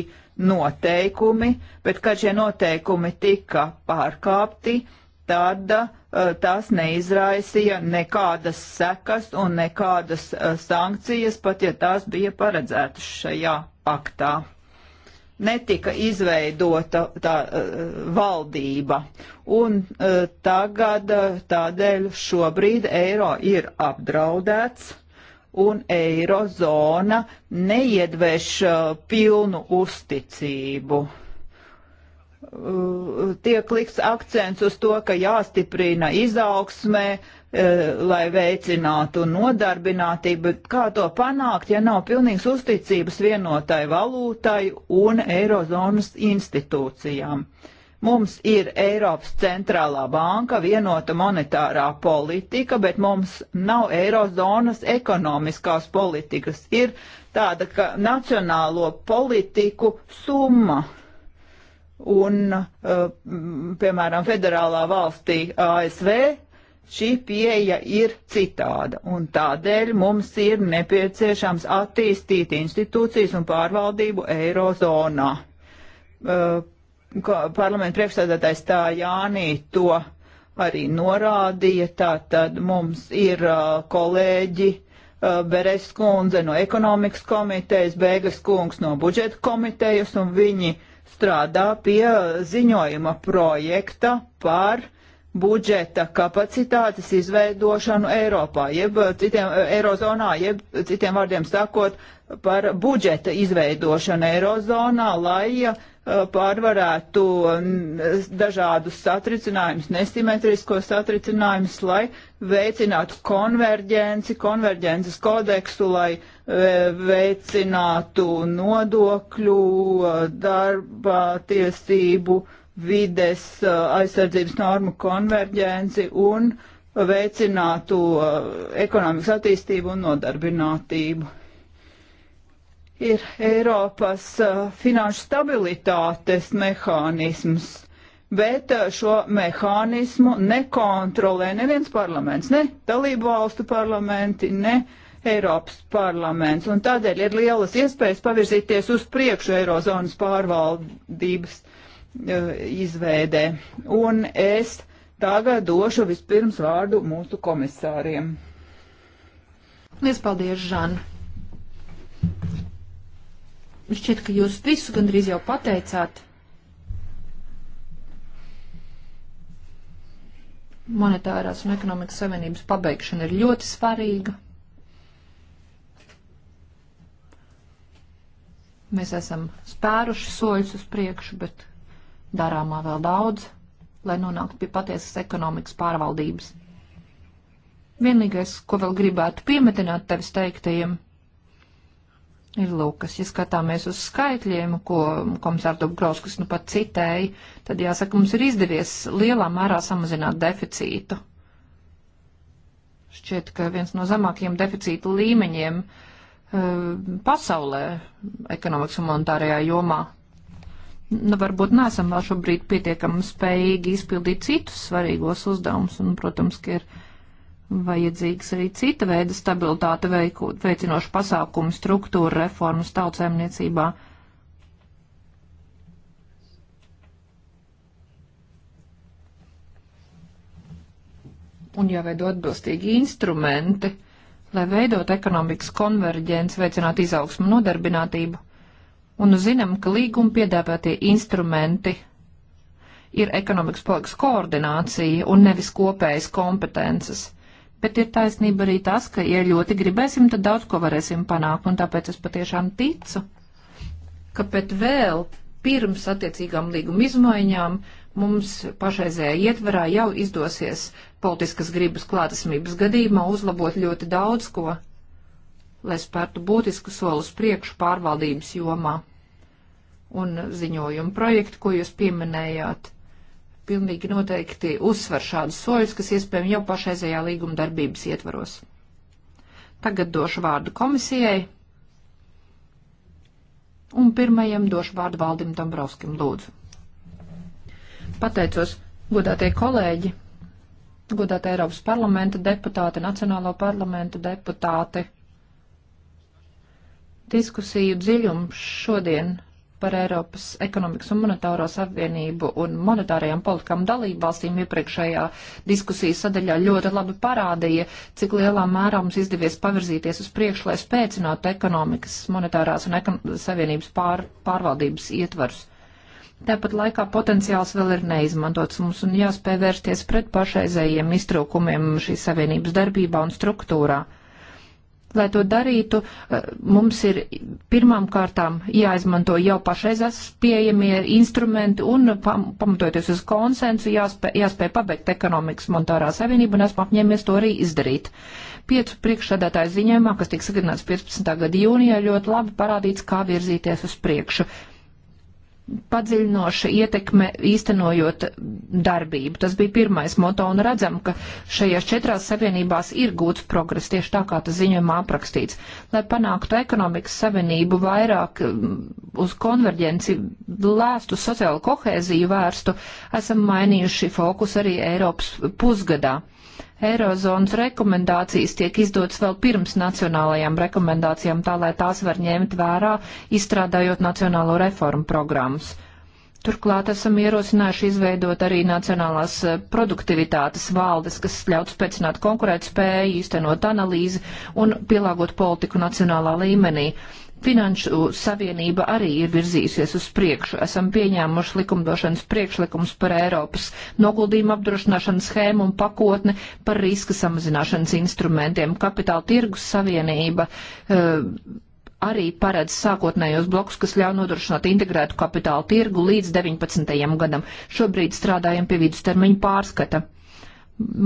[SPEAKER 3] noteikumi, bet kad šie noteikumi tika pārkāpti, tad uh, Eh, tas neizraisīja nekādas sekas un nekādas eh, sankcijas, pat ja tās bija paredzētas šajā paktā. Netika izveidota tā eh, valdība, un tagad tādēļ šobrīd eiro ir apdraudēts, un eirozona neiedveš pilnu uzticību. Uh, tiek liks akcents uz to, ka jāstiprina izaugsmē, uh, lai veicinātu nodarbinātību, bet kā to panākt, ja nav pilnīgs uzticības vienotai valūtai un Eirozonas institūcijām? Mums ir Eiropas centrālā banka, vienota monetārā politika, bet mums nav Eirozonas ekonomiskās politikas. Ir tāda, ka nacionālo politiku summa Un, uh, piemēram, federālā valstī ASV šī pieeja ir citāda, un tādēļ mums ir nepieciešams attīstīt institūcijas un pārvaldību Eirozonā. Uh, parlamenta priekšsēdētājs tā Jānī to arī norādīja, tā tad mums ir uh, kolēģi Beres kundze no ekonomikas komitejas, Bēgas kungs no budžeta komitejas, un viņi uh, strādā pie ziņojuma projekta par budžeta kapacitātes izveidošanu Eiropā, jeb citiem, Eirozonā, jeb citiem vārdiem sakot, par budžeta izveidošanu Eirozonā, lai Uh, pārvarētu dažādus satricinājumus, nesimetriskos satricinājumus, lai veicinātu konverģenci, konverģences kodeksu, lai uh, veicinātu nodokļu, uh, darba tiesību, vides aizsardzības normu konverģenci un veicinātu ekonomikas attīstību un nodarbinātību ir Eiropas uh, finanšu stabilitātes mehānisms, bet uh, šo mehānismu nekontrolē neviens parlaments, ne dalību valstu parlamenti, ne Eiropas parlaments. Un tādēļ ir lielas iespējas pavirzīties uz priekšu Eirozonas pārvaldības uh, izveidē. Un es tagad došu vispirms vārdu mūsu komisāriem.
[SPEAKER 2] Lies paldies, Žana! Šķiet, ka jūs visu gandrīz jau pateicāt. Monetārās un ekonomikas savienības pabeigšana ir ļoti svarīga. Mēs esam spēruši soļus uz priekšu, bet darāmā vēl daudz, lai nonāktu pie patiesas ekonomikas pārvaldības. Vienīgais, ko vēl gribētu piemetināt tevis teiktajiem, ir Lūkas. Ja skatāmies uz skaitļiem, ko komisārs Dubrovskis nu pat citēja, tad jāsaka, mums ir izdevies lielā mērā samazināt deficītu. Šķiet, ka viens no zemākajiem deficīta līmeņiem uh, pasaulē ekonomikas un monetārajā jomā. Nu, varbūt nesam vēl šobrīd pietiekami spējīgi izpildīt citus svarīgos uzdevumus, un, protams, ka ir vajadzīgs arī cita veida stabilitāte veiku, veicinošu pasākumu struktūra reformas tautsēmniecībā. Un jāveido atbilstīgi instrumenti, lai veidot ekonomikas konverģents, veicināt izaugsmu nodarbinātību. Un zinām, ka līguma piedāvātie instrumenti ir ekonomikas politikas koordinācija un nevis kopējas kompetences bet ir taisnība arī tas, ka, ja ļoti gribēsim, tad daudz ko varēsim panākt, un tāpēc es patiešām ticu, ka pēc vēl pirms attiecīgām līguma izmaiņām mums pašreizējā ietverā jau izdosies politiskas gribas klātesamības gadījumā uzlabot ļoti daudz ko, lai spērtu būtisku solus priekšu pārvaldības jomā. Un ziņojumu projektu, ko jūs pieminējāt, pilnīgi noteikti uzsver šādus soļus, kas iespējami jau pašreizējā līguma darbības ietvaros. Tagad došu vārdu komisijai. Un pirmajam došu vārdu Valdim Dombrovskim lūdzu. Pateicos, godātie kolēģi, godātie Eiropas parlamenta deputāti, Nacionālo parlamentu deputāti. Diskusiju dziļums šodien par Eiropas ekonomikas un monetāro savienību un monetārajām politikām dalību valstīm iepriekšējā diskusijas sadaļā ļoti labi parādīja, cik lielā mērā mums izdevies pavirzīties uz priekšu, lai spēcinātu ekonomikas, monetārās un ekon savienības pār, pārvaldības ietvarus. Tāpat laikā potenciāls vēl ir neizmantots mums un jāspēj vērsties pret pašreizējiem iztrūkumiem šīs savienības darbībā un struktūrā. Lai to darītu, eh, mums ir pirmām kārtām jāizmanto jau pašreizās pieejamie instrumenti un pamatoties uz konsensu jāspēj, jāspēj pabeigt ekonomikas monetārā savienība un esmu apņēmies to arī izdarīt. Piecu priekšsēdētāju ziņojumā, kas tika sagatavots 15. gada jūnijā, ļoti labi parādīts, kā virzīties uz priekšu padziļinoša ietekme īstenojot darbību. Tas bija pirmais moto un redzam, ka šajās četrās savienībās ir gūts progress, tieši tā kā tas ziņojumā aprakstīts. Lai panāktu ekonomikas savienību vairāk mm, uz konverģenci lēstu sociālu kohēziju vērstu, esam mainījuši fokus arī Eiropas pusgadā Eirozonas rekomendācijas tiek izdotas vēl pirms nacionālajām rekomendācijām, tā lai tās var ņemt vērā, izstrādājot nacionālo reformu programmas. Turklāt esam ierosinājuši izveidot arī nacionālās eh, produktivitātes valdes, kas ļautu spēcināt konkurētspēju, īstenot analīzi un pielāgot politiku nacionālā līmenī. Finanšu savienība arī ir virzīsies uz priekšu. Esam pieņēmuši likumdošanas priekšlikums par Eiropas noguldījumu apdrošināšanas schēmu un pakotni par riska samazināšanas instrumentiem. Kapitāla tirgus savienība. Uh, arī paredz sākotnējos blokus, kas ļauj nodrošināt integrētu kapitālu tirgu līdz 19. gadam. Šobrīd strādājam pie vidustermiņa pārskata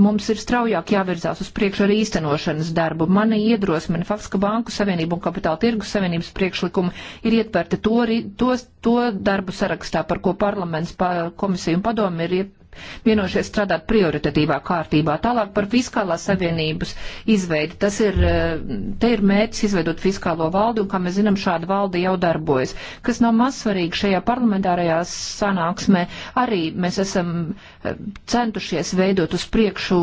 [SPEAKER 2] mums ir straujāk jāvirzās uz priekšu ar īstenošanas darbu. Mani iedrosmina fakts, ka Banku Savienība un Kapitāla tirgus Savienības priekšlikumi ir ietverti to, to, to darbu sarakstā, par ko parlaments, pa, komisija un padomi ir vienošies strādāt prioritatīvā kārtībā. Tālāk par fiskālās savienības izveidi. Tas ir, eh, te ir mērķis izveidot fiskālo valdi, un, kā mēs zinām, šāda valde jau darbojas. Kas nav mazsvarīgi šajā parlamentārajā sanāksmē, arī mēs esam eh, centušies veidot uz priekšu,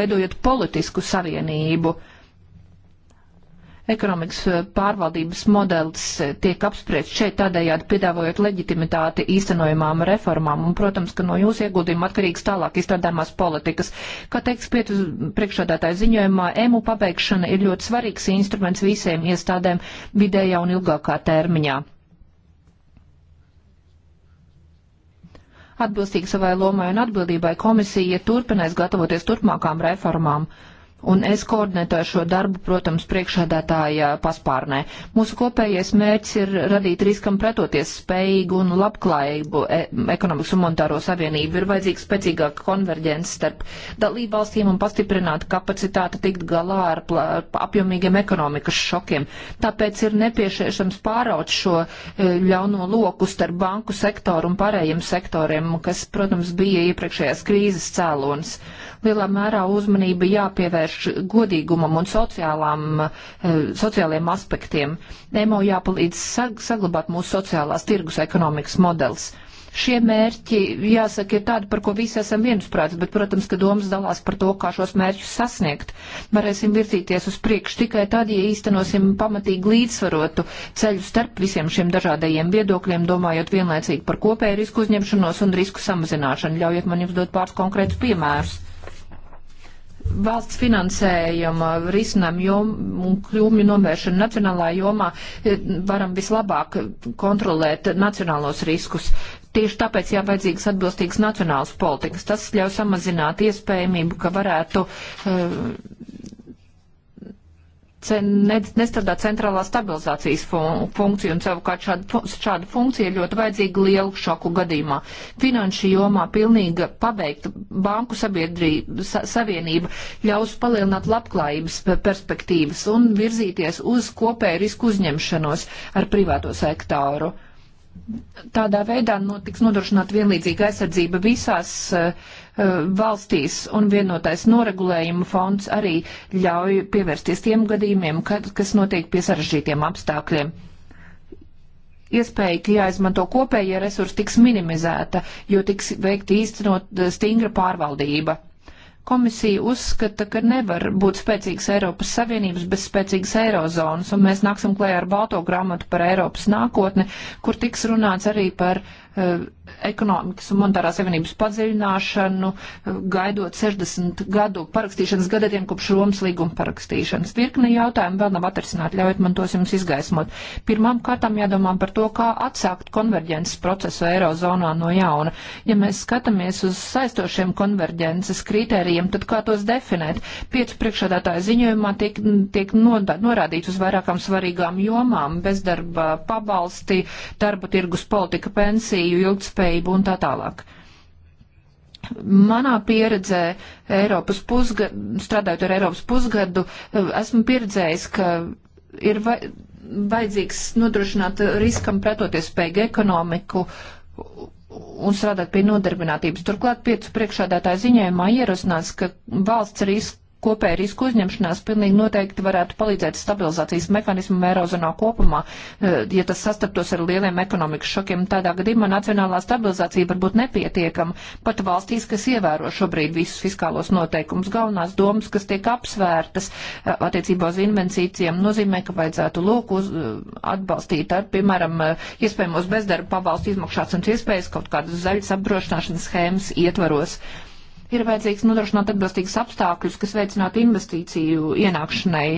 [SPEAKER 2] veidojot politisku savienību. Uh, ekonomikas eh, pārvaldības modelis eh, tiek apspriests šeit tādējādi piedāvojot leģitimitāti īstenojumām reformām un, protams, ka no jūsu ieguldījuma atkarīgs tālāk izstrādāmās politikas. Kā teiks pietus priekšādātāja ziņojumā, emu pabeigšana ir ļoti svarīgs instruments visiem iestādēm vidējā un ilgākā termiņā. Atbilstīgi savai lomai un atbildībai komisija turpinās gatavoties turpmākām reformām Un es koordinētāju šo darbu, protams, priekšādātāja paspārnē. Mūsu kopējais mērķis ir radīt riskam pretoties spējīgu un labklājību e ekonomikas un monetāro savienību. Ir vajadzīga spēcīgāka konverģence starp dalībvalstīm un pastiprināta kapacitāte tikt galā ar apjomīgiem ekonomikas šokiem. Tāpēc ir nepieciešams pāraut šo e, ļauno loku starp banku sektoru un pārējiem sektoriem, kas, protams, bija iepriekšējās krīzes cēlonis. Lielā mērā uzmanība jāpievērš vienkārši godīgumam un sociālām, eh, sociāliem aspektiem. NEMO jāpalīdz saglabāt mūsu sociālās tirgus ekonomikas modelis šie mērķi, jāsaka, ir tādi, par ko visi esam viensprāts, bet, protams, ka domas dalās par to, kā šos mērķus sasniegt. Varēsim virzīties uz priekšu tikai tad, ja īstenosim pamatīgi līdzsvarotu ceļu starp visiem šiem dažādajiem viedokļiem, domājot vienlaicīgi par kopēju risku uzņemšanos un risku samazināšanu. Ļaujiet man jums dot pāris konkrētus piemērus valsts finansējuma risinājumu un kļūmju novēršanu nacionālā jomā eh, varam vislabāk kontrolēt nacionālos riskus. Tieši tāpēc jāvajadzīgas atbilstīgas nacionālas politikas. Tas ļauj samazināt iespējamību, ka varētu uh, nestrādā centrālā stabilizācijas fun funkcija, un savukārt šāda, šāda funkcija ir ļoti vajadzīga lielu šoku gadījumā. Finanšu jomā pilnīga pabeigta banku sa savienība ļaus palielināt labklājības perspektīvas un virzīties uz kopēju risku uzņemšanos ar privāto sektāru. Tādā veidā notiks nodrošināt vienlīdzīga aizsardzība visās uh, valstīs, un vienotais noregulējuma fonds arī ļauj pievērsties tiem gadījumiem, kad, kas notiek pie sarežģītiem apstākļiem iespēja, ka jāizmanto kopējie resursi, tiks minimizēta, jo tiks veikta īstenot eh, stingra pārvaldība. Komisija uzskata, ka nevar būt spēcīgas Eiropas Savienības bez spēcīgas Eirozonas, un mēs nāksim klējā ar balto grāmatu par Eiropas nākotni, kur tiks runāts arī par uh, ekonomikas un monetārās savienības padziļināšanu, gaidot 60 gadu parakstīšanas gadiem kopš Romas līguma parakstīšanas. Virkni jautājumi vēl nav atrisināti, ļaujiet man tos jums izgaismot. Pirmām kārtām jādomā par to, kā atsākt konverģences procesu Eirozonā no jauna. Ja mēs skatāmies uz saistošiem konverģences kritērijiem, tad kā tos definēt? Piecu priekšādātāju ziņojumā tiek, tiek norādīts uz vairākām svarīgām jomām - bezdarba pabalsti, darba tirgus politika, pensiju, ilgspēja ilgtspējību un tā tālāk. Manā pieredzē Eiropas pusgadu, strādājot ar Eiropas pusgadu, esmu pieredzējis, ka ir vajadzīgs nodrošināt riskam pretoties spēju ekonomiku un strādāt pie nodarbinātības. Turklāt piecu priekšādātāja ziņojumā ierosināts, ka valsts risk kopēja risku uzņemšanās pilnīgi noteikti varētu palīdzēt stabilizācijas mekanismam Eirozonā kopumā, eh, ja tas sastaptos ar lieliem ekonomikas šokiem. Tādā gadījumā nacionālā stabilizācija var būt nepietiekama pat valstīs, kas ievēro šobrīd visus fiskālos noteikumus. Galvenās domas, kas tiek apsvērtas eh, attiecībā uz investīcijiem, nozīmē, ka vajadzētu lūk uz, eh, atbalstīt ar, piemēram, iespējamos bezdarba pabalstu izmaksāšanas iespējas kaut kādas zaļas apdrošināšanas schēmas ietvaros. Thank you ir vajadzīgs nodrošināt atbilstīgus apstākļus, kas veicinātu investīciju ienākšanai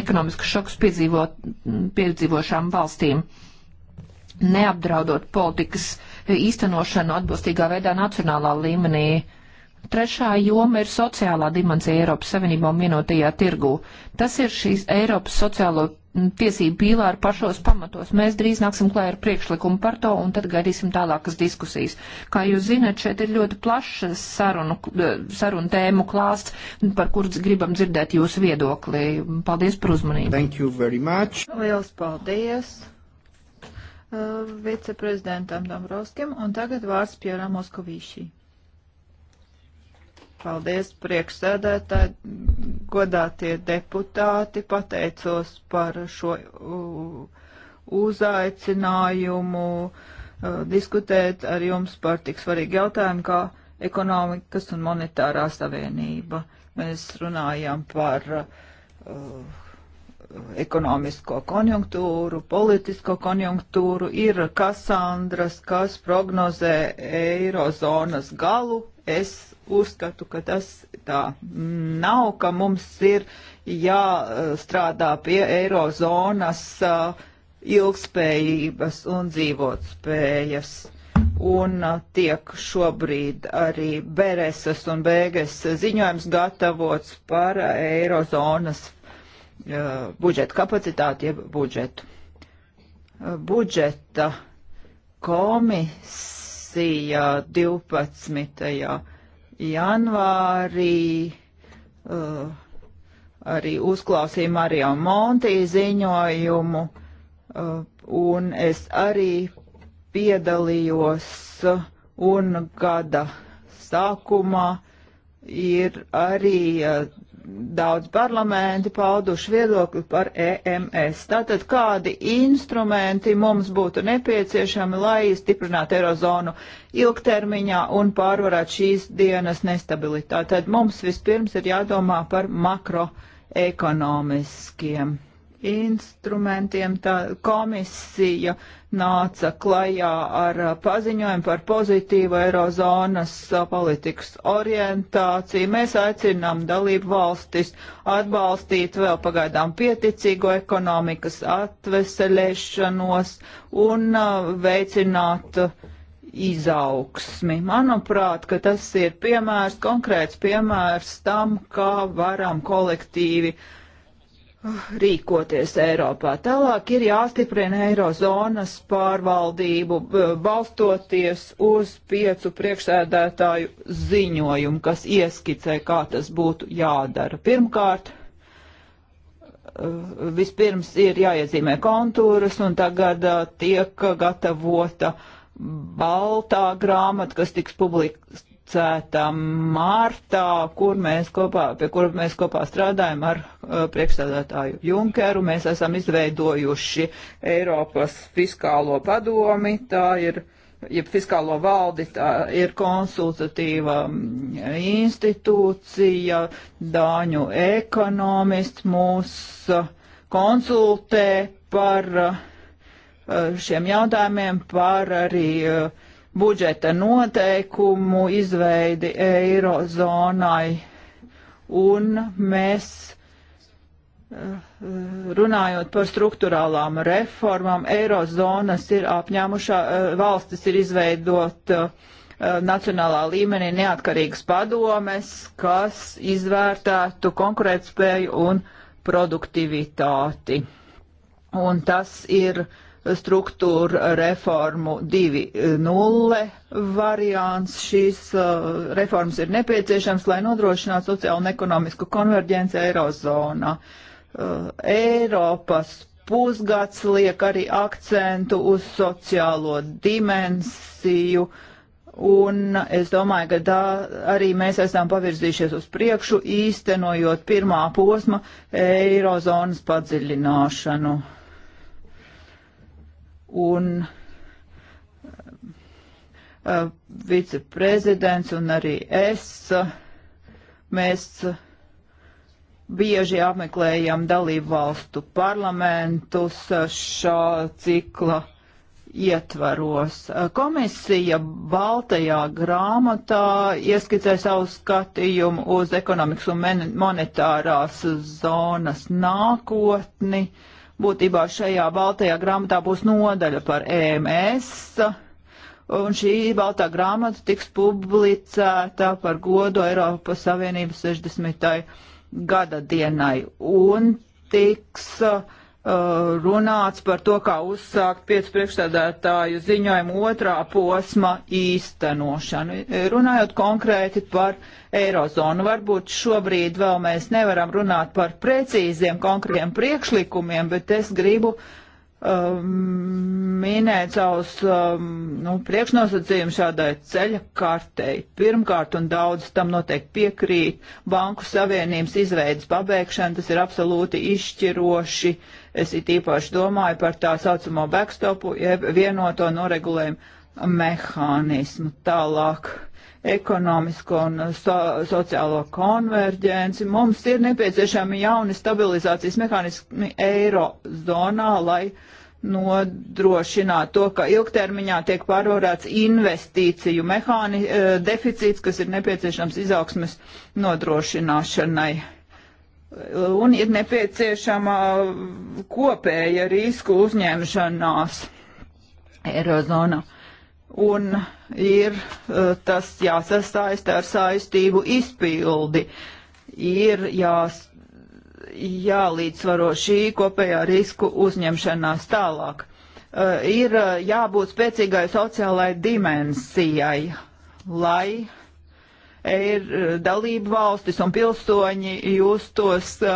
[SPEAKER 2] ekonomiskas šoks piedzīvo, piedzīvošām valstīm, neapdraudot politikas īstenošanu atbilstīgā veidā nacionālā līmenī. Trešā joma ir sociālā dimensija Eiropas Savienībā un vienotajā tirgū. Tas ir šīs Eiropas sociālo tiesību pīlāru pašos pamatos. Mēs drīz nāksim klāj ar priekšlikumu par to un tad gaidīsim tālākas diskusijas. Kā jūs zinat, šeit ir ļoti plašs sarunu, e, sarunu tēmu klāsts, par kur gribam dzirdēt jūsu viedokli. Paldies par uzmanību.
[SPEAKER 1] Thank you very much. Liels
[SPEAKER 3] paldies uh, viceprezidentam Dombrovskim un tagad vārds Pjeram Moskovīšī. Paldies, priekšsēdētāji, godātie deputāti, pateicos par šo uzaicinājumu diskutēt ar jums par tik svarīgu jautājumu kā ekonomikas un monetārā savienība. Mēs runājam par uh, ekonomisko konjunktūru, politisko konjunktūru, ir Kasandras, kas prognozē eirozonas galu. Es uzskatu, ka tas tā nav, ka mums ir jāstrādā pie eirozonas uh, ilgspējības un dzīvotspējas. Un uh, tiek šobrīd arī Bereses un Bēges ziņojums gatavots par uh, eirozonas uh, budžeta kapacitāti, jeb budžetu. Uh, budžeta komisija 12 janvārī uh, arī uzklausīja Mario Monti ziņojumu, uh, un es arī piedalījos uh, un gada sākumā ir arī uh, daudz parlamenti pauduši viedokli par EMS. Tātad kādi instrumenti mums būtu nepieciešami, lai stiprinātu Eirozonu ilgtermiņā un pārvarētu šīs dienas nestabilitāti? Tad mums vispirms ir jādomā par makroekonomiskiem instrumentiem. Tā komisija nāca klajā ar paziņojumu par pozitīvu Eirozonas politikas orientāciju. Mēs aicinām dalību valstis atbalstīt vēl pagaidām pieticīgo ekonomikas atveseļēšanos un veicināt izaugsmi. Manuprāt, ka tas ir piemērs, konkrēts piemērs tam, kā varam kolektīvi uh, rīkoties Eiropā. Tālāk ir jāstiprina eirozonas pārvaldību, balstoties uz piecu priekšsēdētāju ziņojumu, kas ieskicē, kā tas būtu jādara. Pirmkārt, vispirms ir jāiezīmē kontūras, un tagad tiek gatavota baltā grāmata, kas tiks publicēta publicētā martā, kur mēs kopā, pie kura mēs kopā strādājam ar uh, priekšstādātāju Junkeru. Mēs esam izveidojuši Eiropas fiskālo padomi, tā ir, ja fiskālo valdi, tā ir konsultatīva mm, institūcija, dāņu ekonomists mūs uh, konsultē par uh, uh šiem jautājumiem, par arī uh, budžeta noteikumu izveidi eirozonai, un mēs eh, runājot par struktūrālām reformām, eirozonas ir apņēmušā, eh, valstis ir izveidot eh, nacionālā līmenī neatkarīgas padomes, kas izvērtētu konkurētspēju un produktivitāti. Un tas ir uh, struktūra reformu 2.0 eh, variants. Šīs uh, reformas ir nepieciešams, lai nodrošinātu sociālu un ekonomisku konverģenci Eirozonā. Uh, Eiropas pusgads liek arī akcentu uz sociālo dimensiju. Un es domāju, ka tā arī mēs esam pavirzījušies uz priekšu, īstenojot pirmā posma eirozonas padziļināšanu un uh, uh, viceprezidents un arī es, uh, mēs uh, bieži apmeklējam dalību valstu parlamentus šā cikla ietvaros. Komisija Baltajā grāmatā ieskicē savu skatījumu uz ekonomikas un monetārās zonas nākotni. Uh, Būtībā šajā baltajā grāmatā būs nodaļa par EMS, un šī baltā grāmata tiks publicēta par godu Eiropas Savienības 60. gada dienai, un tiks uh, Uh, runāts par to, kā uzsākt piecu priekšstādātāju ziņojumu otrā posma īstenošanu. E, runājot konkrēti par Eirozonu, varbūt šobrīd vēl mēs nevaram runāt par precīziem konkrētiem priekšlikumiem, bet es gribu um, minēt savus um, nu, priekšnosacījumus šādai ceļa kartei. Pirmkārt, un daudz tam noteikti piekrīt, Banku Savienības izveidas pabeigšana, tas ir absolūti izšķiroši. Uh, Es it īpaši domāju par tā saucamo backstopu, jeb vienoto noregulējumu mehānismu tālāk ekonomisko un so, sociālo konverģenci. Mums ir nepieciešami jauni stabilizācijas mehānismi eirozonā, lai nodrošināt to, ka ilgtermiņā tiek pārvarēts investīciju mehāni, eh, deficīts, kas ir nepieciešams izaugsmes nodrošināšanai un ir nepieciešama kopēja risku uzņemšanās Eirozonā. Un ir e, tas jāsasaista ar saistību izpildi. Ir jās, jālīdzvaro šī kopējā risku uzņemšanās tālāk. E, ir e, jābūt spēcīgai sociālai dimensijai, lai uh, ir e, dalību valstis un pilsoņi justos e,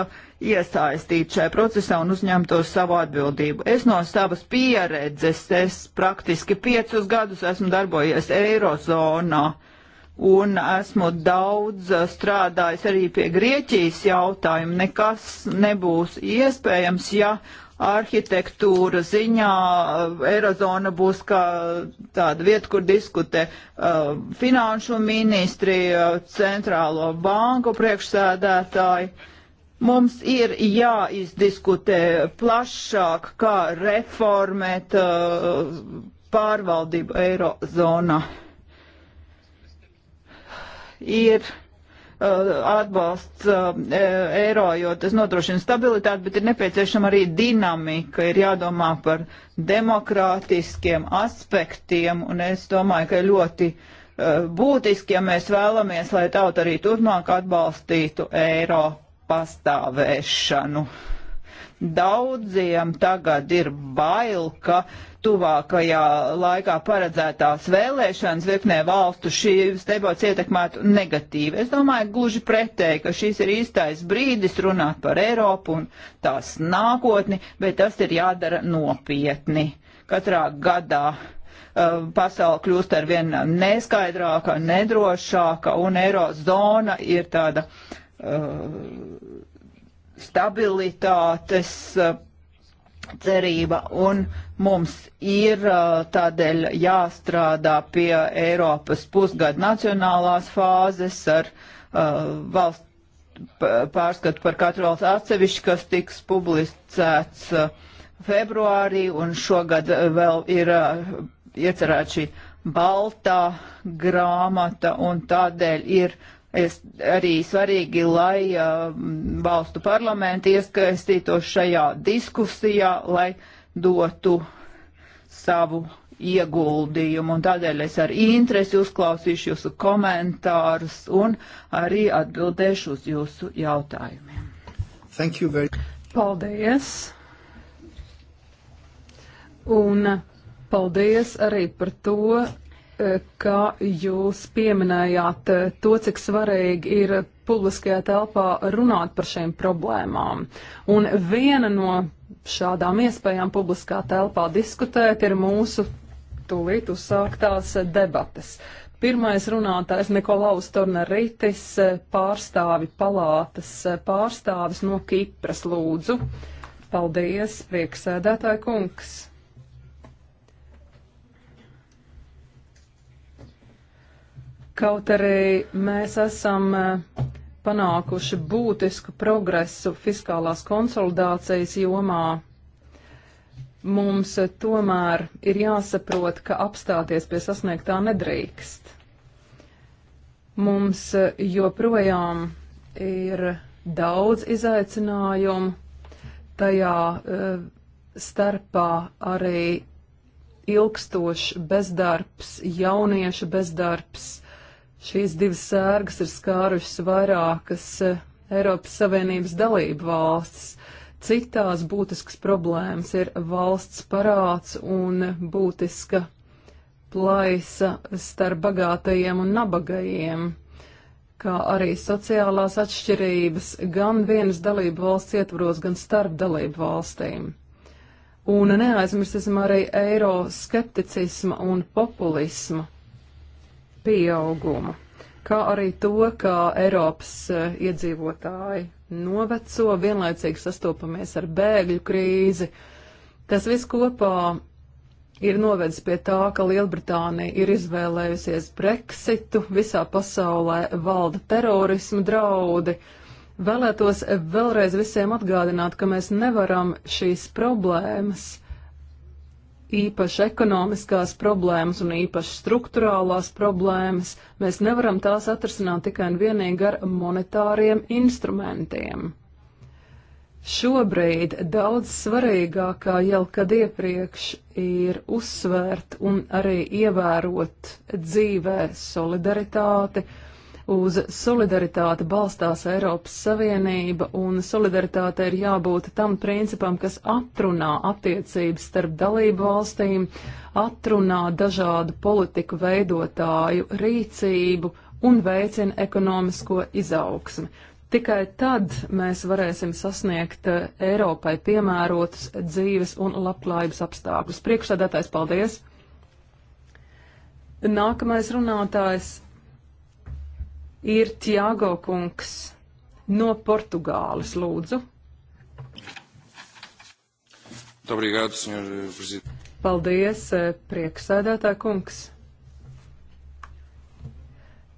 [SPEAKER 3] iesaistīt šajā procesā un uzņemtos savu atbildību. Es no savas pieredzes, es praktiski piecus gadus esmu darbojies Eirozonā un esmu daudz e, strādājis arī pie Grieķijas jautājuma. Nekas nebūs iespējams, ja arhitektūra ziņā eh, Eirozona būs kā tāda vieta, kur diskutē uh, finanšu ministri, uh, centrālo banku priekšsēdētāji. Mums ir jāizdiskutē plašāk, kā reformēt uh, pārvaldību Eirozonā. Ir Uh, atbalsts um, e, eiro, jo tas nodrošina stabilitāti, bet ir nepieciešama arī dinamika, ir jādomā par demokrātiskiem aspektiem, un es domāju, ka ļoti uh, būtiski, ja mēs vēlamies, lai tauta arī turpmāk atbalstītu eiro pastāvēšanu. Daudziem tagad ir bail, ka uh, tuvākajā laikā paredzētās vēlēšanas virknē valstu šīs debats ietekmētu negatīvi. Es domāju, gluži pretēji, ka šis ir īstais brīdis runāt par Eiropu un tās nākotni, bet tas ir jādara nopietni. Katrā gadā uh, pasauli kļūst ar vien neskaidrāka, nedrošāka, un eirozona ir tāda uh, stabilitātes uh, cerība, un mums ir uh, tādēļ jāstrādā pie Eiropas pusgada nacionālās fāzes ar uh, valsts pārskatu par katru valsts atsevišķi, kas tiks publicēts uh, februārī, un šogad uh, vēl ir uh, iecerēta šī baltā grāmata, un tādēļ ir uh, Es arī svarīgi, lai uh, valstu parlamenti iesaistītos šajā diskusijā, lai dotu savu ieguldījumu. Un tādēļ es ar interesi uzklausīšu jūsu komentārus un arī atbildēšu uz jūsu
[SPEAKER 5] jautājumiem. Thank you very Paldies! Un paldies arī par to, ka jūs pieminējāt eh, to, cik svarīgi ir publiskajā telpā runāt par šīm problēmām. Un viena no šādām iespējām publiskā telpā diskutēt ir mūsu tūlīt uzsāktās debates. Pirmais runātājs Nikolaus Torneritis, eh, pārstāvi palātas eh, pārstāvis no Kipras lūdzu. Paldies, prieksēdētāji kungs! Kaut arī mēs esam e, panākuši būtisku progresu fiskālās konsolidācijas jomā, mums e, tomēr ir jāsaprot, ka apstāties pie sasniegtā nedrīkst. Mums e, joprojām ir daudz izaicinājumu, tajā starpā arī ilgstošs bezdarbs, jauniešu bezdarbs Šīs divas sērgas ir skārušas vairākas eh, Eiropas Savienības dalību valstis. Citās būtiskas problēmas ir valsts parāds un būtiska plaisa starp bagātajiem un nabagajiem kā arī sociālās atšķirības gan vienas dalību valsts ietvaros, gan starp dalību valstīm. Un neaizmirsīsim arī eiro skepticisma un populisma pieaugumu, kā arī to, ka Eiropas eh, iedzīvotāji noveco, vienlaicīgi sastopamies ar bēgļu krīzi. Tas viss kopā ir novedis pie tā, ka Lielbritānija ir izvēlējusies Brexitu, visā pasaulē valda terorismu draudi. Vēlētos vēlreiz visiem atgādināt, ka mēs nevaram šīs problēmas īpaši ekonomiskās problēmas un īpaši struktūrālās problēmas, mēs nevaram tās atrasināt tikai un vienīgi ar monetāriem instrumentiem. Šobrīd daudz svarīgākā jau kad iepriekš ir uzsvērt un arī ievērot dzīvē solidaritāti, uh, Uz solidaritāti balstās Eiropas Savienība, un solidaritāte ir jābūt tam principam, kas atrunā attiecības starp dalību valstīm, atrunā dažādu politiku veidotāju rīcību un veicina ekonomisko izaugsmi. Tikai tad mēs varēsim sasniegt eh, Eiropai piemērotus dzīves un labklājības apstākļus. Priekšsēdētājs, paldies! Nākamais runātājs ir Tiago kungs no Portugāles, lūdzu.
[SPEAKER 4] Obrigado, senhor eh, presidente.
[SPEAKER 5] Paldies, eh, prieksēdētā kungs.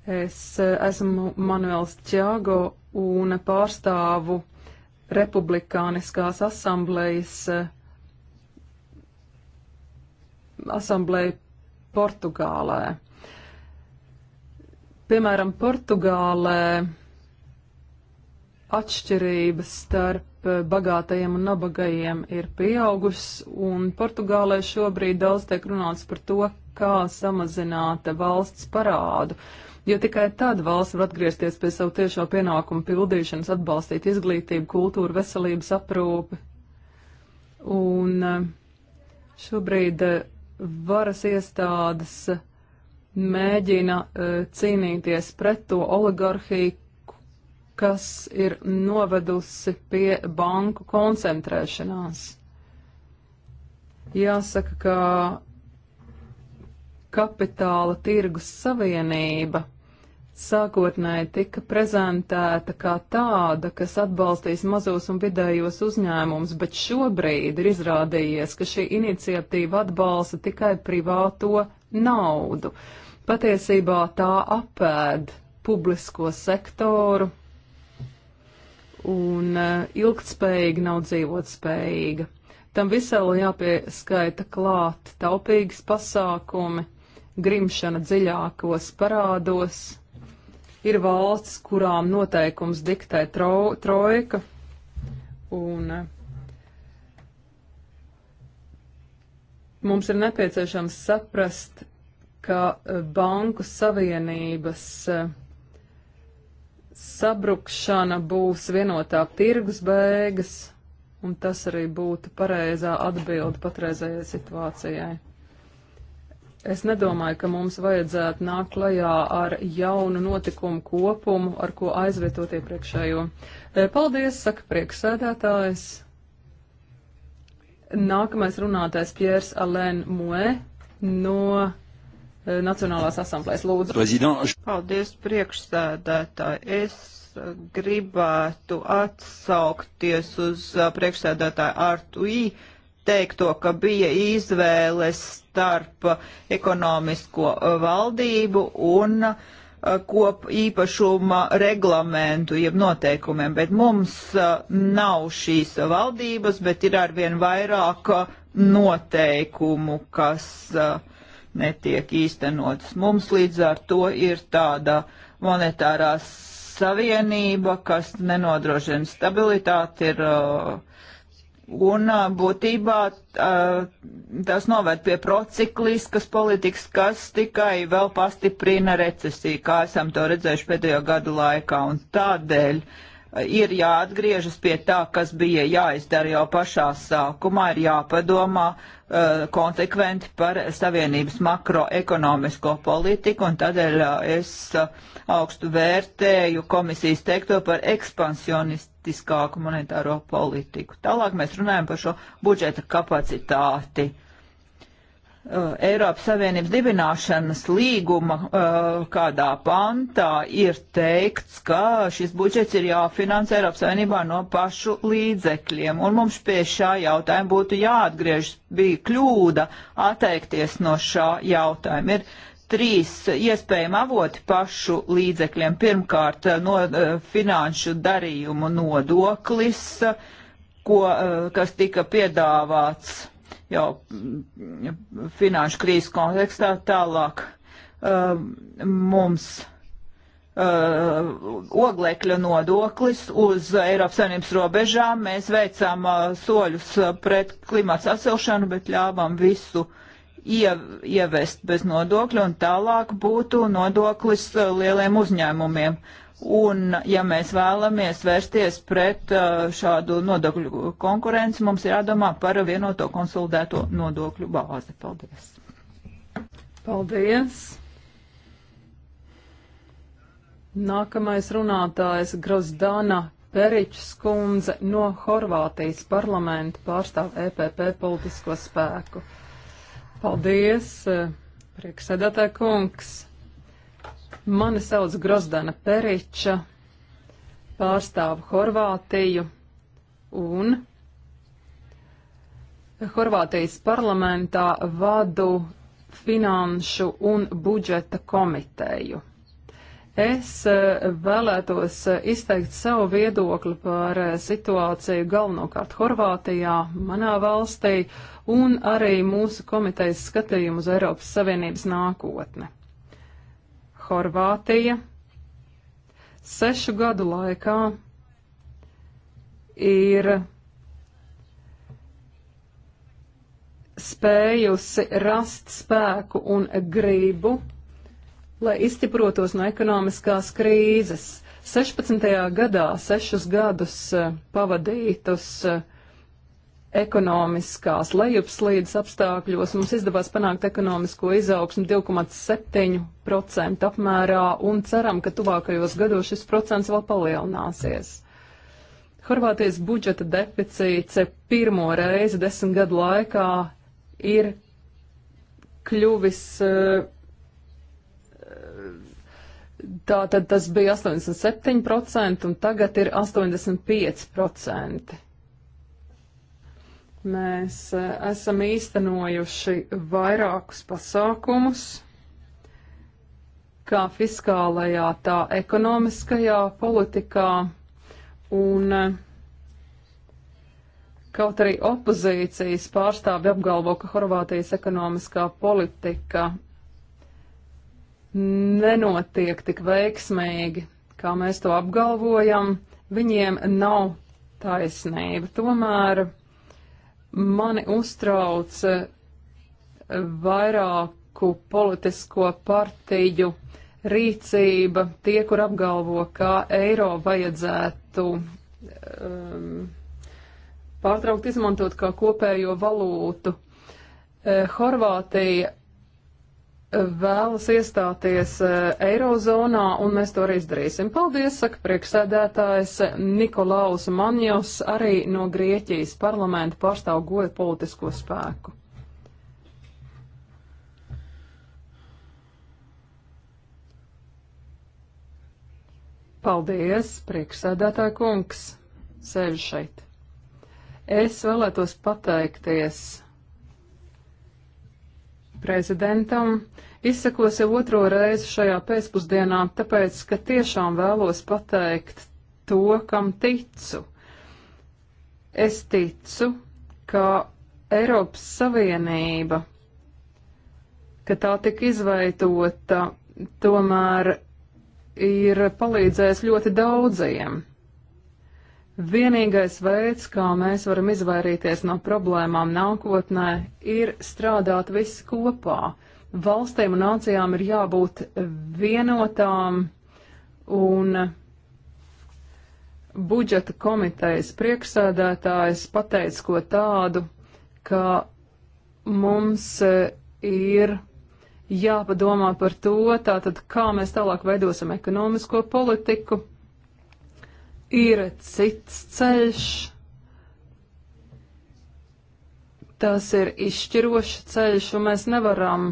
[SPEAKER 5] Es eh, esmu Manuels Tiago un pārstāvu Republikāniskās asamblejas asamblēju Portugālē. Piemēram, Portugālē atšķirības starp bagātajiem un nabagajiem ir pieaugušas, un Portugālē šobrīd daudz tiek runāts par to, kā samazināt valsts parādu, jo tikai tad valsts var atgriezties pie savu tiešo pienākumu pildīšanas, atbalstīt izglītību, kultūru, veselības aprūpi. Un eh, šobrīd eh, varas iestādes mēģina uh, cīnīties pret to oligarhiju, kas ir novedusi pie banku koncentrēšanās. Jāsaka, ka kapitāla tirgus savienība sākotnēji tika prezentēta kā tāda, kas atbalstīs mazos un vidējos uzņēmumus, bet šobrīd ir izrādījies, ka šī iniciatīva atbalsta tikai privāto naudu. Uh, Patiesībā tā apēd publisko sektoru un eh, ilgtspējīgi nav dzīvot spējīga. Tam visam jāpieskaita klāt taupīgas pasākumi, grimšana dziļākos parādos. Ir valsts, kurām noteikums diktē tro, trojka, un eh, mums ir nepieciešams saprast, ka e, Banku Savienības e, sabrukšana būs vienotā tirgus beigas, un tas arī būtu pareizā atbilde patreizējai situācijai. Es nedomāju, ka mums vajadzētu nākt klajā ar jaunu notikumu kopumu, ar ko aizvietot iepriekšējo. E, paldies, saka prieksēdētājs. Nākamais runātājs Piers Alēn Mue no Eh, Nacionālās asamblēs. Lūdzu. Prezident. Paldies, priekšsēdētāji. Es gribētu
[SPEAKER 3] atsaukties uz eh, priekšsēdētāju Artui teikto, ka bija izvēles starp ekonomisko eh, valdību un kop īpašuma reglamentu, jeb noteikumiem, bet mums nav šīs valdības, bet ir arvien vairāk noteikumu, kas uh, netiek īstenotas. Mums līdz ar to ir tāda monetārā savienība, kas nenodrošina stabilitāti, ir uh, un uh, būtībā uh, tas noved pie procikliskas politikas, kas tikai vēl pastiprina recesiju, kā esam to redzējuši pēdējo gadu laikā, un tādēļ uh, ir jāatgriežas pie tā, kas bija jāizdara jau pašā sākumā, ir jāpadomā uh, konsekventi par Savienības makroekonomisko politiku, un tādēļ uh, es uh, augstu vērtēju komisijas teikto par ekspansionistiskāku monetāro politiku. Tālāk mēs runājam par šo budžeta kapacitāti. Uh, Uh, Eiropas Savienības dibināšanas līguma uh, kādā pantā ir teikts, ka šis budžets ir jāfinansē Eiropas Savienībā no pašu līdzekļiem. Un mums pie šā jautājuma būtu jāatgriežas. Bija kļūda atteikties no šā jautājuma. Ir trīs iespējami avoti pašu līdzekļiem. Pirmkārt, eh, no, uh, finanšu darījumu nodoklis, ko, kas tika piedāvāts jau mm, finanšu krīzes kontekstā tālāk um, mums uh, oglekļa nodoklis uz Eiropas Savienības robežām. Mēs veicām uh, soļus uh, pret klimats atsilšanu, bet ļāvām visu ievest bez nodokļa, un tālāk būtu nodoklis lieliem uzņēmumiem. Un, ja mēs vēlamies vērsties pret uh, šādu nodokļu konkurenci, mums ir jādomā par vienoto konsolidēto
[SPEAKER 5] nodokļu bāzi. Paldies! Paldies! Nākamais runātājs Grozdana Peričs kundze no Horvātijas parlamenta pārstāv EPP politisko spēku. Paldies, eh, prieksēdētāj kungs! Mani sauc Grozdana Periča, pārstāvu Horvātiju un Horvātijas parlamentā vadu finanšu un budžeta komiteju. Es e, vēlētos e, izteikt savu viedokli par e, situāciju galvenokārt Horvātijā, manā valstī, un arī mūsu komitejas skatījumu uz Eiropas Savienības nākotni. Horvātija sešu gadu laikā ir spējusi rast spēku un gribu, lai izķiprotos no ekonomiskās krīzes. 16. gadā sešus gadus eh, pavadītus uh, ekonomiskās lejupslīdes apstākļos mums izdevās panākt ekonomisko izaugsmu 2,7% apmērā un ceram, ka tuvākajos gados šis procents vēl palielināsies. Horvātijas budžeta deficīts pirmo reizi desmit gadu laikā ir kļuvis. Eh, Tā tad tas bija 87% un tagad ir 85%. Mēs eh, esam īstenojuši vairākus pasākumus, kā fiskālajā, tā ekonomiskajā politikā, un eh, kaut arī opozīcijas pārstāvi apgalvo, ka Horvātijas ekonomiskā politika nenotiek tik veiksmīgi, kā mēs to apgalvojam, viņiem nav taisnība. Tomēr Mani uztrauc eh, vairāku politisko partiju rīcība, tie, kur apgalvo, ka eiro vajadzētu um, pārtraukt izmantot kā kopējo valūtu. E, Horvātija vēlas iestāties e, Eirozonā, un mēs to arī izdarīsim. Paldies, saka priekšsēdētājs Nikolaus Manjos, arī no Grieķijas parlamenta pārstāv goja politisko spēku. Paldies, priekšsēdētāja kungs, sēž šeit. Es vēlētos pateikties prezidentam. Izsakos jau otro reizi šajā pēcpusdienā, tāpēc, ka tiešām vēlos pateikt to, kam ticu. Es ticu, ka Eiropas Savienība, ka tā tika izveidota, tomēr ir palīdzējis ļoti daudziem. Vienīgais veids, kā mēs varam izvairīties no problēmām nākotnē, ir strādāt visi kopā. Valstīm un nācijām ir jābūt vienotām, un budžeta komitejas priekšsēdētājs pateica ko tādu, ka mums eh, ir jāpadomā par to, tātad kā mēs tālāk veidosim ekonomisko politiku, ir cits ceļš. Tas ir izšķirošs ceļš, un mēs nevaram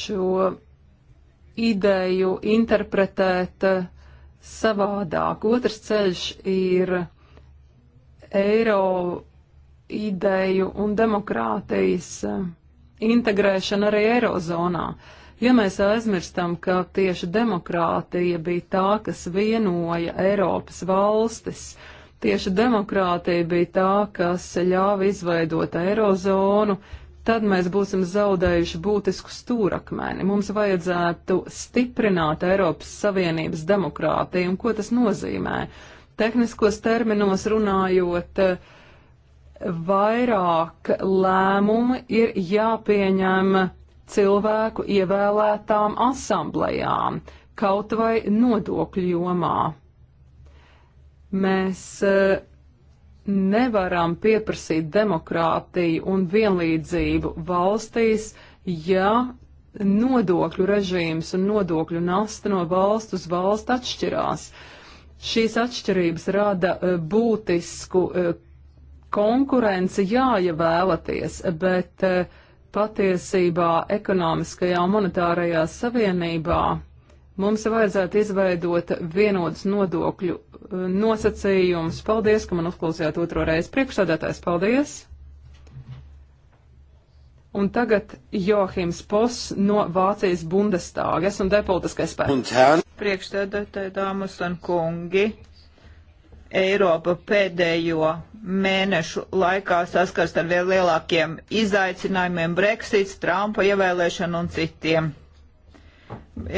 [SPEAKER 5] šo ideju interpretēt eh, savādāk. Otrs ceļš ir eiro ideju un demokrātijas eh, integrēšana arī Eirozonā. Ja mēs aizmirstam, ka tieši demokrātija bija tā, kas vienoja Eiropas valstis, tieši demokrātija bija tā, kas ļāva izveidot Eirozonu, tad mēs būsim zaudējuši būtisku stūrakmeni. Mums vajadzētu stiprināt Eiropas Savienības demokrātiju, un ko tas nozīmē? Tehniskos terminos runājot, uh, vairāk lēmumi ir jāpieņem cilvēku ievēlētām asamblējām, kaut vai nodokļu jomā. Mēs eh, nevaram pieprasīt demokrātiju un vienlīdzību valstīs, ja nodokļu režīms un nodokļu nasta no valsts uz valsts atšķirās. Šīs atšķirības rada eh, būtisku eh, konkurence jā, ja vēlaties, bet eh, patiesībā ekonomiskajā un monetārajā savienībā mums vajadzētu izveidot vienotus nodokļu eh, nosacījumus. Paldies, ka man uzklausījāt otro reizi priekšsādātājs. Paldies! Un tagad Johims Poss no Vācijas Bundestāga. Esmu depolitiskais spēks. Priekšsēdētāji, dāmas un kungi, Eiropa
[SPEAKER 3] pēdējo mēnešu laikā saskars ar vēl lielākiem izaicinājumiem - Brexits, Trumpa ievēlēšana un citiem.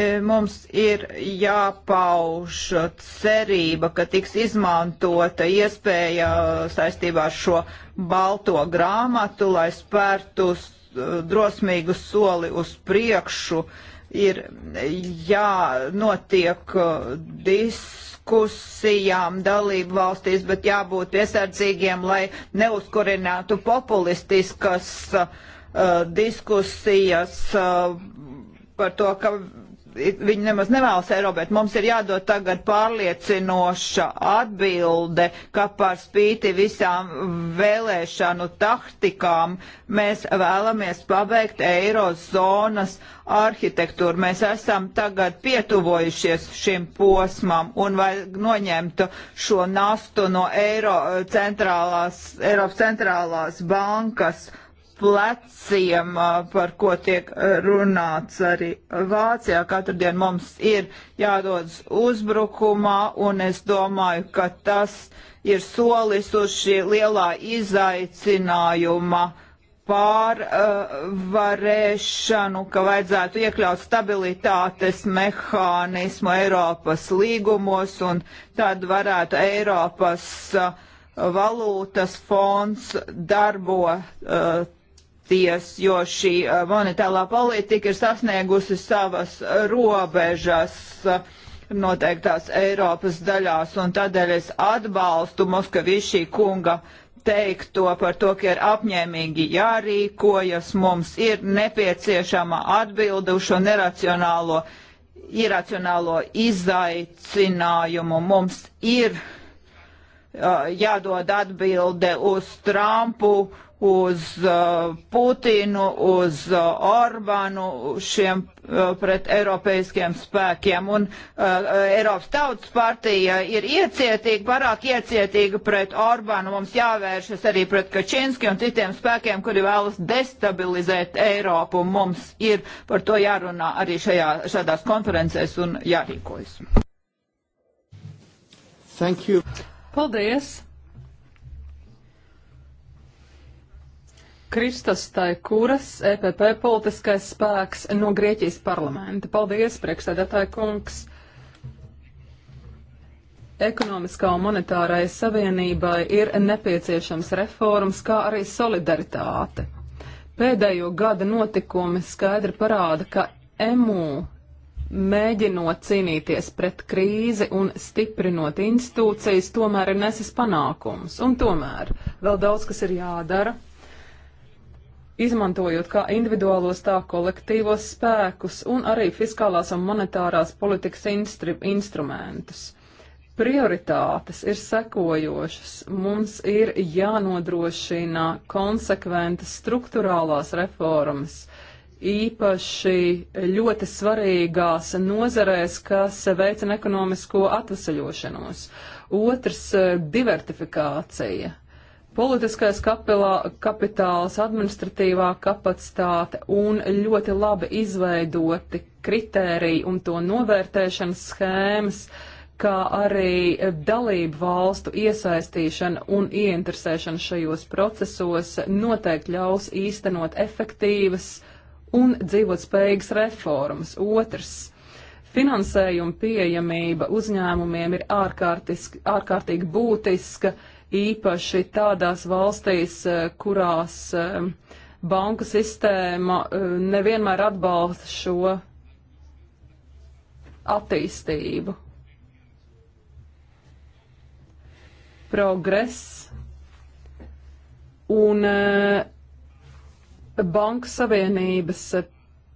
[SPEAKER 3] E, mums ir jāpauž cerība, ka tiks izmantota iespēja saistībā ar šo balto grāmatu, lai spērtu drosmīgu soli uz priekšu. Ir jānotiek e, dis diskusijām dalību valstīs, bet jābūt piesardzīgiem, lai neuzkurinātu populistiskas uh, diskusijas uh, par to, ka viņi nemaz nevēlas Eiropu, bet mums ir jādod tagad pārliecinoša atbilde, ka par spīti visām vēlēšanu taktikām mēs vēlamies pabeigt eirozonas arhitektūru. Mēs esam tagad pietuvojušies šim posmam un vai noņemtu šo nastu no Eiro centrālās, Eiropas centrālās bankas pleciem, par ko tiek runāts arī Vācijā. Katru dienu mums ir jādodas uzbrukumā, un es domāju, ka tas ir solis uz šī lielā izaicinājuma pārvarēšanu, ka vajadzētu iekļaut stabilitātes mehānismu Eiropas līgumos, un tad varētu Eiropas valūtas fonds darbo uh, ties, jo šī uh, monetārā politika ir sasniegusi savas robežas uh, noteiktās Eiropas daļās, un tādēļ es atbalstu Moskavišī kunga teikto par to, ka ir apņēmīgi jārīkojas, mums ir nepieciešama atbilde uz šo neracionālo, iracionālo izaicinājumu. Mums ir uh, jādod atbilde uz Trumpu, uh, uz uh, Putinu, uz uh, Orbānu, šiem uh, pret eiropeiskiem spēkiem. Un uh, uh, Eiropas tautas partija ir iecietīga, pārāk iecietīga pret Orbānu. Mums jāvēršas arī pret Kačinski un citiem spēkiem, kuri vēlas destabilizēt Eiropu. Mums ir par to jārunā arī šajā, šādās konferencēs un jārīkojas.
[SPEAKER 5] Thank you. Paldies! Kristas Taikūras, EPP politiskais spēks no Grieķijas parlamenta. Paldies, priekšsēdētāji kungs! Ekonomiskā un monetārai savienībai ir nepieciešams reformas, kā arī solidaritāte. Pēdējo gada notikumi skaidri parāda, ka EMU mēģinot cīnīties pret krīzi un stiprinot institūcijas, tomēr ir nesis panākums. Un tomēr vēl daudz, kas ir jādara, izmantojot kā individuālos, tā kolektīvos spēkus un arī fiskālās un monetārās politikas instri, instrumentus. Prioritātes ir sekojošas. Mums ir jānodrošina konsekventas struktūrālās reformas, īpaši ļoti svarīgās nozarēs, kas veicina ekonomisko atvesaļošanos. Otrs eh, - diversifikācija politiskais kapilā, kapitāls, administratīvā kapacitāte un ļoti labi izveidoti kritēriji un to novērtēšanas schēmas, kā arī dalību valstu iesaistīšana un ieinteresēšana šajos procesos noteikti ļaus īstenot efektīvas un dzīvot spējīgas reformas. Otrs. Finansējuma pieejamība uzņēmumiem ir ārkārtīgi būtiska, īpaši tādās valstīs, eh, kurās eh, banka sistēma eh, nevienmēr atbalsta šo attīstību. Progress un banka savienības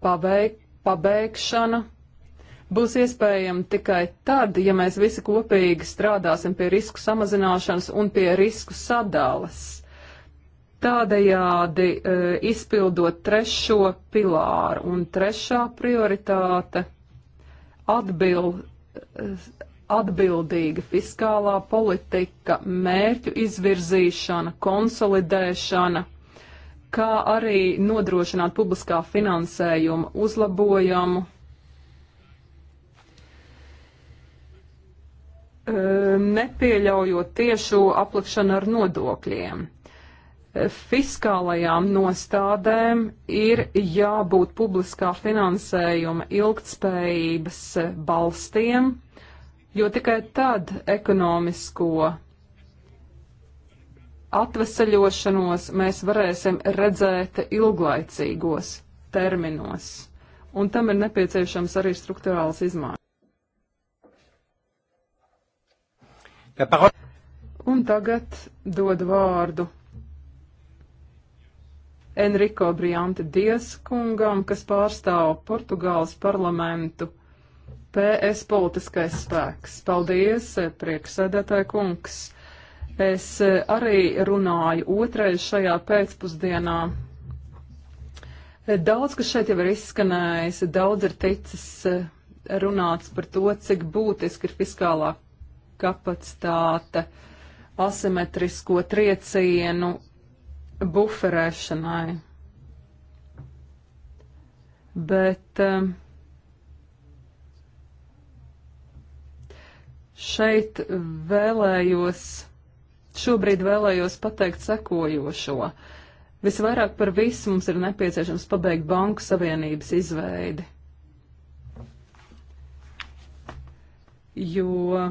[SPEAKER 5] pabeig, pabeigšana būs iespējama tikai tad, ja mēs visi kopīgi strādāsim pie risku samazināšanas un pie risku sadalas. Tādējādi e, izpildot trešo pilāru un trešā prioritāte atbild, e, atbildīga fiskālā politika, mērķu izvirzīšana, konsolidēšana, kā arī nodrošināt publiskā finansējuma uzlabojumu Um, nepieļaujot tiešo aplikšanu ar nodokļiem. Fiskālajām nostādēm ir jābūt publiskā finansējuma ilgtspējības balstiem, jo tikai tad ekonomisko atvesaļošanos mēs varēsim redzēt ilglaicīgos terminos, un tam ir nepieciešams arī struktūrāls izmaiņas. Un tagad dod vārdu Enrico Briante Dies kungam, kas pārstāv Portugāles parlamentu PS politiskais spēks. Paldies, prieksēdētāji kungs. Es arī runāju otrais šajā pēcpusdienā. Daudz, kas šeit jau ir izskanējis, daudz ir ticis runāts par to, cik būtiski ir fiskālā kapacitāte asimetrisko triecienu buferēšanai. Bet um, šeit vēlējos, šobrīd vēlējos pateikt sekojošo. Visvairāk par visu mums ir nepieciešams pabeigt Banku Savienības izveidi. Jo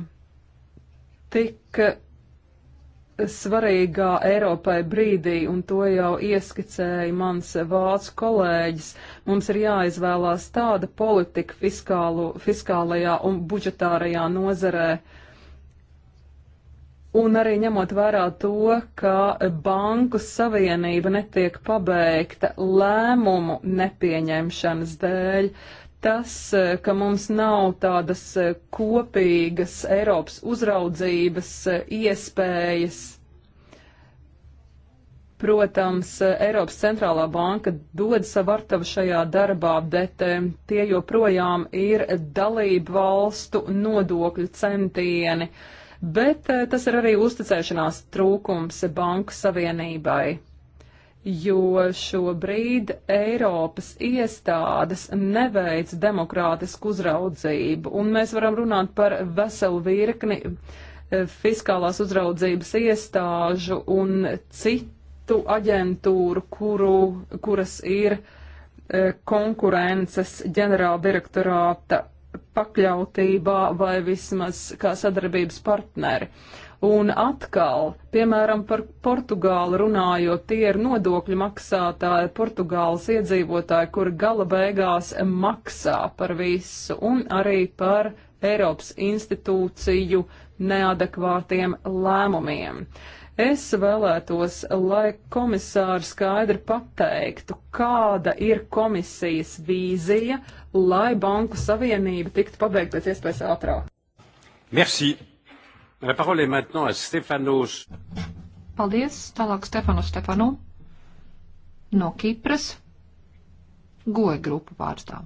[SPEAKER 5] tik svarīgā Eiropai brīdī, un to jau ieskicēja mans vācu kolēģis, mums ir jāizvēlās tāda politika fiskālu, fiskālajā un budžetārajā nozarē. Un arī ņemot vērā to, ka banku savienība netiek pabeigta lēmumu nepieņemšanas dēļ, tas, ka mums nav tādas eh, kopīgas Eiropas uzraudzības eh, iespējas. Protams, eh, Eiropas centrālā banka dod savu artavu šajā darbā, bet tie joprojām ir dalību valstu nodokļu centieni. Bet tas ir arī uzticēšanās trūkums banku savienībai jo šobrīd Eiropas iestādes neveic demokrātisku uzraudzību, un mēs varam runāt par veselu virkni eh, fiskālās uzraudzības iestāžu un citu aģentūru, kuru, kuras ir eh, konkurences ģenerāldirektorāta pakļautībā vai vismaz kā sadarbības partneri. Uh, Un atkal, piemēram, par Portugālu runājot, tie ir nodokļu maksātāji, Portugāles iedzīvotāji, kuri gala beigās maksā par visu un arī par Eiropas institūciju neadekvātiem lēmumiem. Es vēlētos, lai komisāri skaidri pateiktu, kāda ir komisijas vīzija, lai Banku Savienība tiktu pabeigta pēc iespējas ātrāk.
[SPEAKER 1] Merci. La parole est maintenant à Stefanos.
[SPEAKER 2] Paldies. Tālāk Stefano Stefano no Kipras. Goja grupu pārstāv.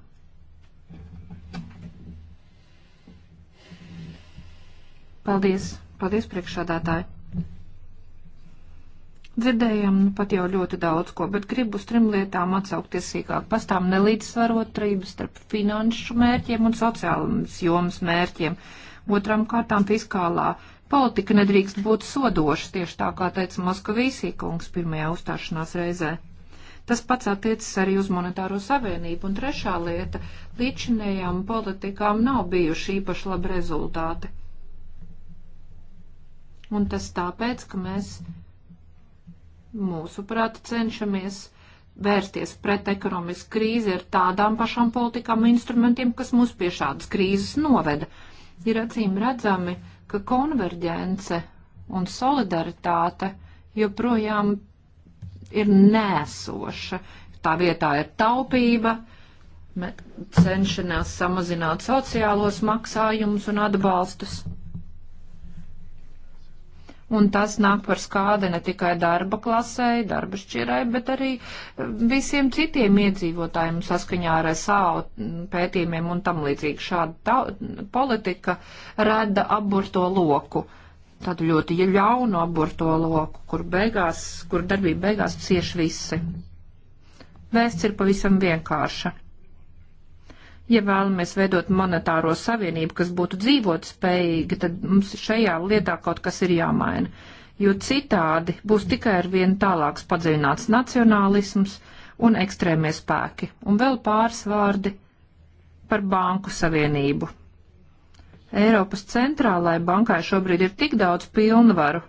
[SPEAKER 2] Paldies. Paldies, priekšādātāji. Dzirdējām nu, pat jau ļoti daudz ko, bet gribu uz trim lietām atsaukties sīkāk. Pastāv nelīdzsvarotrības starp finanšu mērķiem un sociālas jomas mērķiem. Uh, Otram kārtām fiskālā politika nedrīkst būt sodoša, tieši tā kā teica Moskavīsī kungs pirmajā uzstāšanās reizē. Tas pats attiecas arī uz monetāro savienību, un trešā lieta - līdzinējām politikām nav bijuši īpaši labi rezultāti. Un tas tāpēc, ka mēs mūsuprāt cenšamies vērsties pret ekonomisku krīzi ar tādām pašām politikām un instrumentiem, kas mūs pie šādas krīzes noveda ir acīm redzami, ka konverģence un solidaritāte joprojām ir nēsoša. Tā vietā ir taupība, cenšanās samazināt sociālos maksājumus un atbalstus un tas nāk par skādi ne tikai darba klasē, darba šķirai, bet arī eh, visiem citiem iedzīvotājiem saskaņā ar SAO pētījumiem un tam līdzīgi šāda tā, politika rada aburto loku. Tādu ļoti ļaunu aburto loku, kur beigās, kur darbība beigās cieši visi. Vēsts ir pavisam vienkārša. Ja vēlamies veidot monetāro savienību, kas būtu dzīvot spējīga, tad mums šajā lietā kaut kas ir jāmaina, jo citādi būs tikai ar vien tālāks padziļināts nacionālisms un ekstrēmie spēki. Un vēl pāris vārdi par banku savienību. Eiropas centrālajai bankai šobrīd ir tik daudz pilnvaru,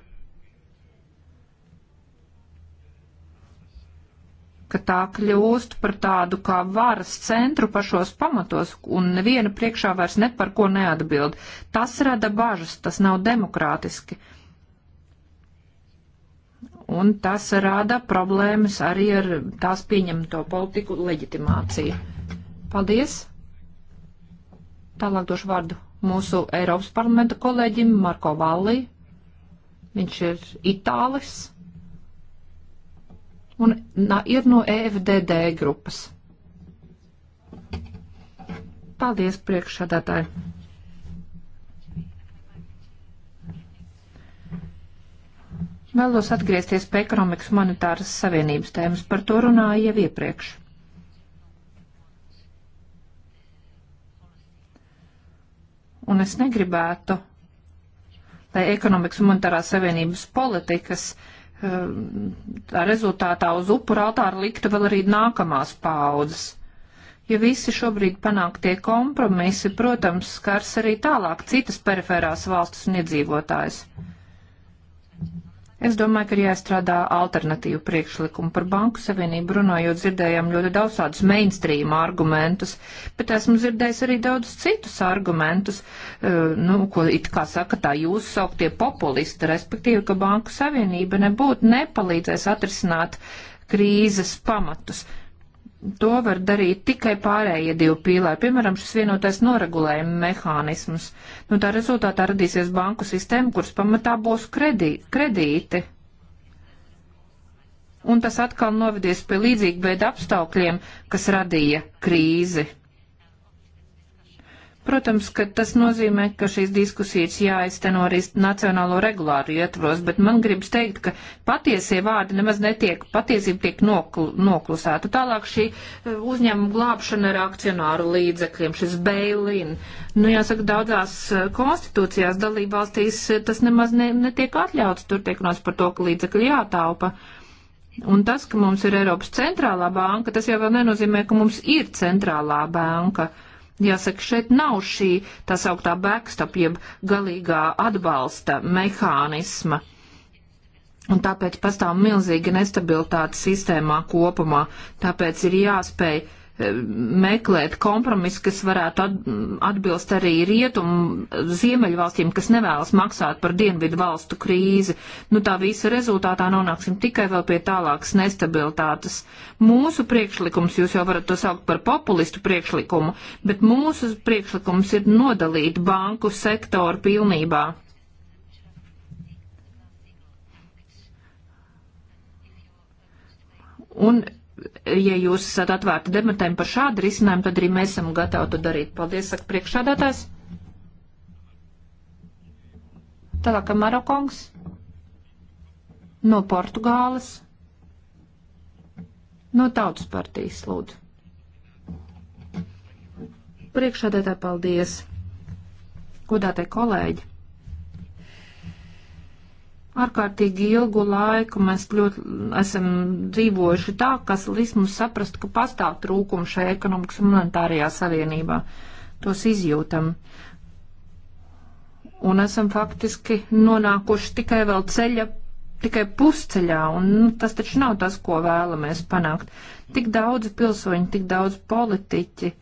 [SPEAKER 2] ka tā kļūst par tādu kā varas centru pašos pamatos un neviena priekšā vairs ne par ko neatbild. Tas rada bažas, tas nav demokrātiski. Un tas rada problēmas arī ar tās pieņemto politiku leģitimāciju. Paldies! Tālāk došu vārdu mūsu Eiropas parlamenta kolēģim Marko Vallī. Viņš ir itālis un nā, ir no EFDD grupas. Paldies priekšsādātāji. Vēlos atgriezties pie ekonomikas monetāras savienības tēmas, par to runāju jau iepriekš. Un es negribētu, lai ekonomikas monetārās savienības politikas uh, Ehm, tā rezultātā uz upura altāra liktu vēl arī nākamās paudzes. Ja visi šobrīd panāktie kompromisi, protams, skars arī tālāk citas perifērās valstis un iedzīvotājs. Es domāju, ka ir jāstrādā alternatīvu priekšlikumu par banku savienību runājot, dzirdējām ļoti daudz tādus mainstream argumentus, bet esmu dzirdējis arī daudz citus argumentus, eh, nu, ko it kā saka tā jūs sauktie populisti, respektīvi, ka banku savienība nebūtu nepalīdzēs atrisināt krīzes pamatus to var darīt tikai pārējie divi pīlāri, piemēram, šis vienotais noregulējuma mehānisms. Nu, tā rezultātā radīsies banku sistēma, kuras pamatā būs kredī, kredīti. Un tas atkal novedīs pie līdzīga veida apstākļiem, kas radīja krīzi. Protams, ka tas nozīmē, ka šīs diskusijas jāizteno arī nacionālo regulāru ietvaros, bet man gribas teikt, ka patiesie vārdi nemaz netiek, patiesība tiek nokl noklusēta. Tālāk šī e, uzņēmuma glābšana ar akcionāru līdzekļiem, šis bailin. Nu, jāsaka, daudzās e, konstitūcijās dalībvalstīs e, tas nemaz ne, netiek atļauts, tur tiek nos par to, ka līdzekļi jātaupa. Un tas, ka mums ir Eiropas centrālā banka, tas jau vēl nenozīmē, ka mums ir centrālā banka. Uh, Jāsaka, šeit nav šī tā sauktā backstop, jeb galīgā atbalsta mehānisma. Un tāpēc pastāv milzīga nestabilitāte sistēmā kopumā. Tāpēc ir jāspēj uh, meklēt kompromisu, kas varētu atbilst arī rietumu ziemeļvalstīm, kas nevēlas maksāt par dienvidu valstu krīzi. Nu, tā visa rezultātā nonāksim tikai vēl pie tālākas nestabilitātes. Mūsu priekšlikums, jūs jau varat to saukt par populistu priekšlikumu, bet mūsu priekšlikums ir nodalīt banku sektoru pilnībā. Un ja jūs esat atvērti debatēm par šādu risinājumu, tad arī mēs esam gatavi to darīt. Paldies, saka priekšādātājs. Tālāk Marokongs no Portugāles, no Tautas partijas lūdzu. Priekšādētāji, paldies. Godātai kolēģi. Ārkārtīgi ilgu laiku mēs ļoti esam dzīvojuši tā, kas līdz mums saprast, ka pastāv trūkumi šajā ekonomikas un monetārajā savienībā. Tos izjūtam. Un esam faktiski nonākuši tikai vēl ceļa tikai pusceļā, un nu, tas taču nav tas, ko vēlamies panākt. Tik daudz pilsoņu, tik daudz politiķi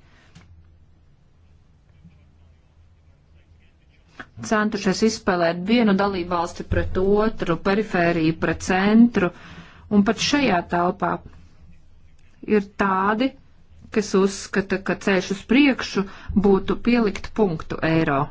[SPEAKER 2] centušies izspēlēt vienu dalībvalsti pret otru, perifēriju pret centru, un pat šajā telpā ir tādi, kas uzskata, ka ceļš uz priekšu būtu pielikt punktu eiro.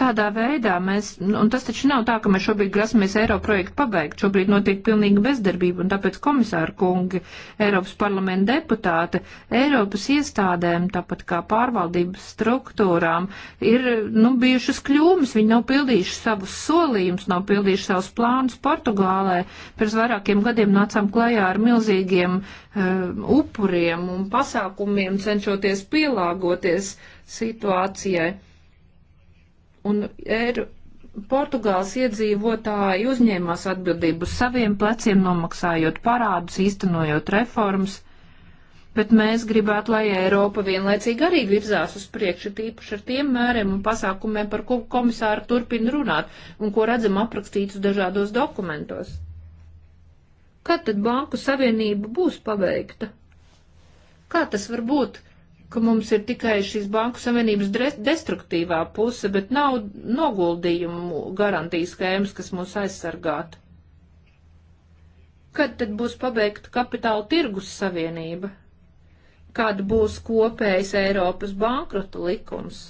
[SPEAKER 2] Tādā veidā mēs, nu, un tas taču nav tā, ka mēs šobrīd grasamies Eiro projektu pabeigt, šobrīd notiek pilnīga bezdarbība, un tāpēc komisāra kungi, Eiropas parlamenta deputāte, Eiropas iestādēm, tāpat kā pārvaldības struktūrām, ir, nu, bijušas kļūmes, viņi nav pildījuši savus solījumus, nav pildījuši savus plānus Portugālē. Pirms vairākiem gadiem nācām klajā ar milzīgiem uh, upuriem un pasākumiem, cenšoties pielāgoties situācijai un er, Portugāles iedzīvotāji uzņēmās atbildību uz saviem pleciem, nomaksājot parādus, īstenojot reformas, bet mēs gribētu, lai Eiropa vienlaicīgi arī virzās uz priekšu, tīpaši ar tiem mēriem un pasākumiem, par ko komisāri turpina runāt un ko redzam aprakstītus dažādos dokumentos. Kad tad Banku Savienība būs paveikta? Kā tas var būt, ka mums ir tikai šīs banku savienības destruktīvā puse, bet nav noguldījumu garantijas skēmas, kas mūs aizsargātu. Kad tad būs pabeigta kapitāla tirgus savienība? Kad būs kopējs Eiropas bankrota likums?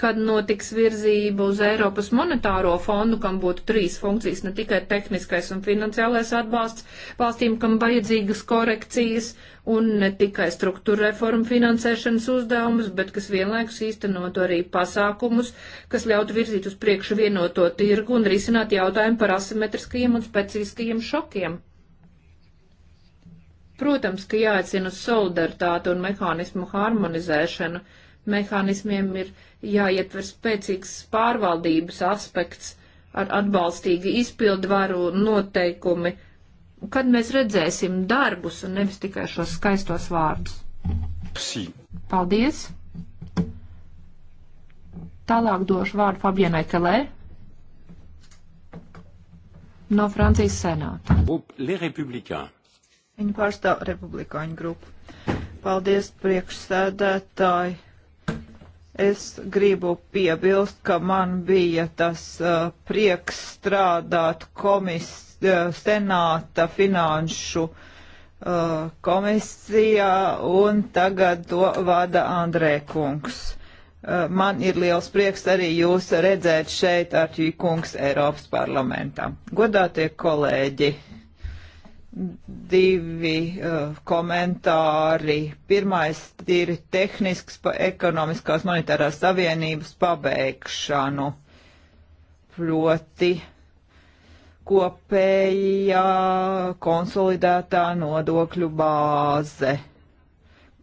[SPEAKER 2] kad notiks virzība uz Eiropas monetāro fondu, kam būtu trīs funkcijas, ne tikai tehniskais un finansiālais atbalsts valstīm, kam vajadzīgas korekcijas un ne tikai struktūra reforma finansēšanas uzdevumus, bet kas vienlaikus īstenotu arī pasākumus, kas ļautu virzīt uz priekšu vienoto tirgu un risināt jautājumu par asimetriskajiem un specifiskajiem šokiem. Protams, ka jāicina solidaritāte un mehānismu harmonizēšana. Mehānismiem ir jāietver spēcīgs pārvaldības aspekts ar atbalstīgi izpildvaru noteikumi. Kad mēs redzēsim darbus un nevis tikai šos skaistos vārdus? Psi. Paldies! Tālāk došu vārdu Fabienai Kelē no Francijas
[SPEAKER 3] senāta. Viņa pārstāv republikāņu grupu. Paldies, priekšsēdētāji! Es gribu piebilst, ka man bija tas uh, prieks strādāt komis, uh, senāta finanšu uh, komisijā, un tagad to vada Andrē kungs. Uh, man ir liels prieks arī jūs redzēt šeit, Arčī kungs, Eiropas parlamentā. Godātie kolēģi! divi uh, komentāri. Pirmais ir tehnisks pa ekonomiskās monetārās savienības pabeigšanu, proti kopējā konsolidētā nodokļu bāze.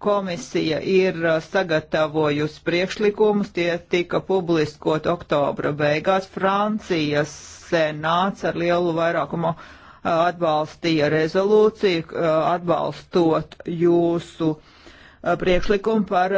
[SPEAKER 3] Komisija ir uh, sagatavojusi priekšlikumus, tie tika publiskot oktobra beigās. Francijas senāts ar lielu vairākumu uh, atbalstīja rezolūciju, atbalstot jūsu priekšlikumu par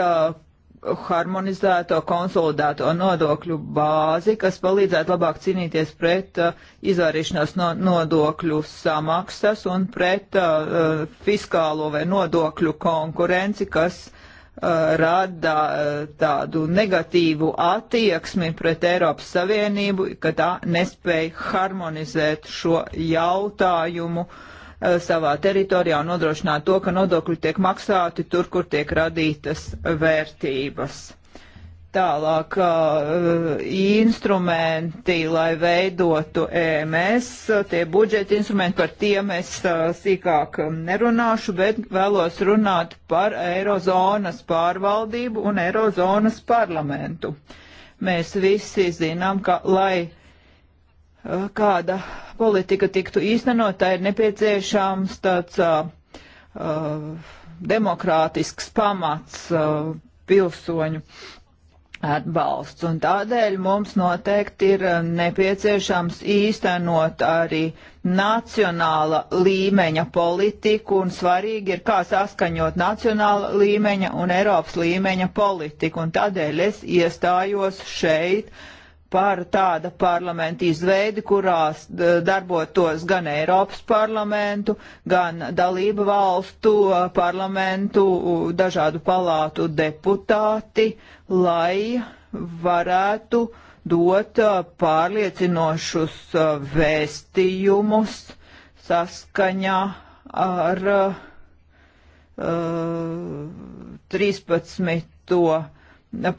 [SPEAKER 3] harmonizēto, konsolidēto nodokļu bāzi, kas palīdzētu labāk cīnīties pret uh, izvairīšanos no nodokļu samaksas un pret uh, fiskālo vai nodokļu konkurenci, kas uh, Uh, rada uh, tādu negatīvu attieksmi pret Eiropas Savienību, ka tā nespēja harmonizēt šo jautājumu uh, savā teritorijā un nodrošināt to, ka nodokļi tiek maksāti tur, kur tiek radītas vērtības. Tālāk uh, instrumenti, lai veidotu EMS, tie budžeta instrumenti, par tiem es uh, sīkāk nerunāšu, bet vēlos runāt par Eirozonas pārvaldību un Eirozonas parlamentu. Mēs visi zinām, ka, lai uh, kāda politika tiktu īstenotā, ir nepieciešams tāds uh, uh, demokrātisks pamats uh, pilsoņu atbalsts. Un tādēļ mums noteikti ir eh, nepieciešams īstenot arī nacionāla līmeņa politiku un svarīgi ir kā saskaņot nacionāla līmeņa un Eiropas līmeņa politiku. Un tādēļ es iestājos šeit par tāda parlamenta izveidi, kurās darbotos gan Eiropas parlamentu, gan dalību valstu eh, parlamentu, dažādu palātu deputāti lai varētu dot uh, pārliecinošus uh, vēstījumus saskaņā ar uh, 13.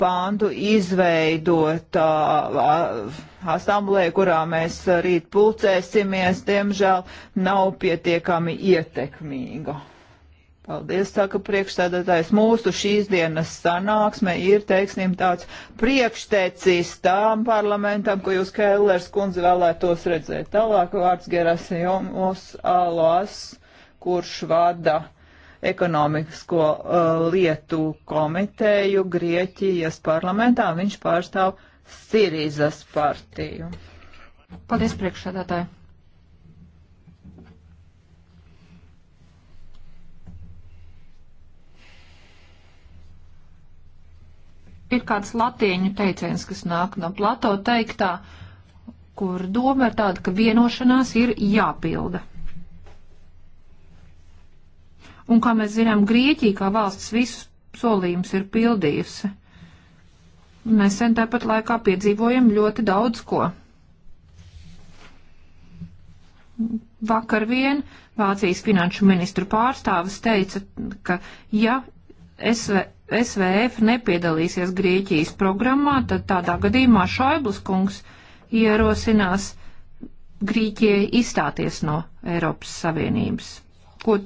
[SPEAKER 3] pāntu izveidotā uh, asamblē, kurā mēs rīt pulcēsimies, diemžēl nav pietiekami ietekmīga. Paldies, saka priekšstādātājs. Mūsu šīs dienas sanāksme ir, teiksim, tāds priekštecis tām parlamentam, ko jūs, Kēlers kundze, vēlētos redzēt. Tālāk vārds Gerasijumus Alas, kurš vada ekonomisko uh, lietu komiteju Grieķijas parlamentā. Viņš pārstāv Sirīzas partiju. Paldies, priekšstādātāji.
[SPEAKER 2] ir kāds latīņu teiciens, kas nāk no Plato teiktā, kur doma ir tāda, ka vienošanās ir jāpilda. Un, kā mēs zinām, Grieķija kā valsts visus solījumus ir pildījusi. Mēs sen tāpat laikā piedzīvojam ļoti daudz ko. Vakar vien Vācijas finanšu ministru pārstāvis teica, ka ja SV, SVF nepiedalīsies Grieķijas programmā, tad tādā gadījumā Šaiblis kungs ierosinās Grieķijai izstāties no Eiropas Savienības, ko,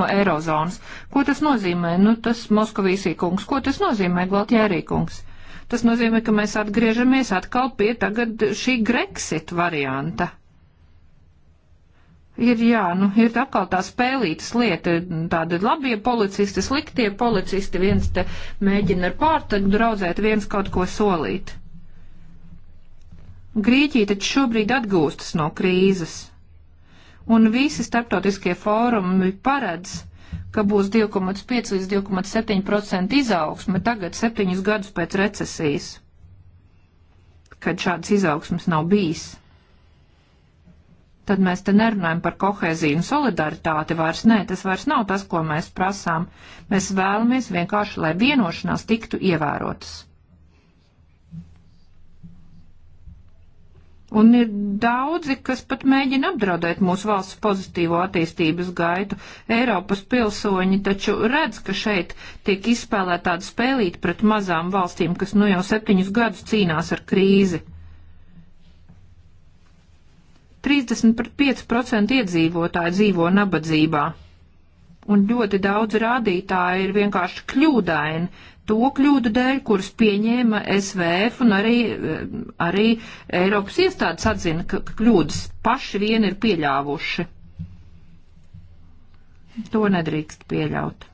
[SPEAKER 2] no Eirozonas. Ko tas nozīmē? Nu, tas Moskavīsī kungs. Ko tas nozīmē, Gvaltjērī kungs? Tas nozīmē, ka mēs atgriežamies atkal pie tagad šī Grexit varianta. Ir, jā, nu, ir atkal tā spēlītas lieta, tādi labie policisti, sliktie policisti, viens te mēģina ar pārtaļu draudzēt, viens kaut ko solīt. Grīķija taču šobrīd atgūstas no krīzes, un visi starptautiskie fórumi paredz, ka būs 2,5 līdz 2,7% izaugsme tagad septiņus gadus pēc recesijas, kad šādas izaugsmes nav bijis tad mēs te nerunājam par kohēziju un solidaritāti vairs. Nē, tas vairs nav tas, ko mēs prasām. Mēs vēlamies vienkārši, lai vienošanās tiktu ievērotas. Un ir daudzi, kas pat mēģina apdraudēt mūsu valsts pozitīvo attīstības gaitu. Eiropas pilsoņi taču redz, ka šeit tiek izspēlēta tāda spēlīta pret mazām valstīm, kas nu jau septiņus gadus cīnās ar krīzi. 35% iedzīvotāji dzīvo nabadzībā. Un ļoti daudz rādītāji ir vienkārši kļūdaini to kļūdu dēļ, kuras pieņēma SVF un arī, arī Eiropas iestādes atzina, ka kļūdas paši vien ir pieļāvuši. To nedrīkst pieļaut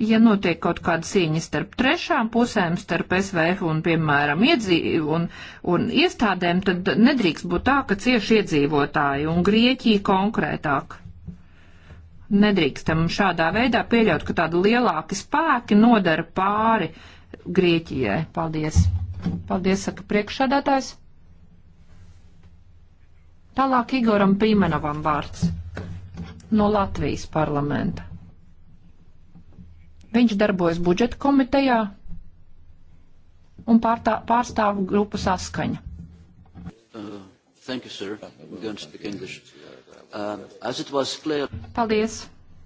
[SPEAKER 2] ja notiek kaut kāda cīņa starp trešām pusēm, starp SVF un, piemēram, iedzīv un, un iestādēm, tad nedrīkst būt tā, ka cieši iedzīvotāji un Grieķija konkrētāk. Nedrīkstam šādā veidā pieļaut, ka tādi lielāki spēki nodara pāri Grieķijai. Paldies. Paldies, saka priekšsādātājs. Tālāk Igoram Pīmenovam vārds no Latvijas parlamenta. Viņš darbojas budžeta komitejā un pārtā, pārstāv grupu saskaņa.
[SPEAKER 4] Uh, thank you, sir. We're going to speak English. Uh, as it was clear...
[SPEAKER 2] Paldies.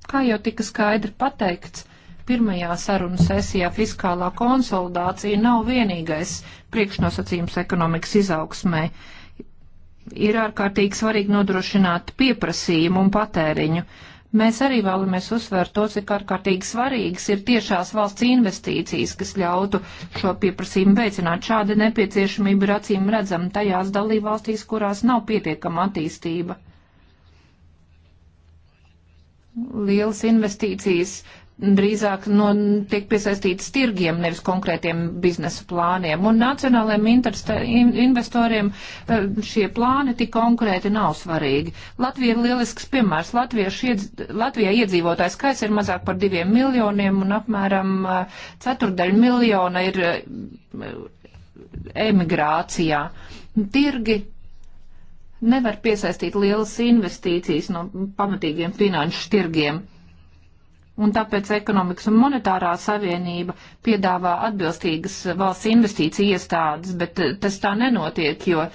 [SPEAKER 2] Kā jau tika skaidri pateikts, pirmajā sarunu sesijā fiskālā konsolidācija nav vienīgais priekšnosacījums ekonomikas izaugsmē. Ir ārkārtīgi svarīgi nodrošināt pieprasījumu un patēriņu. Uh, Mēs arī vēlamies uzsvērt to, cik ārkārtīgi svarīgas ir tiešās valsts investīcijas, kas ļautu šo pieprasījumu veicināt. Šāda nepieciešamība ir acīm redzama tajās dalībvalstīs, kurās nav pietiekama attīstība. Lielas investīcijas drīzāk no, tiek piesaistītas tirgiem, nevis konkrētiem biznesa plāniem. Un nacionālajiem in, investoriem eh, šie plāni tik konkrēti nav svarīgi. Latvija ir lielisks piemērs. Iedz, Latvijā iedzīvotājs skaits ir mazāk par diviem miljoniem un apmēram eh, ceturdaļ miljona ir eh, emigrācijā. Tirgi nevar piesaistīt lielas investīcijas no pamatīgiem finanšu tirgiem un tāpēc ekonomikas un monetārā savienība piedāvā atbilstīgas valsts investīcija iestādes, bet eh, tas tā nenotiek, jo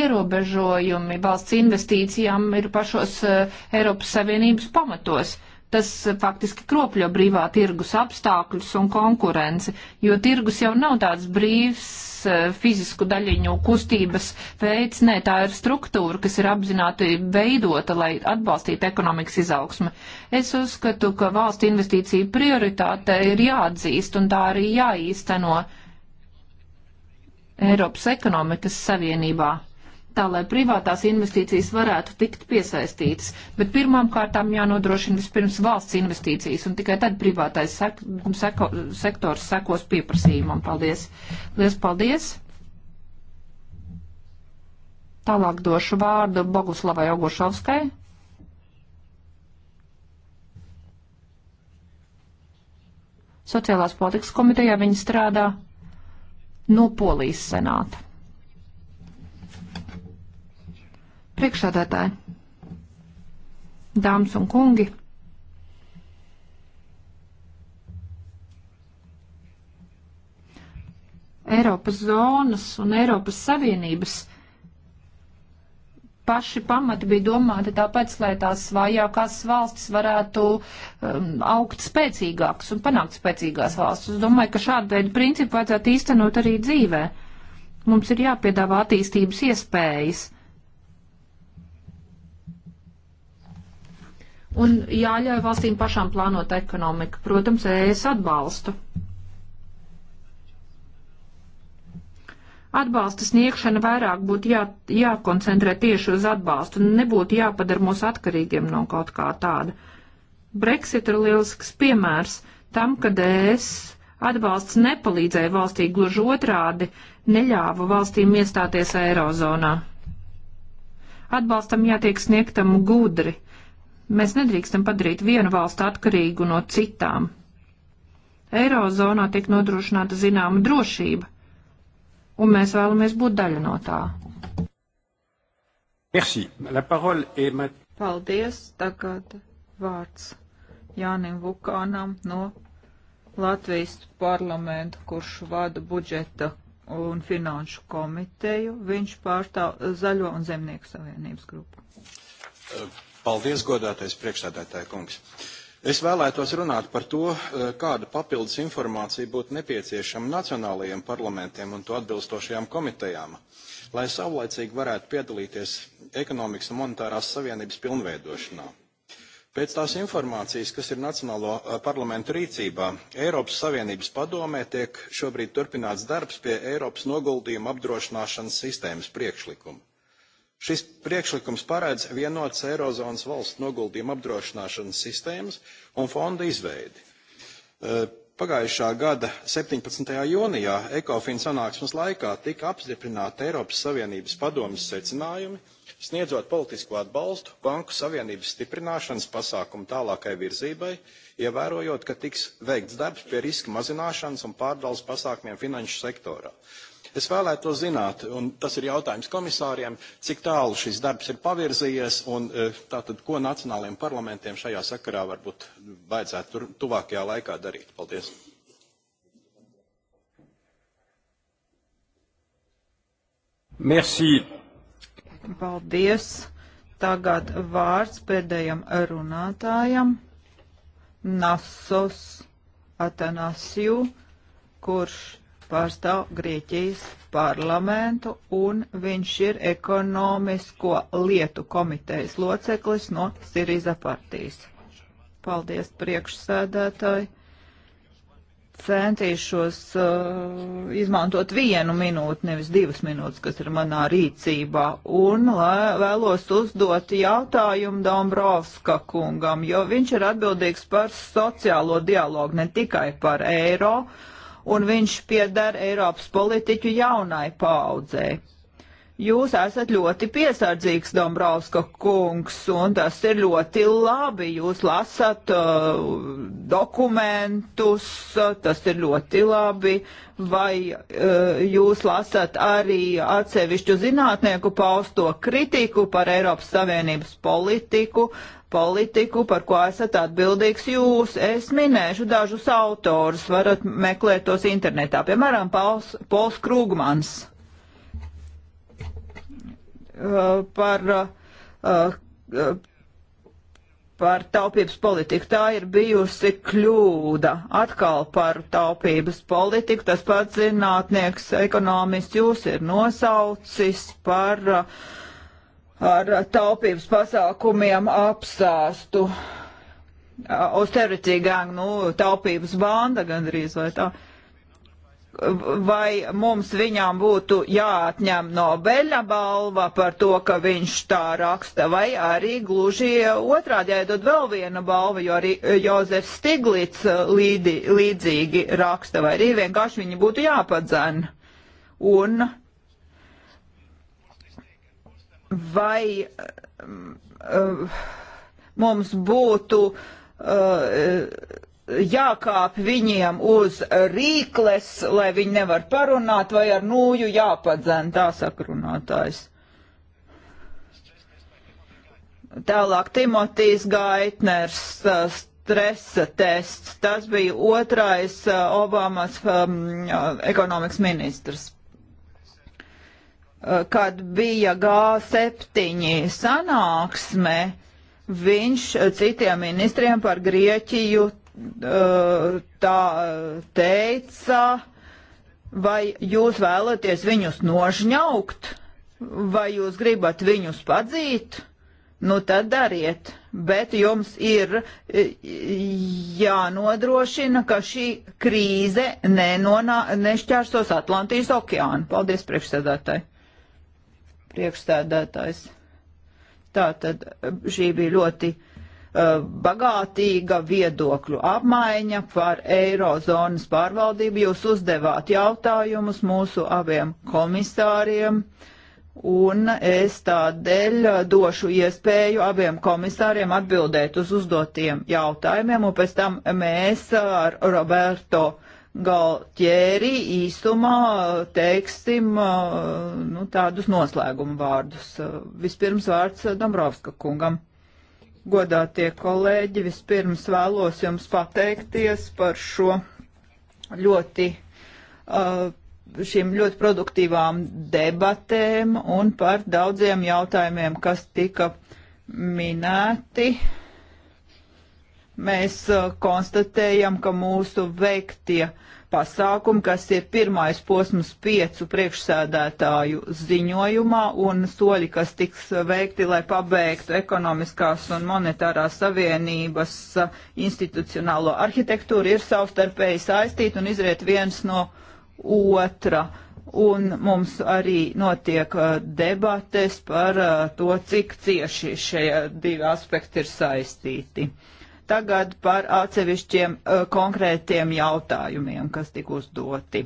[SPEAKER 2] ierobežojumi valsts investīcijām ir pašos eh, Eiropas Savienības pamatos. Tas eh, faktiski kropļo brīvā tirgus apstākļus un konkurenci, jo tirgus jau nav tāds brīvs Eh, fizisku daļiņu kustības veids, nē, tā ir struktūra, kas ir apzināti veidota, lai atbalstītu ekonomikas izaugsmi. Es uzskatu, ka valsts investīcija prioritāte ir jāatzīst un tā arī jāīsteno Eiropas ekonomikas savienībā tā lai privātās investīcijas varētu tikt piesaistītas. Bet pirmām kārtām jānodrošina vispirms valsts investīcijas, un tikai tad privātais sek seko sektors sekos pieprasījumam. Paldies! Lies paldies! Tālāk došu vārdu Boguslavai Ogušovskai. Sociālās politikas komitejā viņa strādā no Polijas senāta. Priekšsādātāji, dāmas un kungi. Eiropas zonas un Eiropas Savienības paši pamati bija domāti tāpēc, lai tās vājākās valstis varētu um, augt spēcīgākas un panākt spēcīgās valstis. Es domāju, ka šādu veidu principu vajadzētu īstenot arī dzīvē. Mums ir jāpiedāvā attīstības iespējas un jāļauj valstīm pašām plānot ekonomiku. Protams, es atbalstu. Atbalsta sniegšana vairāk būtu jā, jākoncentrē tieši uz atbalstu, nebūtu jāpadara mūs atkarīgiem no kaut kā tāda. Brexit ir lielisks piemērs tam, kad es atbalsts nepalīdzēja valstī gluži otrādi, neļāva valstīm iestāties Eirozonā. Atbalstam jātiek sniegtam gudri, Mēs nedrīkstam padarīt vienu valstu atkarīgu no citām. Eirozonā tiek nodrošināta zināma drošība, un mēs vēlamies būt daļa no tā.
[SPEAKER 1] Merci. La parole est maintenant. Paldies. Tagad
[SPEAKER 5] vārds
[SPEAKER 3] Jānim Vukānam no Latvijas parlamenta, kurš vada budžeta un finanšu komiteju. Viņš pārstāv Zaļo un Zemnieku savienības grupu.
[SPEAKER 1] Uh. Paldies, godātais priekšstādātāja kungs. Es vēlētos runāt par to, eh, kāda papildus informācija būtu nepieciešama nacionālajiem parlamentiem un to atbilstošajām komitejām, lai savlaicīgi varētu piedalīties ekonomikas un monetārās savienības pilnveidošanā. Pēc tās informācijas, kas ir Nacionālo eh, parlamentu rīcībā, Eiropas Savienības padomē tiek šobrīd turpināts darbs pie Eiropas noguldījuma apdrošināšanas sistēmas priekšlikuma. Šis priekšlikums paredz vienotas Eirozonas valsts noguldījuma apdrošināšanas sistēmas un fonda izveidi. E, pagājušā gada 17. jūnijā ECOFIN sanāksmes laikā tika apstiprināta Eiropas Savienības padomas secinājumi, sniedzot politisko atbalstu Banku Savienības stiprināšanas pasākumu tālākai virzībai, ievērojot, ka tiks veikts darbs pie riska mazināšanas un pārdales pasākumiem finanšu sektorā. Es vēlētos zināt, un tas ir jautājums komisāriem, cik tālu šis darbs ir pavirzījies un e, tātad, ko nacionāliem parlamentiem šajā sakarā varbūt vajadzētu tur, tuvākajā laikā darīt. Paldies. Merci.
[SPEAKER 3] Paldies. Tagad vārds pēdējam runātājam. Nasos Atanasiju, kurš pārstāv Grieķijas parlamentu un viņš ir ekonomisko lietu komitejas loceklis no Siriza partijas. Paldies priekšsēdētāji. Centīšos uh, izmantot vienu minūti, nevis divas minūtes, kas ir manā rīcībā, un lai, vēlos uzdot jautājumu Dombrovska kungam, jo viņš ir atbildīgs par sociālo dialogu, ne tikai par Eiropu un viņš piedara Eiropas politiķu jaunai paudzei. Jūs esat ļoti piesardzīgs, Dombrovska kungs, un tas ir ļoti labi. Jūs lasat uh, dokumentus, uh, tas ir ļoti labi. Vai uh, jūs lasat arī atsevišķu zinātnieku pausto kritiku par Eiropas Savienības politiku, politiku, par ko esat atbildīgs jūs? Es minēšu dažus autorus, varat meklēt tos internetā, piemēram, Pauls, Pols Krūgmans Uh, par, uh, par taupības politiku. Tā ir bijusi kļūda atkal par taupības politiku. Tas pats zinātnieks, ekonomists jūs ir nosaucis par uh, ar taupības pasākumiem apsāstu austerity gang, nu, taupības banda gandrīz vai tā. Uh, vai mums viņam būtu jāatņem Nobeļa balva par to, ka viņš tā raksta, vai arī gluži otrādi jādod vēl viena balva, jo arī Jozefs Stiglits uh, līdi, līdzīgi raksta, vai arī vienkārši viņi būtu jāpadzen. Un vai um, mums būtu uh, jākāp viņiem uz rīkles, lai viņi nevar parunāt, vai ar nūju jāpadzen, tā saka runātājs. Tālāk Timotīs Gaitners uh, stresa tests. Tas bija otrais uh, Obamas um, uh, ekonomikas ministrs kad bija G7 sanāksme, viņš citiem ministriem par Grieķiju Eh, tā teica, vai jūs vēlaties viņus nožņaukt, vai jūs gribat viņus padzīt, nu tad dariet. Bet jums ir eh, jānodrošina, ka šī krīze nenonā, nešķērsos Atlantijas okeānu. Paldies priekšsēdētāji. Priekšsēdētājs. Tā tad eh, šī bija ļoti Uh, bagātīga viedokļu apmaiņa par eirozonas pārvaldību. Jūs uzdevāt jautājumus mūsu abiem komisāriem. Un es tādēļ došu iespēju abiem komisāriem atbildēt uz uzdotiem jautājumiem, un pēc tam mēs ar Roberto Galtieri īsumā teiksim uh, nu, tādus noslēguma vārdus. Uh, vispirms vārds Dombrovska kungam. Godātie kolēģi, vispirms vēlos jums pateikties par šo ļoti, uh, šīm ļoti produktīvām debatēm un par daudziem jautājumiem, kas tika minēti. Mēs uh, konstatējam, ka mūsu veiktie uh, pasākumi, kas ir pirmais posms piecu priekšsēdētāju ziņojumā un soļi, kas tiks veikti, lai pabeigtu ekonomiskās un monetārās savienības institucionālo arhitektūru, ir savstarpēji saistīti un izriet viens no otra un mums arī notiek uh, debates par uh, to, cik cieši šie divi aspekti ir saistīti. Tagad par atsevišķiem eh, konkrētiem jautājumiem, kas tika uzdoti.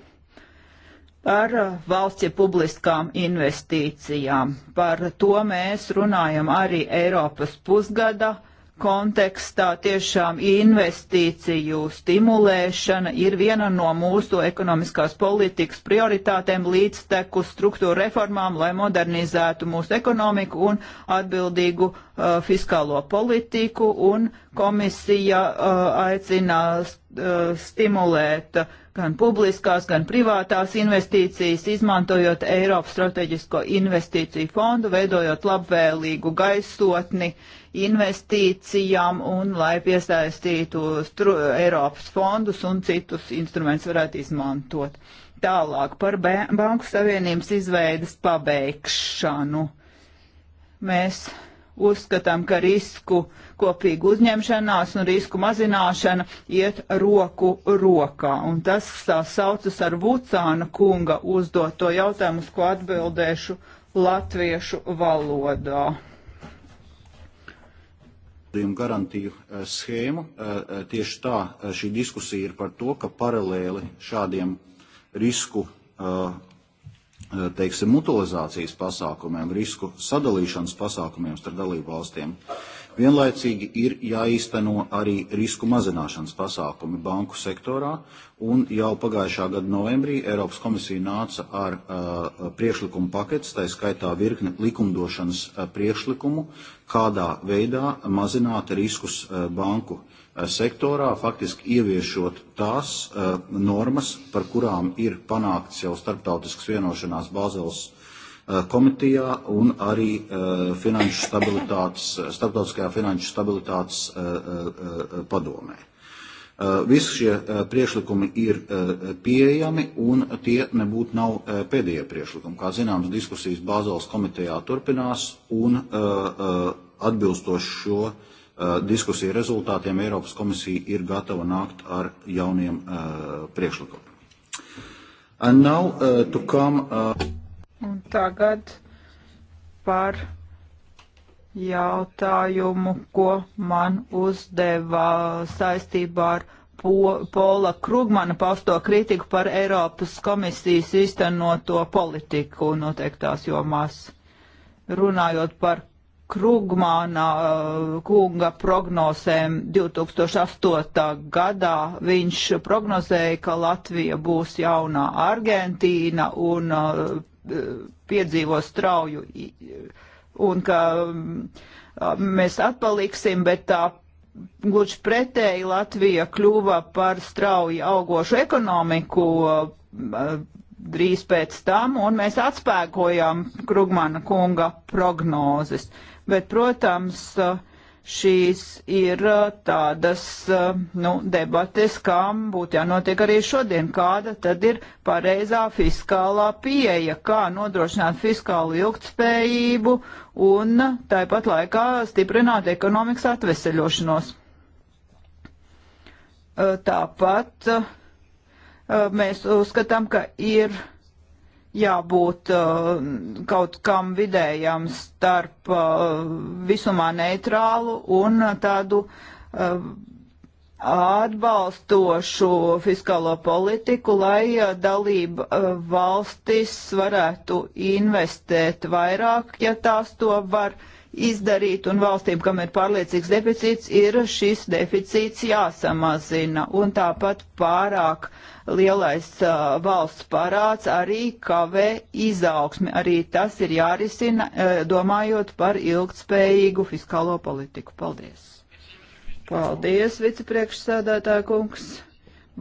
[SPEAKER 3] Par eh, valsts ja publiskām investīcijām. Par to mēs runājam arī Eiropas pusgada kontekstā tiešām investīciju stimulēšana ir viena no mūsu ekonomiskās politikas prioritātēm līdz teku struktūra reformām, lai modernizētu mūsu ekonomiku un atbildīgu uh, fiskālo politiku, un komisija uh, aicina st uh, stimulēt gan publiskās, gan privātās investīcijas, izmantojot Eiropas strateģisko investīciju fondu, veidojot labvēlīgu gaisotni uh, investīcijām un lai piesaistītu Eiropas fondus un citus instrumentus varētu izmantot. Tālāk par Banku Savienības izveidas pabeigšanu. Mēs uzskatām, ka risku kopīga uzņemšanās un risku mazināšana iet roku rokā. Un tas sasaucas ar Vucāna kunga uzdoto jautājumu, uz ko atbildēšu latviešu valodā
[SPEAKER 4] garantiju eh, schēmu. Eh, eh, tieši tā šī diskusija ir par to, ka paralēli šādiem risku teiksim, mutualizācijas pasākumiem, risku sadalīšanas pasākumiem starp dalību valstiem uh, Vienlaicīgi ir jāīsteno arī risku mazināšanas pasākumi banku sektorā, un jau pagājušā gada novembrī Eiropas komisija nāca ar uh, priekšlikumu paketes, tā skaitā virkni likumdošanas uh, priekšlikumu, kādā veidā mazināt riskus uh, banku uh, sektorā, faktiski ieviešot tās uh, normas, par kurām ir panākts jau starptautisks vienošanās Bāzeles Uh, komitejā un arī uh, finanšu stabilitātes, uh, starptautiskajā finanšu stabilitātes padomē. Visi šie priekšlikumi ir pieejami, un tie nebūtu nav pēdējie priekšlikumi. Kā zināms, diskusijas Bāzeles komitejā turpinās, un atbilstoši šo diskusiju rezultātiem Eiropas komisija ir gatava nākt ar jauniem priekšlikumiem. And now uh, to come. Uh
[SPEAKER 3] Un tagad par jautājumu, ko man uzdeva saistībā ar po, Pola Krugmana pausto kritiku par Eiropas komisijas īstenoto politiku noteiktās jomās. Runājot par Krugmāna uh, kunga prognozēm 2008. gadā viņš prognozēja, ka Latvija būs jaunā Argentīna un uh, piedzīvo strauju un ka mm, mēs atpaliksim, bet tā gluži pretēji Latvija kļuva par strauji augošu ekonomiku drīz pēc tam, un mēs atspēkojām Krugmana kunga prognozes. Bet, protams, uh, Šīs ir uh, tādas uh, nu, debates, kam būtu jānotiek arī šodien. Kāda tad ir pareizā fiskālā pieeja, kā nodrošināt fiskālu ilgtspējību un tāpat laikā stiprināt ekonomikas atveseļošanos. Uh, tāpat mēs uzskatām, ka ir jābūt uh, kaut kam vidējam starp uh, visumā neitrālu un tādu uh, atbalstošu fiskālo politiku, lai uh, dalība uh, valstis varētu investēt vairāk, ja tās to var izdarīt, un valstīm, kam ir pārliecīgs deficīts, ir šis deficīts jāsamazina. Un tāpat pārāk lielais uh, valsts parāds arī kavē izaugsmi. Arī tas ir jārisina, uh, domājot par ilgtspējīgu fiskālo politiku. Paldies! Paldies, vicepriekšsēdētāja kungs!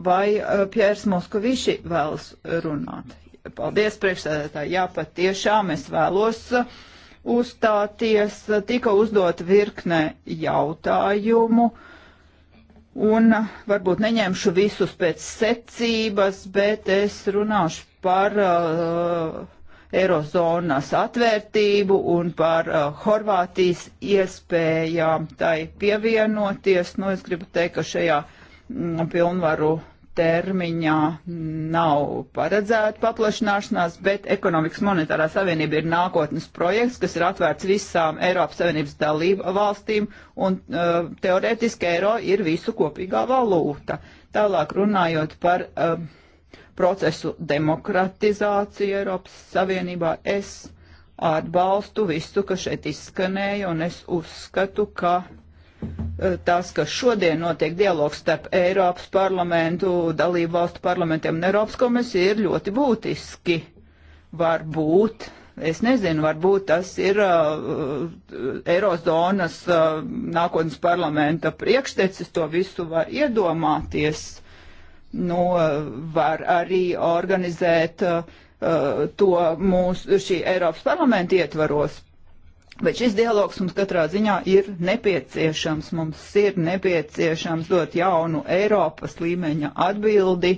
[SPEAKER 3] Vai uh, Pjērs Moskoviši vēlas runāt? Paldies, priekšsēdētāji! Jā, pat tiešām es vēlos. Uh, uzstāties, tika uzdot virkne jautājumu. Un varbūt neņemšu visus pēc secības, bet es runāšu par uh, Eirozonas atvērtību un par uh, Horvātijas iespējām tai pievienoties. Nu, es gribu teikt, ka šajā mm, pilnvaru termiņā nav paredzēta paplašināšanās, bet ekonomikas monetārā savienība ir nākotnes projekts, kas ir atvērts visām Eiropas Savienības dalību valstīm, un uh, teorētiski eiro ir visu kopīgā valūta. Tālāk runājot par uh, procesu demokratizāciju Eiropas Savienībā, es atbalstu visu, kas šeit izskanēja, un es uzskatu, ka Eh, tas, kas šodien notiek dialogs starp Eiropas parlamentu, dalību valstu parlamentiem un Eiropas komisiju, ir ļoti būtiski. Varbūt, es nezinu, varbūt tas ir uh, Eirozonas uh, nākotnes parlamenta priekštecis, to visu var iedomāties. Nu, var arī organizēt uh, to mūsu, šī Eiropas parlamenta ietvaros Bet šis dialogs mums katrā ziņā ir nepieciešams. Mums ir nepieciešams dot jaunu Eiropas līmeņa atbildi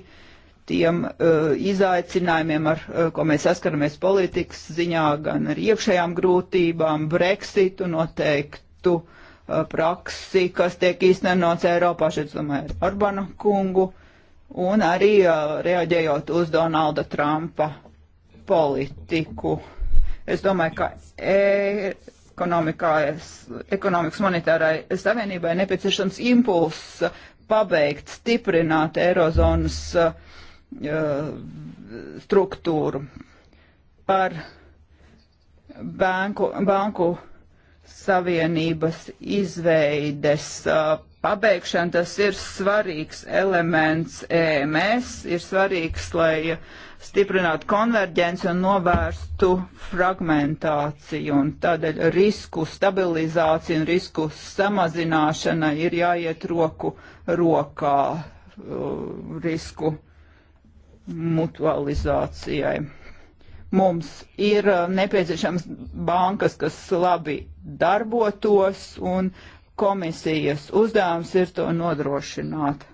[SPEAKER 3] tiem uh, izaicinājumiem, ar uh, ko mēs saskaramies politikas ziņā, gan ar iekšējām grūtībām, Brexitu noteiktu uh, praksi, kas tiek īstenots Eiropā, šeit domāju ar Orbanu kungu, un arī uh, reaģējot uz Donalda Trumpa politiku. Uh, Es domāju, ka ekonomikas monetārai savienībai nepieciešams impulss pabeigt, stiprināt Eirozonas uh, struktūru par banku, banku savienības izveides uh, pabeigšanu. Tas ir svarīgs elements EMS, ir svarīgs, lai uh, stiprinātu konverģenci un novērstu fragmentāciju. Un tādēļ risku stabilizācija un risku samazināšana ir jāiet roku rokā uh, risku mutualizācijai. Mums ir uh, nepieciešams bankas, kas labi darbotos, un komisijas uzdevums ir to nodrošināt.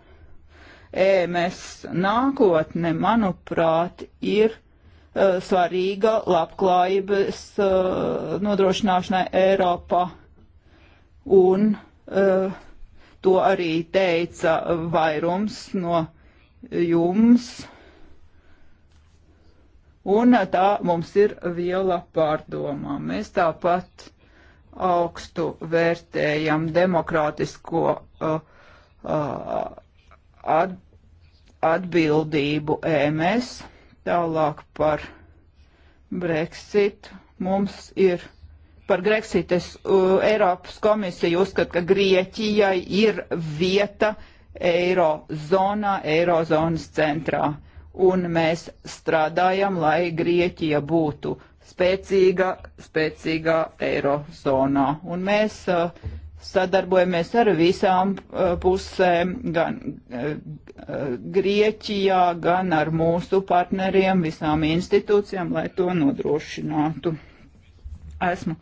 [SPEAKER 3] EMS nākotne, manuprāt, ir uh, svarīga labklājības uh, nodrošināšanai Eiropā. Un uh, to arī teica vairums no jums. Un tā mums ir viela pārdomām. Mēs tāpat augstu vērtējam demokrātisko uh, uh, at, atbildību EMS, tālāk par Brexit. Mums ir par Brexit, es uh, Eiropas komisija uzskata, ka Grieķijai ir vieta Eirozonā, Eirozonas centrā. Un mēs strādājam, lai Grieķija būtu spēcīga, spēcīgā Eirozonā. Un mēs uh, sadarbojamies ar visām eh, pusēm, gan eh, Grieķijā, gan ar mūsu partneriem, visām institūcijām, lai to nodrošinātu. Esmu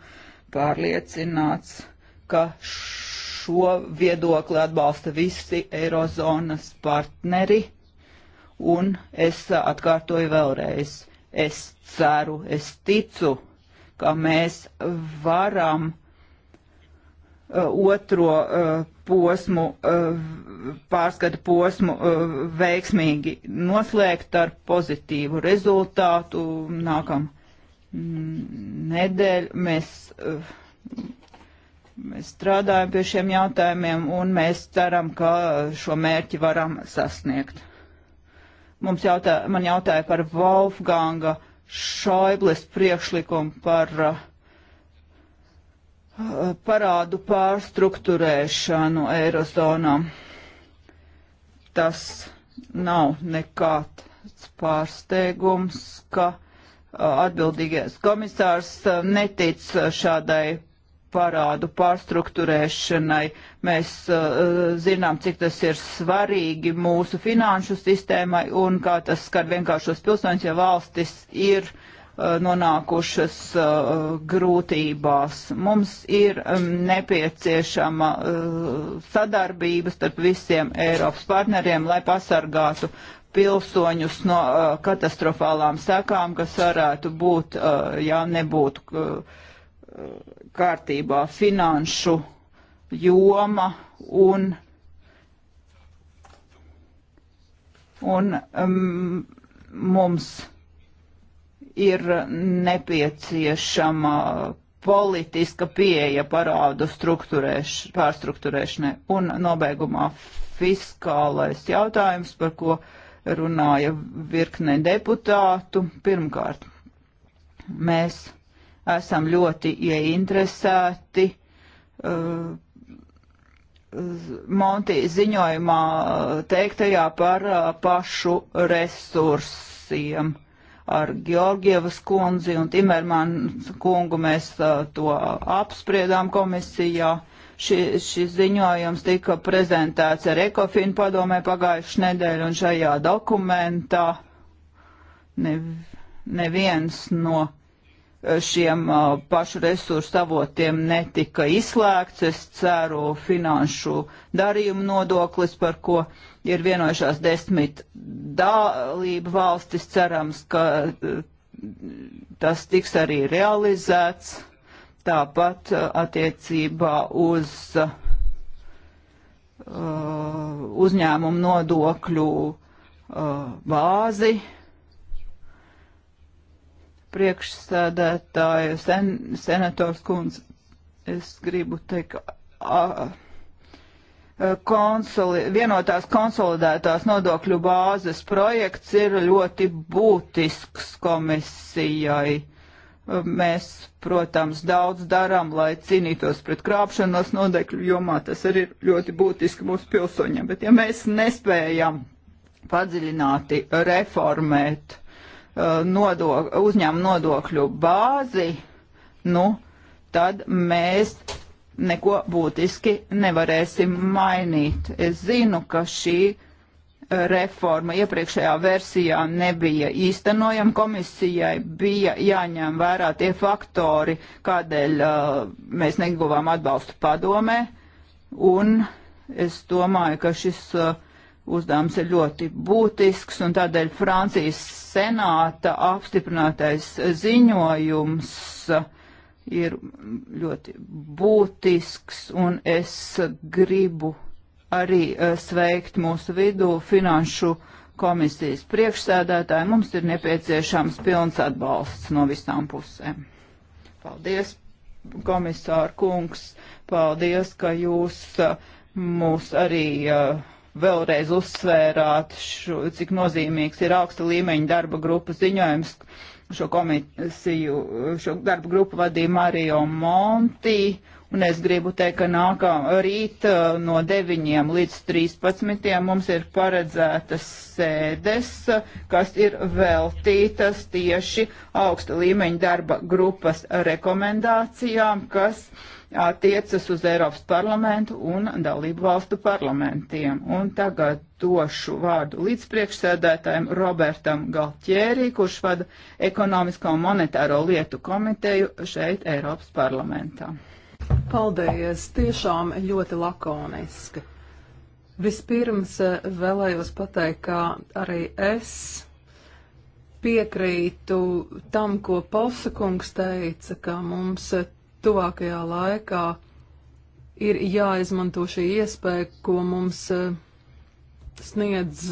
[SPEAKER 3] pārliecināts, ka šo viedokli atbalsta visi Eirozonas partneri, un es atkārtoju vēlreiz, es ceru, es ticu, ka mēs varam Uh, otro uh, posmu, uh, pārskata posmu veiksmīgi noslēgt ar pozitīvu rezultātu. Nākam mm, nedēļ mēs, mēs strādājam pie šiem jautājumiem un mēs ceram, ka šo mērķi varam sasniegt. Mums jautā, man jautāja par Wolfganga Šoibles priekšlikumu par uh, Eh, parādu pārstruktūrēšanu Eirozonā. Tas nav nekāds pārsteigums, ka eh, atbildīgais komisārs eh, netic šādai parādu pārstruktūrēšanai. Mēs uh, zinām, cik tas ir svarīgi mūsu finanšu sistēmai un kā tas skar vienkāršos pilsoņus, ja valstis ir uh, Eh, nonākušas eh, grūtībās. Mums ir mm, nepieciešama eh, sadarbība starp visiem Eiropas partneriem, lai pasargātu pilsoņus no katastrofālām sekām, kas varētu būt, ja nebūtu kārtībā finanšu joma un, un um, mums ir nepieciešama politiska pieeja parādu pārstruktūrēšanai. Un nobeigumā fiskālais jautājums, par ko runāja virkne deputātu. Pirmkārt, mēs esam ļoti ieinteresēti. Uh, Monti ziņojumā uh, teiktajā par uh, pašu resursiem ar Georgievas kundzi un Timermans kungu mēs uh, to apspriedām komisijā. Ši, šis ziņojums tika prezentēts ar Ekofinu padomē pagājušajā nedēļā un šajā dokumentā ne, neviens no šiem uh, pašu resursu avotiem netika izslēgts. Es ceru finanšu darījumu nodoklis, par ko uh, ir vienojušās desmit dalību valstis. Cerams, ka eh, tas tiks arī realizēts. Tāpat eh, attiecībā uz uh, uzņēmumu nodokļu uh, bāzi priekšsēdētāju sen, senators kundze, es gribu teikt, a, konsoli, vienotās konsolidētās nodokļu bāzes projekts ir ļoti būtisks komisijai. Mēs, protams, daudz darām, lai cīnītos pret krāpšanos nodekļu jomā. Tas arī ir ļoti būtiski mūsu pilsoņiem. Bet ja mēs nespējam padziļināti reformēt uh, nodok, uzņēmu nodokļu bāzi, nu, tad mēs neko būtiski nevarēsim mainīt. Es zinu, ka šī e, reforma iepriekšējā versijā nebija īstenojama. Komisijai bija jāņem vērā tie faktori, kādēļ uh, mēs neguvām atbalstu padomē. Un es domāju, ka šis uh, uzdevums ir ļoti būtisks, un tādēļ Francijas senāta apstiprinātais ziņojums uh, ir ļoti būtisks, un es gribu arī eh, sveikt mūsu vidū finanšu komisijas priekšsēdētāju. Mums ir nepieciešams pilns atbalsts no visām pusēm. Paldies, komisāra kungs, paldies, ka jūs eh, mūs arī eh, vēlreiz uzsvērāt, šo, cik nozīmīgs ir augsta līmeņa darba grupas ziņojums Šo komisiju, šo darbu grupu vadīja Mario Monti, un es gribu teikt, ka nākamā rīt uh, no 9 līdz 13 mums ir paredzētas sēdes, kas ir veltītas tieši augsta līmeņa darba grupas rekomendācijām, kas uh, attiecas uz Eiropas parlamentu un dalību valstu parlamentiem. Un tagad došu vārdu līdzpriekšsēdētājiem Robertam Galtjērī, kurš vada ekonomisko un monetāro lietu komiteju šeit Eiropas parlamentā.
[SPEAKER 5] Paldies! Tiešām ļoti lakoniski. Vispirms eh, vēlējos pateikt, ka arī es piekrītu tam, ko Pausakungs teica, ka mums tuvākajā laikā ir jāizmanto šī iespēja, ko mums eh, sniedz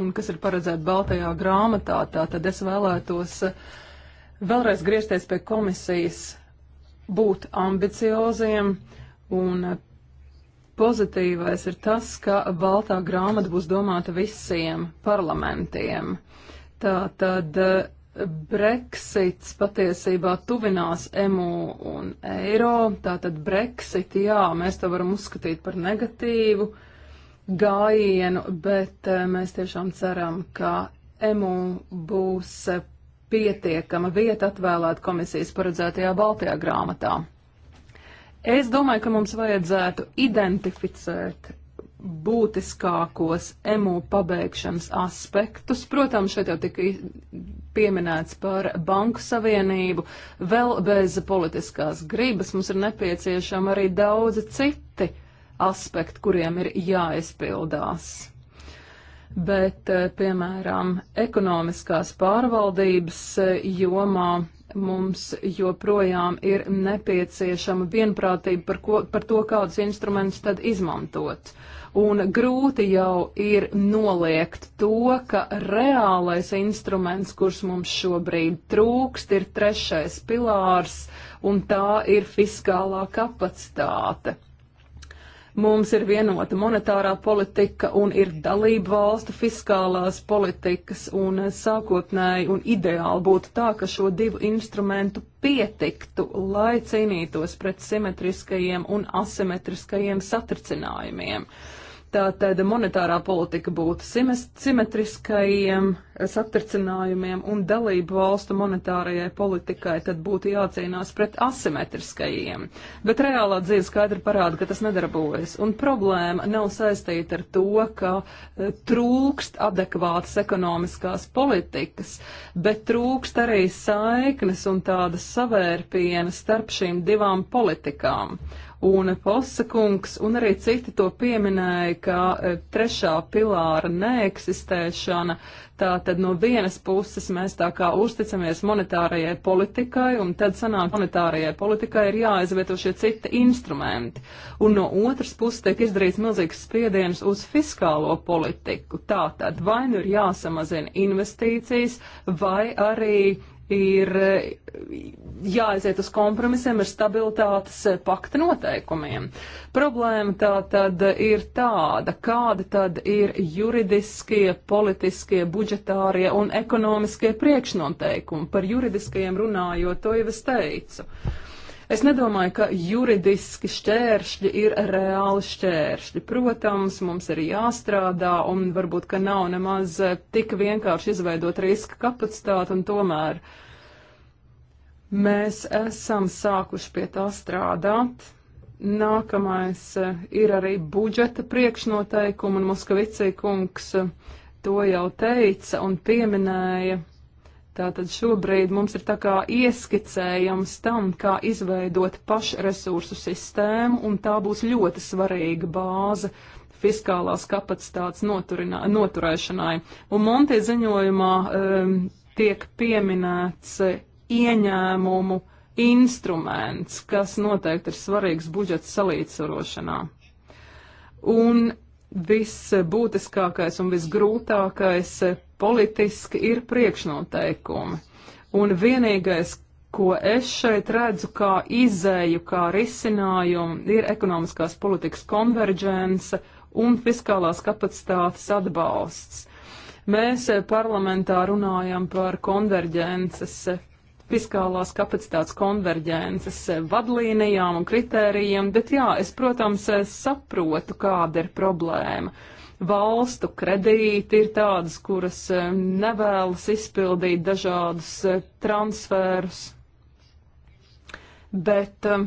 [SPEAKER 5] un kas ir paredzēta Baltajā grāmatā. Tātad es vēlētos eh, vēlreiz griezties pie komisijas, būt ambicioziem un eh, pozitīvais ir tas, ka Baltā grāmata būs domāta visiem parlamentiem. Tātad Brexits patiesībā tuvinās EMU un eiro, tātad Brexit, jā, mēs to varam uzskatīt par negatīvu gājienu, bet eh, mēs tiešām ceram, ka EMU būs eh, pietiekama vieta atvēlēt komisijas paredzētajā Baltijā grāmatā. Es domāju, ka mums vajadzētu identificēt būtiskākos emu pabeigšanas aspektus. Protams, šeit jau tika pieminēts par banku savienību. Vēl bez politiskās gribas mums ir nepieciešama arī daudzi citi aspekti, kuriem ir jāizpildās. Bet, eh, piemēram, ekonomiskās pārvaldības eh, jomā mums joprojām ir nepieciešama vienprātība par, ko, par to, kādus instrumentus tad izmantot. Uh, un grūti jau ir noliegt to, ka reālais instruments, kurš mums šobrīd trūkst, ir trešais pilārs, un tā ir fiskālā kapacitāte. Mums ir vienota monetārā politika un ir dalību valstu fiskālās politikas, un sākotnēji un ideāli būtu tā, ka šo divu instrumentu pietiktu, lai cīnītos pret simetriskajiem un asimetriskajiem satricinājumiem. Uh, Tātad monetārā politika būtu simetriskajiem eh, satricinājumiem un dalību valstu monetārajai politikai tad būtu jācīnās pret asimetriskajiem. Bet reālā dzīve skaidri parāda, ka tas nedarbojas. Un problēma nav saistīta ar to, ka eh, trūkst adekvātas ekonomiskās politikas, bet trūkst arī saiknes un tādas savērpienas starp šīm divām politikām. Un Fosakungs un arī citi to pieminēja, ka e, trešā pilāra neeksistēšana, tā tad no vienas puses mēs tā kā uzticamies monetārajai politikai, un tad sanāk monetārajai politikai ir jāizvieto šie citi instrumenti. Un no otras puses tiek izdarīts milzīgs spiediens uz fiskālo politiku. Tā tad vai nu ir jāsamazina investīcijas, vai arī ir eh, jāaiziet uz kompromisiem ar stabilitātes eh, pakta noteikumiem. Problēma tā tad ir tāda, kāda tad ir juridiskie, politiskie, budžetārie un ekonomiskie priekšnoteikumi. Par juridiskajiem runājot, to jau es teicu. Uh, Es nedomāju, ka juridiski šķēršļi ir reāli šķēršļi. Protams, mums ir jāstrādā un varbūt, ka nav nemaz tik vienkārši izveidot riska kapacitāti un tomēr mēs esam sākuši pie tā strādāt. Nākamais eh, ir arī budžeta priekšnoteikumi, un Moskavicī kungs to jau teica un pieminēja. Tātad šobrīd mums ir tā kā ieskicējams tam, kā izveidot pašresursu sistēmu, un tā būs ļoti svarīga bāze fiskālās kapacitātes noturēšanai. Un Monti ziņojumā um, tiek pieminēts ieņēmumu instruments, kas noteikti ir svarīgs budžeta salīdzsvarošanā. Un viss būtiskākais un visgrūtākais politiski ir priekšnoteikumi. Un vienīgais, ko es šeit redzu kā izēju, kā risinājumu, ir ekonomiskās politikas konverģence un fiskālās kapacitātes atbalsts. Mēs eh, parlamentā runājam par konverģences, eh, fiskālās kapacitātes konverģences eh, vadlīnijām un kritērijiem, bet jā, es, protams, saprotu, kāda ir problēma valstu kredīti ir tādas, kuras eh, nevēlas izpildīt dažādus eh, transferus. Bet, eh,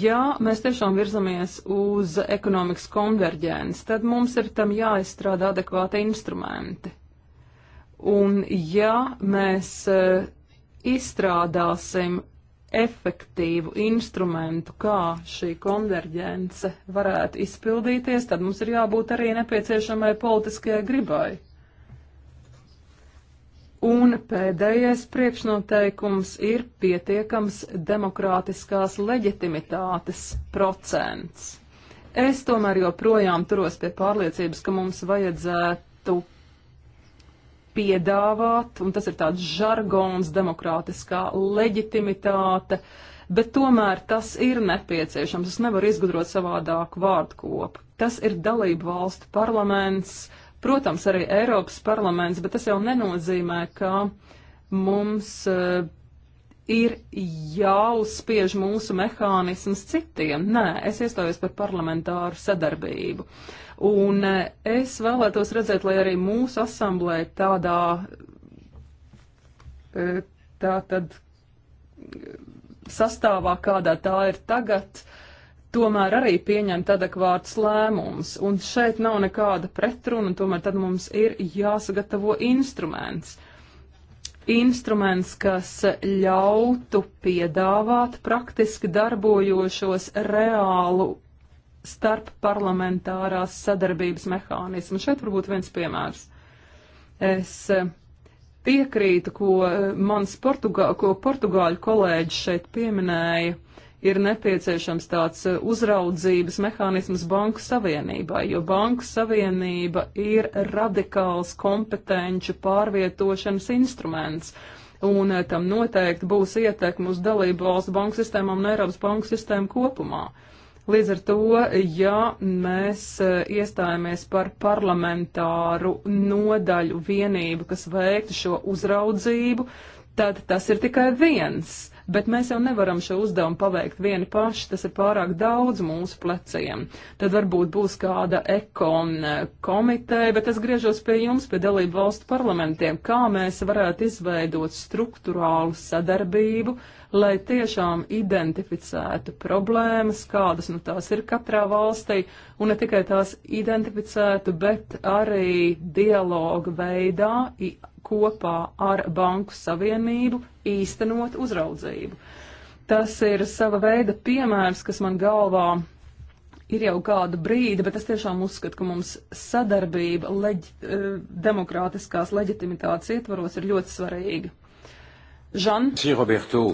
[SPEAKER 5] ja mēs tiešām virzamies uz ekonomikas konverģenci, tad mums ir tam jāizstrādā adekvāti instrumenti. Un, ja mēs izstrādāsim efektīvu instrumentu, kā šī konverģence varētu izpildīties, tad mums ir jābūt arī nepieciešamai politiskajai gribai. Un pēdējais priekšnoteikums ir pietiekams demokrātiskās leģitimitātes procents. Es tomēr joprojām turos pie pārliecības, ka mums vajadzētu piedāvāt, un tas ir tāds žargons, demokrātiskā leģitimitāte, bet tomēr tas ir nepieciešams. Es nevaru izgudrot savādāku vārdu kopu. Tas ir dalību valstu parlaments, protams, arī Eiropas parlaments, bet tas jau nenozīmē, ka mums eh, ir jāuzspiež mūsu mehānisms citiem. Nē, es iestājos par parlamentāru sadarbību. Uh, Un e, es vēlētos redzēt, lai arī mūsu asamblē tādā, e, tā tad sastāvā, kādā tā ir tagad, tomēr arī pieņemt adekvātus lēmumus. Un šeit nav nekāda pretruna, tomēr tad mums ir jāsagatavo instruments. Instruments, kas ļautu piedāvāt praktiski darbojošos reālu starp parlamentārās sadarbības mehānismu. Šeit varbūt viens piemērs. Es eh, piekrītu, ko eh, mans Portugā, ko portugāļu kolēģis šeit pieminēja, ir nepieciešams tāds eh, uzraudzības mehānisms Banku Savienībai, jo Banku Savienība ir radikāls kompetenču pārvietošanas instruments. Un tam noteikti būs ietekme uz dalību valstu banku sistēmām un Eiropas banku sistēmu kopumā. Uh, Līdz ar to, ja mēs e, iestājamies par parlamentāru nodaļu vienību, kas veiktu šo uzraudzību, tad tas ir tikai viens bet mēs jau nevaram šo uzdevumu paveikt vieni paši, tas ir pārāk daudz mūsu pleciem. Tad varbūt būs kāda ekon eh, komiteja, bet es griežos pie jums, pie dalību valstu parlamentiem, kā mēs varētu izveidot struktūrālu sadarbību, lai tiešām identificētu problēmas, kādas nu tās ir katrā valstī, un ne tikai tās identificētu, bet arī dialogu veidā kopā ar Banku Savienību īstenot uzraudzību. Tas ir sava veida piemērs, kas man galvā ir jau kādu brīdi, bet es tiešām uzskatu, ka mums sadarbība leģ, eh, demokrātiskās leģitimitātes ietvaros ir ļoti svarīga. Žan?
[SPEAKER 1] Sī, Roberto.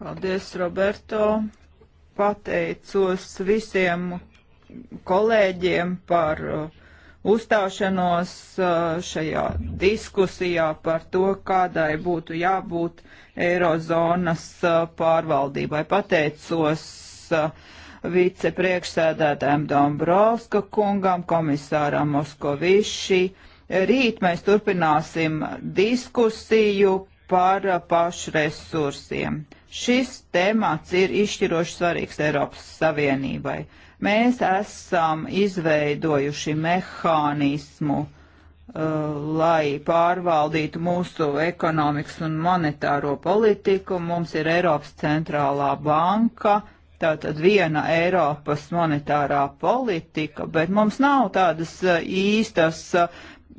[SPEAKER 5] Paldies,
[SPEAKER 3] Roberto. Pateicos visiem kolēģiem par uh, uzstāšanos eh, šajā diskusijā par to, kādai būtu jābūt Eirozonas eh, pārvaldībai. Pateicos eh, vicepriekšsēdētājiem Dombrovska kungam, komisāram Moskoviši. Rīt mēs turpināsim diskusiju par pašresursiem. Šis temats ir izšķiroši svarīgs Eiropas Savienībai. Mēs esam izveidojuši mehānismu, uh, lai pārvaldītu mūsu ekonomikas un monetāro politiku. Mums ir Eiropas centrālā banka, tātad viena Eiropas monetārā politika, bet mums nav tādas uh, īstas uh,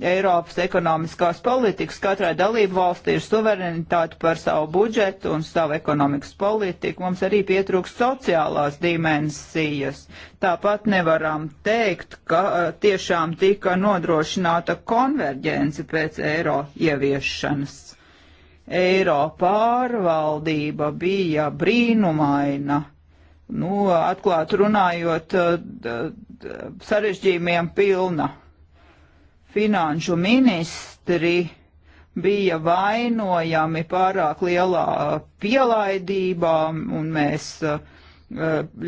[SPEAKER 3] Eiropas ekonomiskās politikas. Katrai dalību valstī ir suverenitāte par savu budžetu un savu ekonomikas politiku. Mums arī pietrūkst sociālās dimensijas. Tāpat nevaram teikt, ka tiešām tika nodrošināta konverģence pēc eiro ieviešanas. Eiro pārvaldība bija brīnumaina nu, atklāt runājot, sarežģījumiem pilna finanšu ministri bija vainojami pārāk lielā pielaidībā, un mēs eh,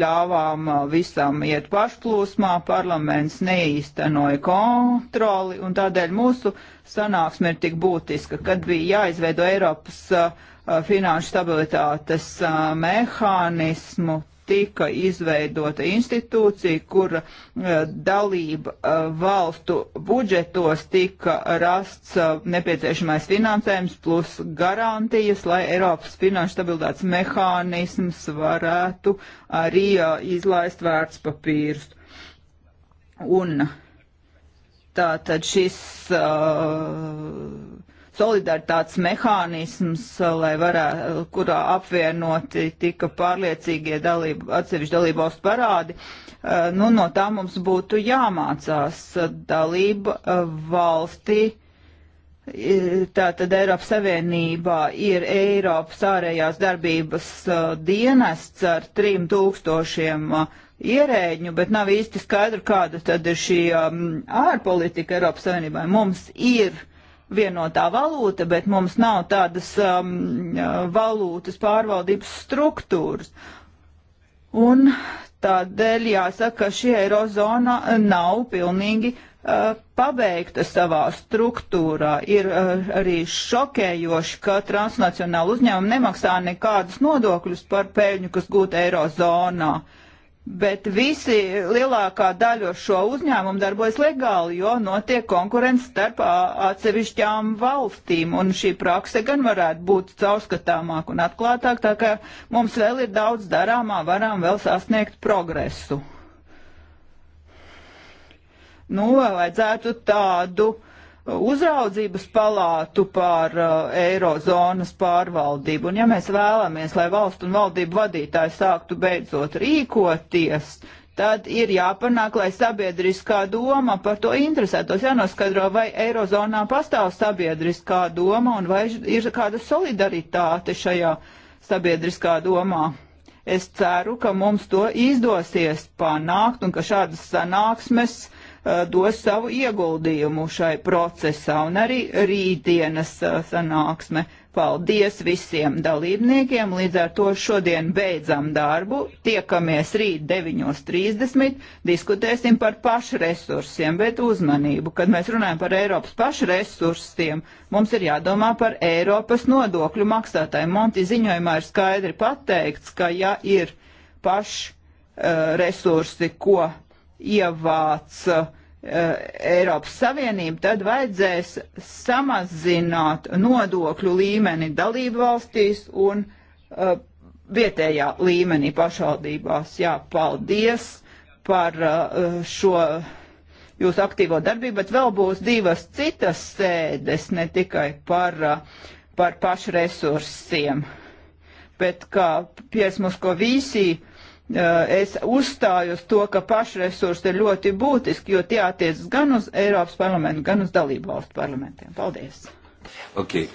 [SPEAKER 3] ļāvām visam iet pašplūsmā, parlaments neīstenoja kontroli, un tādēļ mūsu sanāksme ir tik būtiska, kad bija jāizveido Eiropas eh, finanšu stabilitātes eh, mehānismu, tika izveidota institūcija, kur eh, dalība eh, valstu budžetos tika rasts eh, nepieciešamais finansējums plus garantijas, lai Eiropas finanšu stabilitātes mehānisms varētu arī izlaist vērtspapīrus. Un tātad šis uh, solidaritātes mehānisms, eh, lai varētu, eh, kurā apvienoti tika pārliecīgie dalību, atsevišķi dalību valstu parādi, eh, nu, no tā mums būtu jāmācās dalību valsti. Tātad Eiropas Savienībā ir Eiropas ārējās darbības dienests ar trim tūkstošiem ierēģņu, bet nav īsti skaidru, kāda tad ir šī ārpolitika Eiropas Savienībā. Mums ir uh, vienotā valūta, bet mums nav tādas um, valūtas pārvaldības struktūras. Un tādēļ jāsaka, ka šī eirozona nav pilnīgi uh, pabeigta savā struktūrā. Ir uh, arī šokējoši, ka transnacionāla uzņēmuma nemaksā nekādus nodokļus par peļņu, kas gūta eirozonā. Uh, Bet visi lielākā daļa šo uzņēmumu darbojas legāli, jo notiek konkurence starp atsevišķām valstīm, un šī prakse gan varētu būt caurskatāmāk un atklātāk, tā ka mums vēl ir daudz darāmā, varam vēl sasniegt progresu. Nu, vajadzētu tādu uh, uzraudzības palātu pār uh, eirozonas pārvaldību. Un ja mēs vēlamies, lai valstu un valdību vadītāji sāktu beidzot rīkoties, tad ir jāpanāk, lai sabiedriskā doma par to interesētos. Jānoskaidro, vai eirozonā pastāv sabiedriskā doma un vai ir kāda solidaritāte šajā sabiedriskā domā. Es ceru, ka mums to izdosies panākt un ka šādas sanāksmes Uh, dos savu ieguldījumu šai procesā un arī rītdienas uh, sanāksme. Paldies visiem dalībniekiem, līdz ar to šodien beidzam darbu, tiekamies rīt 9.30, diskutēsim par pašresursiem, bet uzmanību, kad mēs runājam par Eiropas pašresursiem, mums ir jādomā par Eiropas nodokļu maksātājiem. Monti ziņojumā ir skaidri pateikts, ka ja ir pašresursi, ko ievāc uh, Eh, Eiropas Savienību, tad vajadzēs samazināt nodokļu līmeni dalību valstīs un uh, vietējā līmenī pašvaldībās. Jā, paldies par uh, šo jūsu aktīvo darbību, bet vēl būs divas citas sēdes, ne tikai par, uh, par pašresursiem, bet kā Piers Muskovīsī Eh, es uzstāju uz to, ka pašresursi ir ļoti būtiski, jo tie attiecas gan uz Eiropas parlamentu, gan uz dalību valstu parlamentiem. Paldies!
[SPEAKER 4] Okay.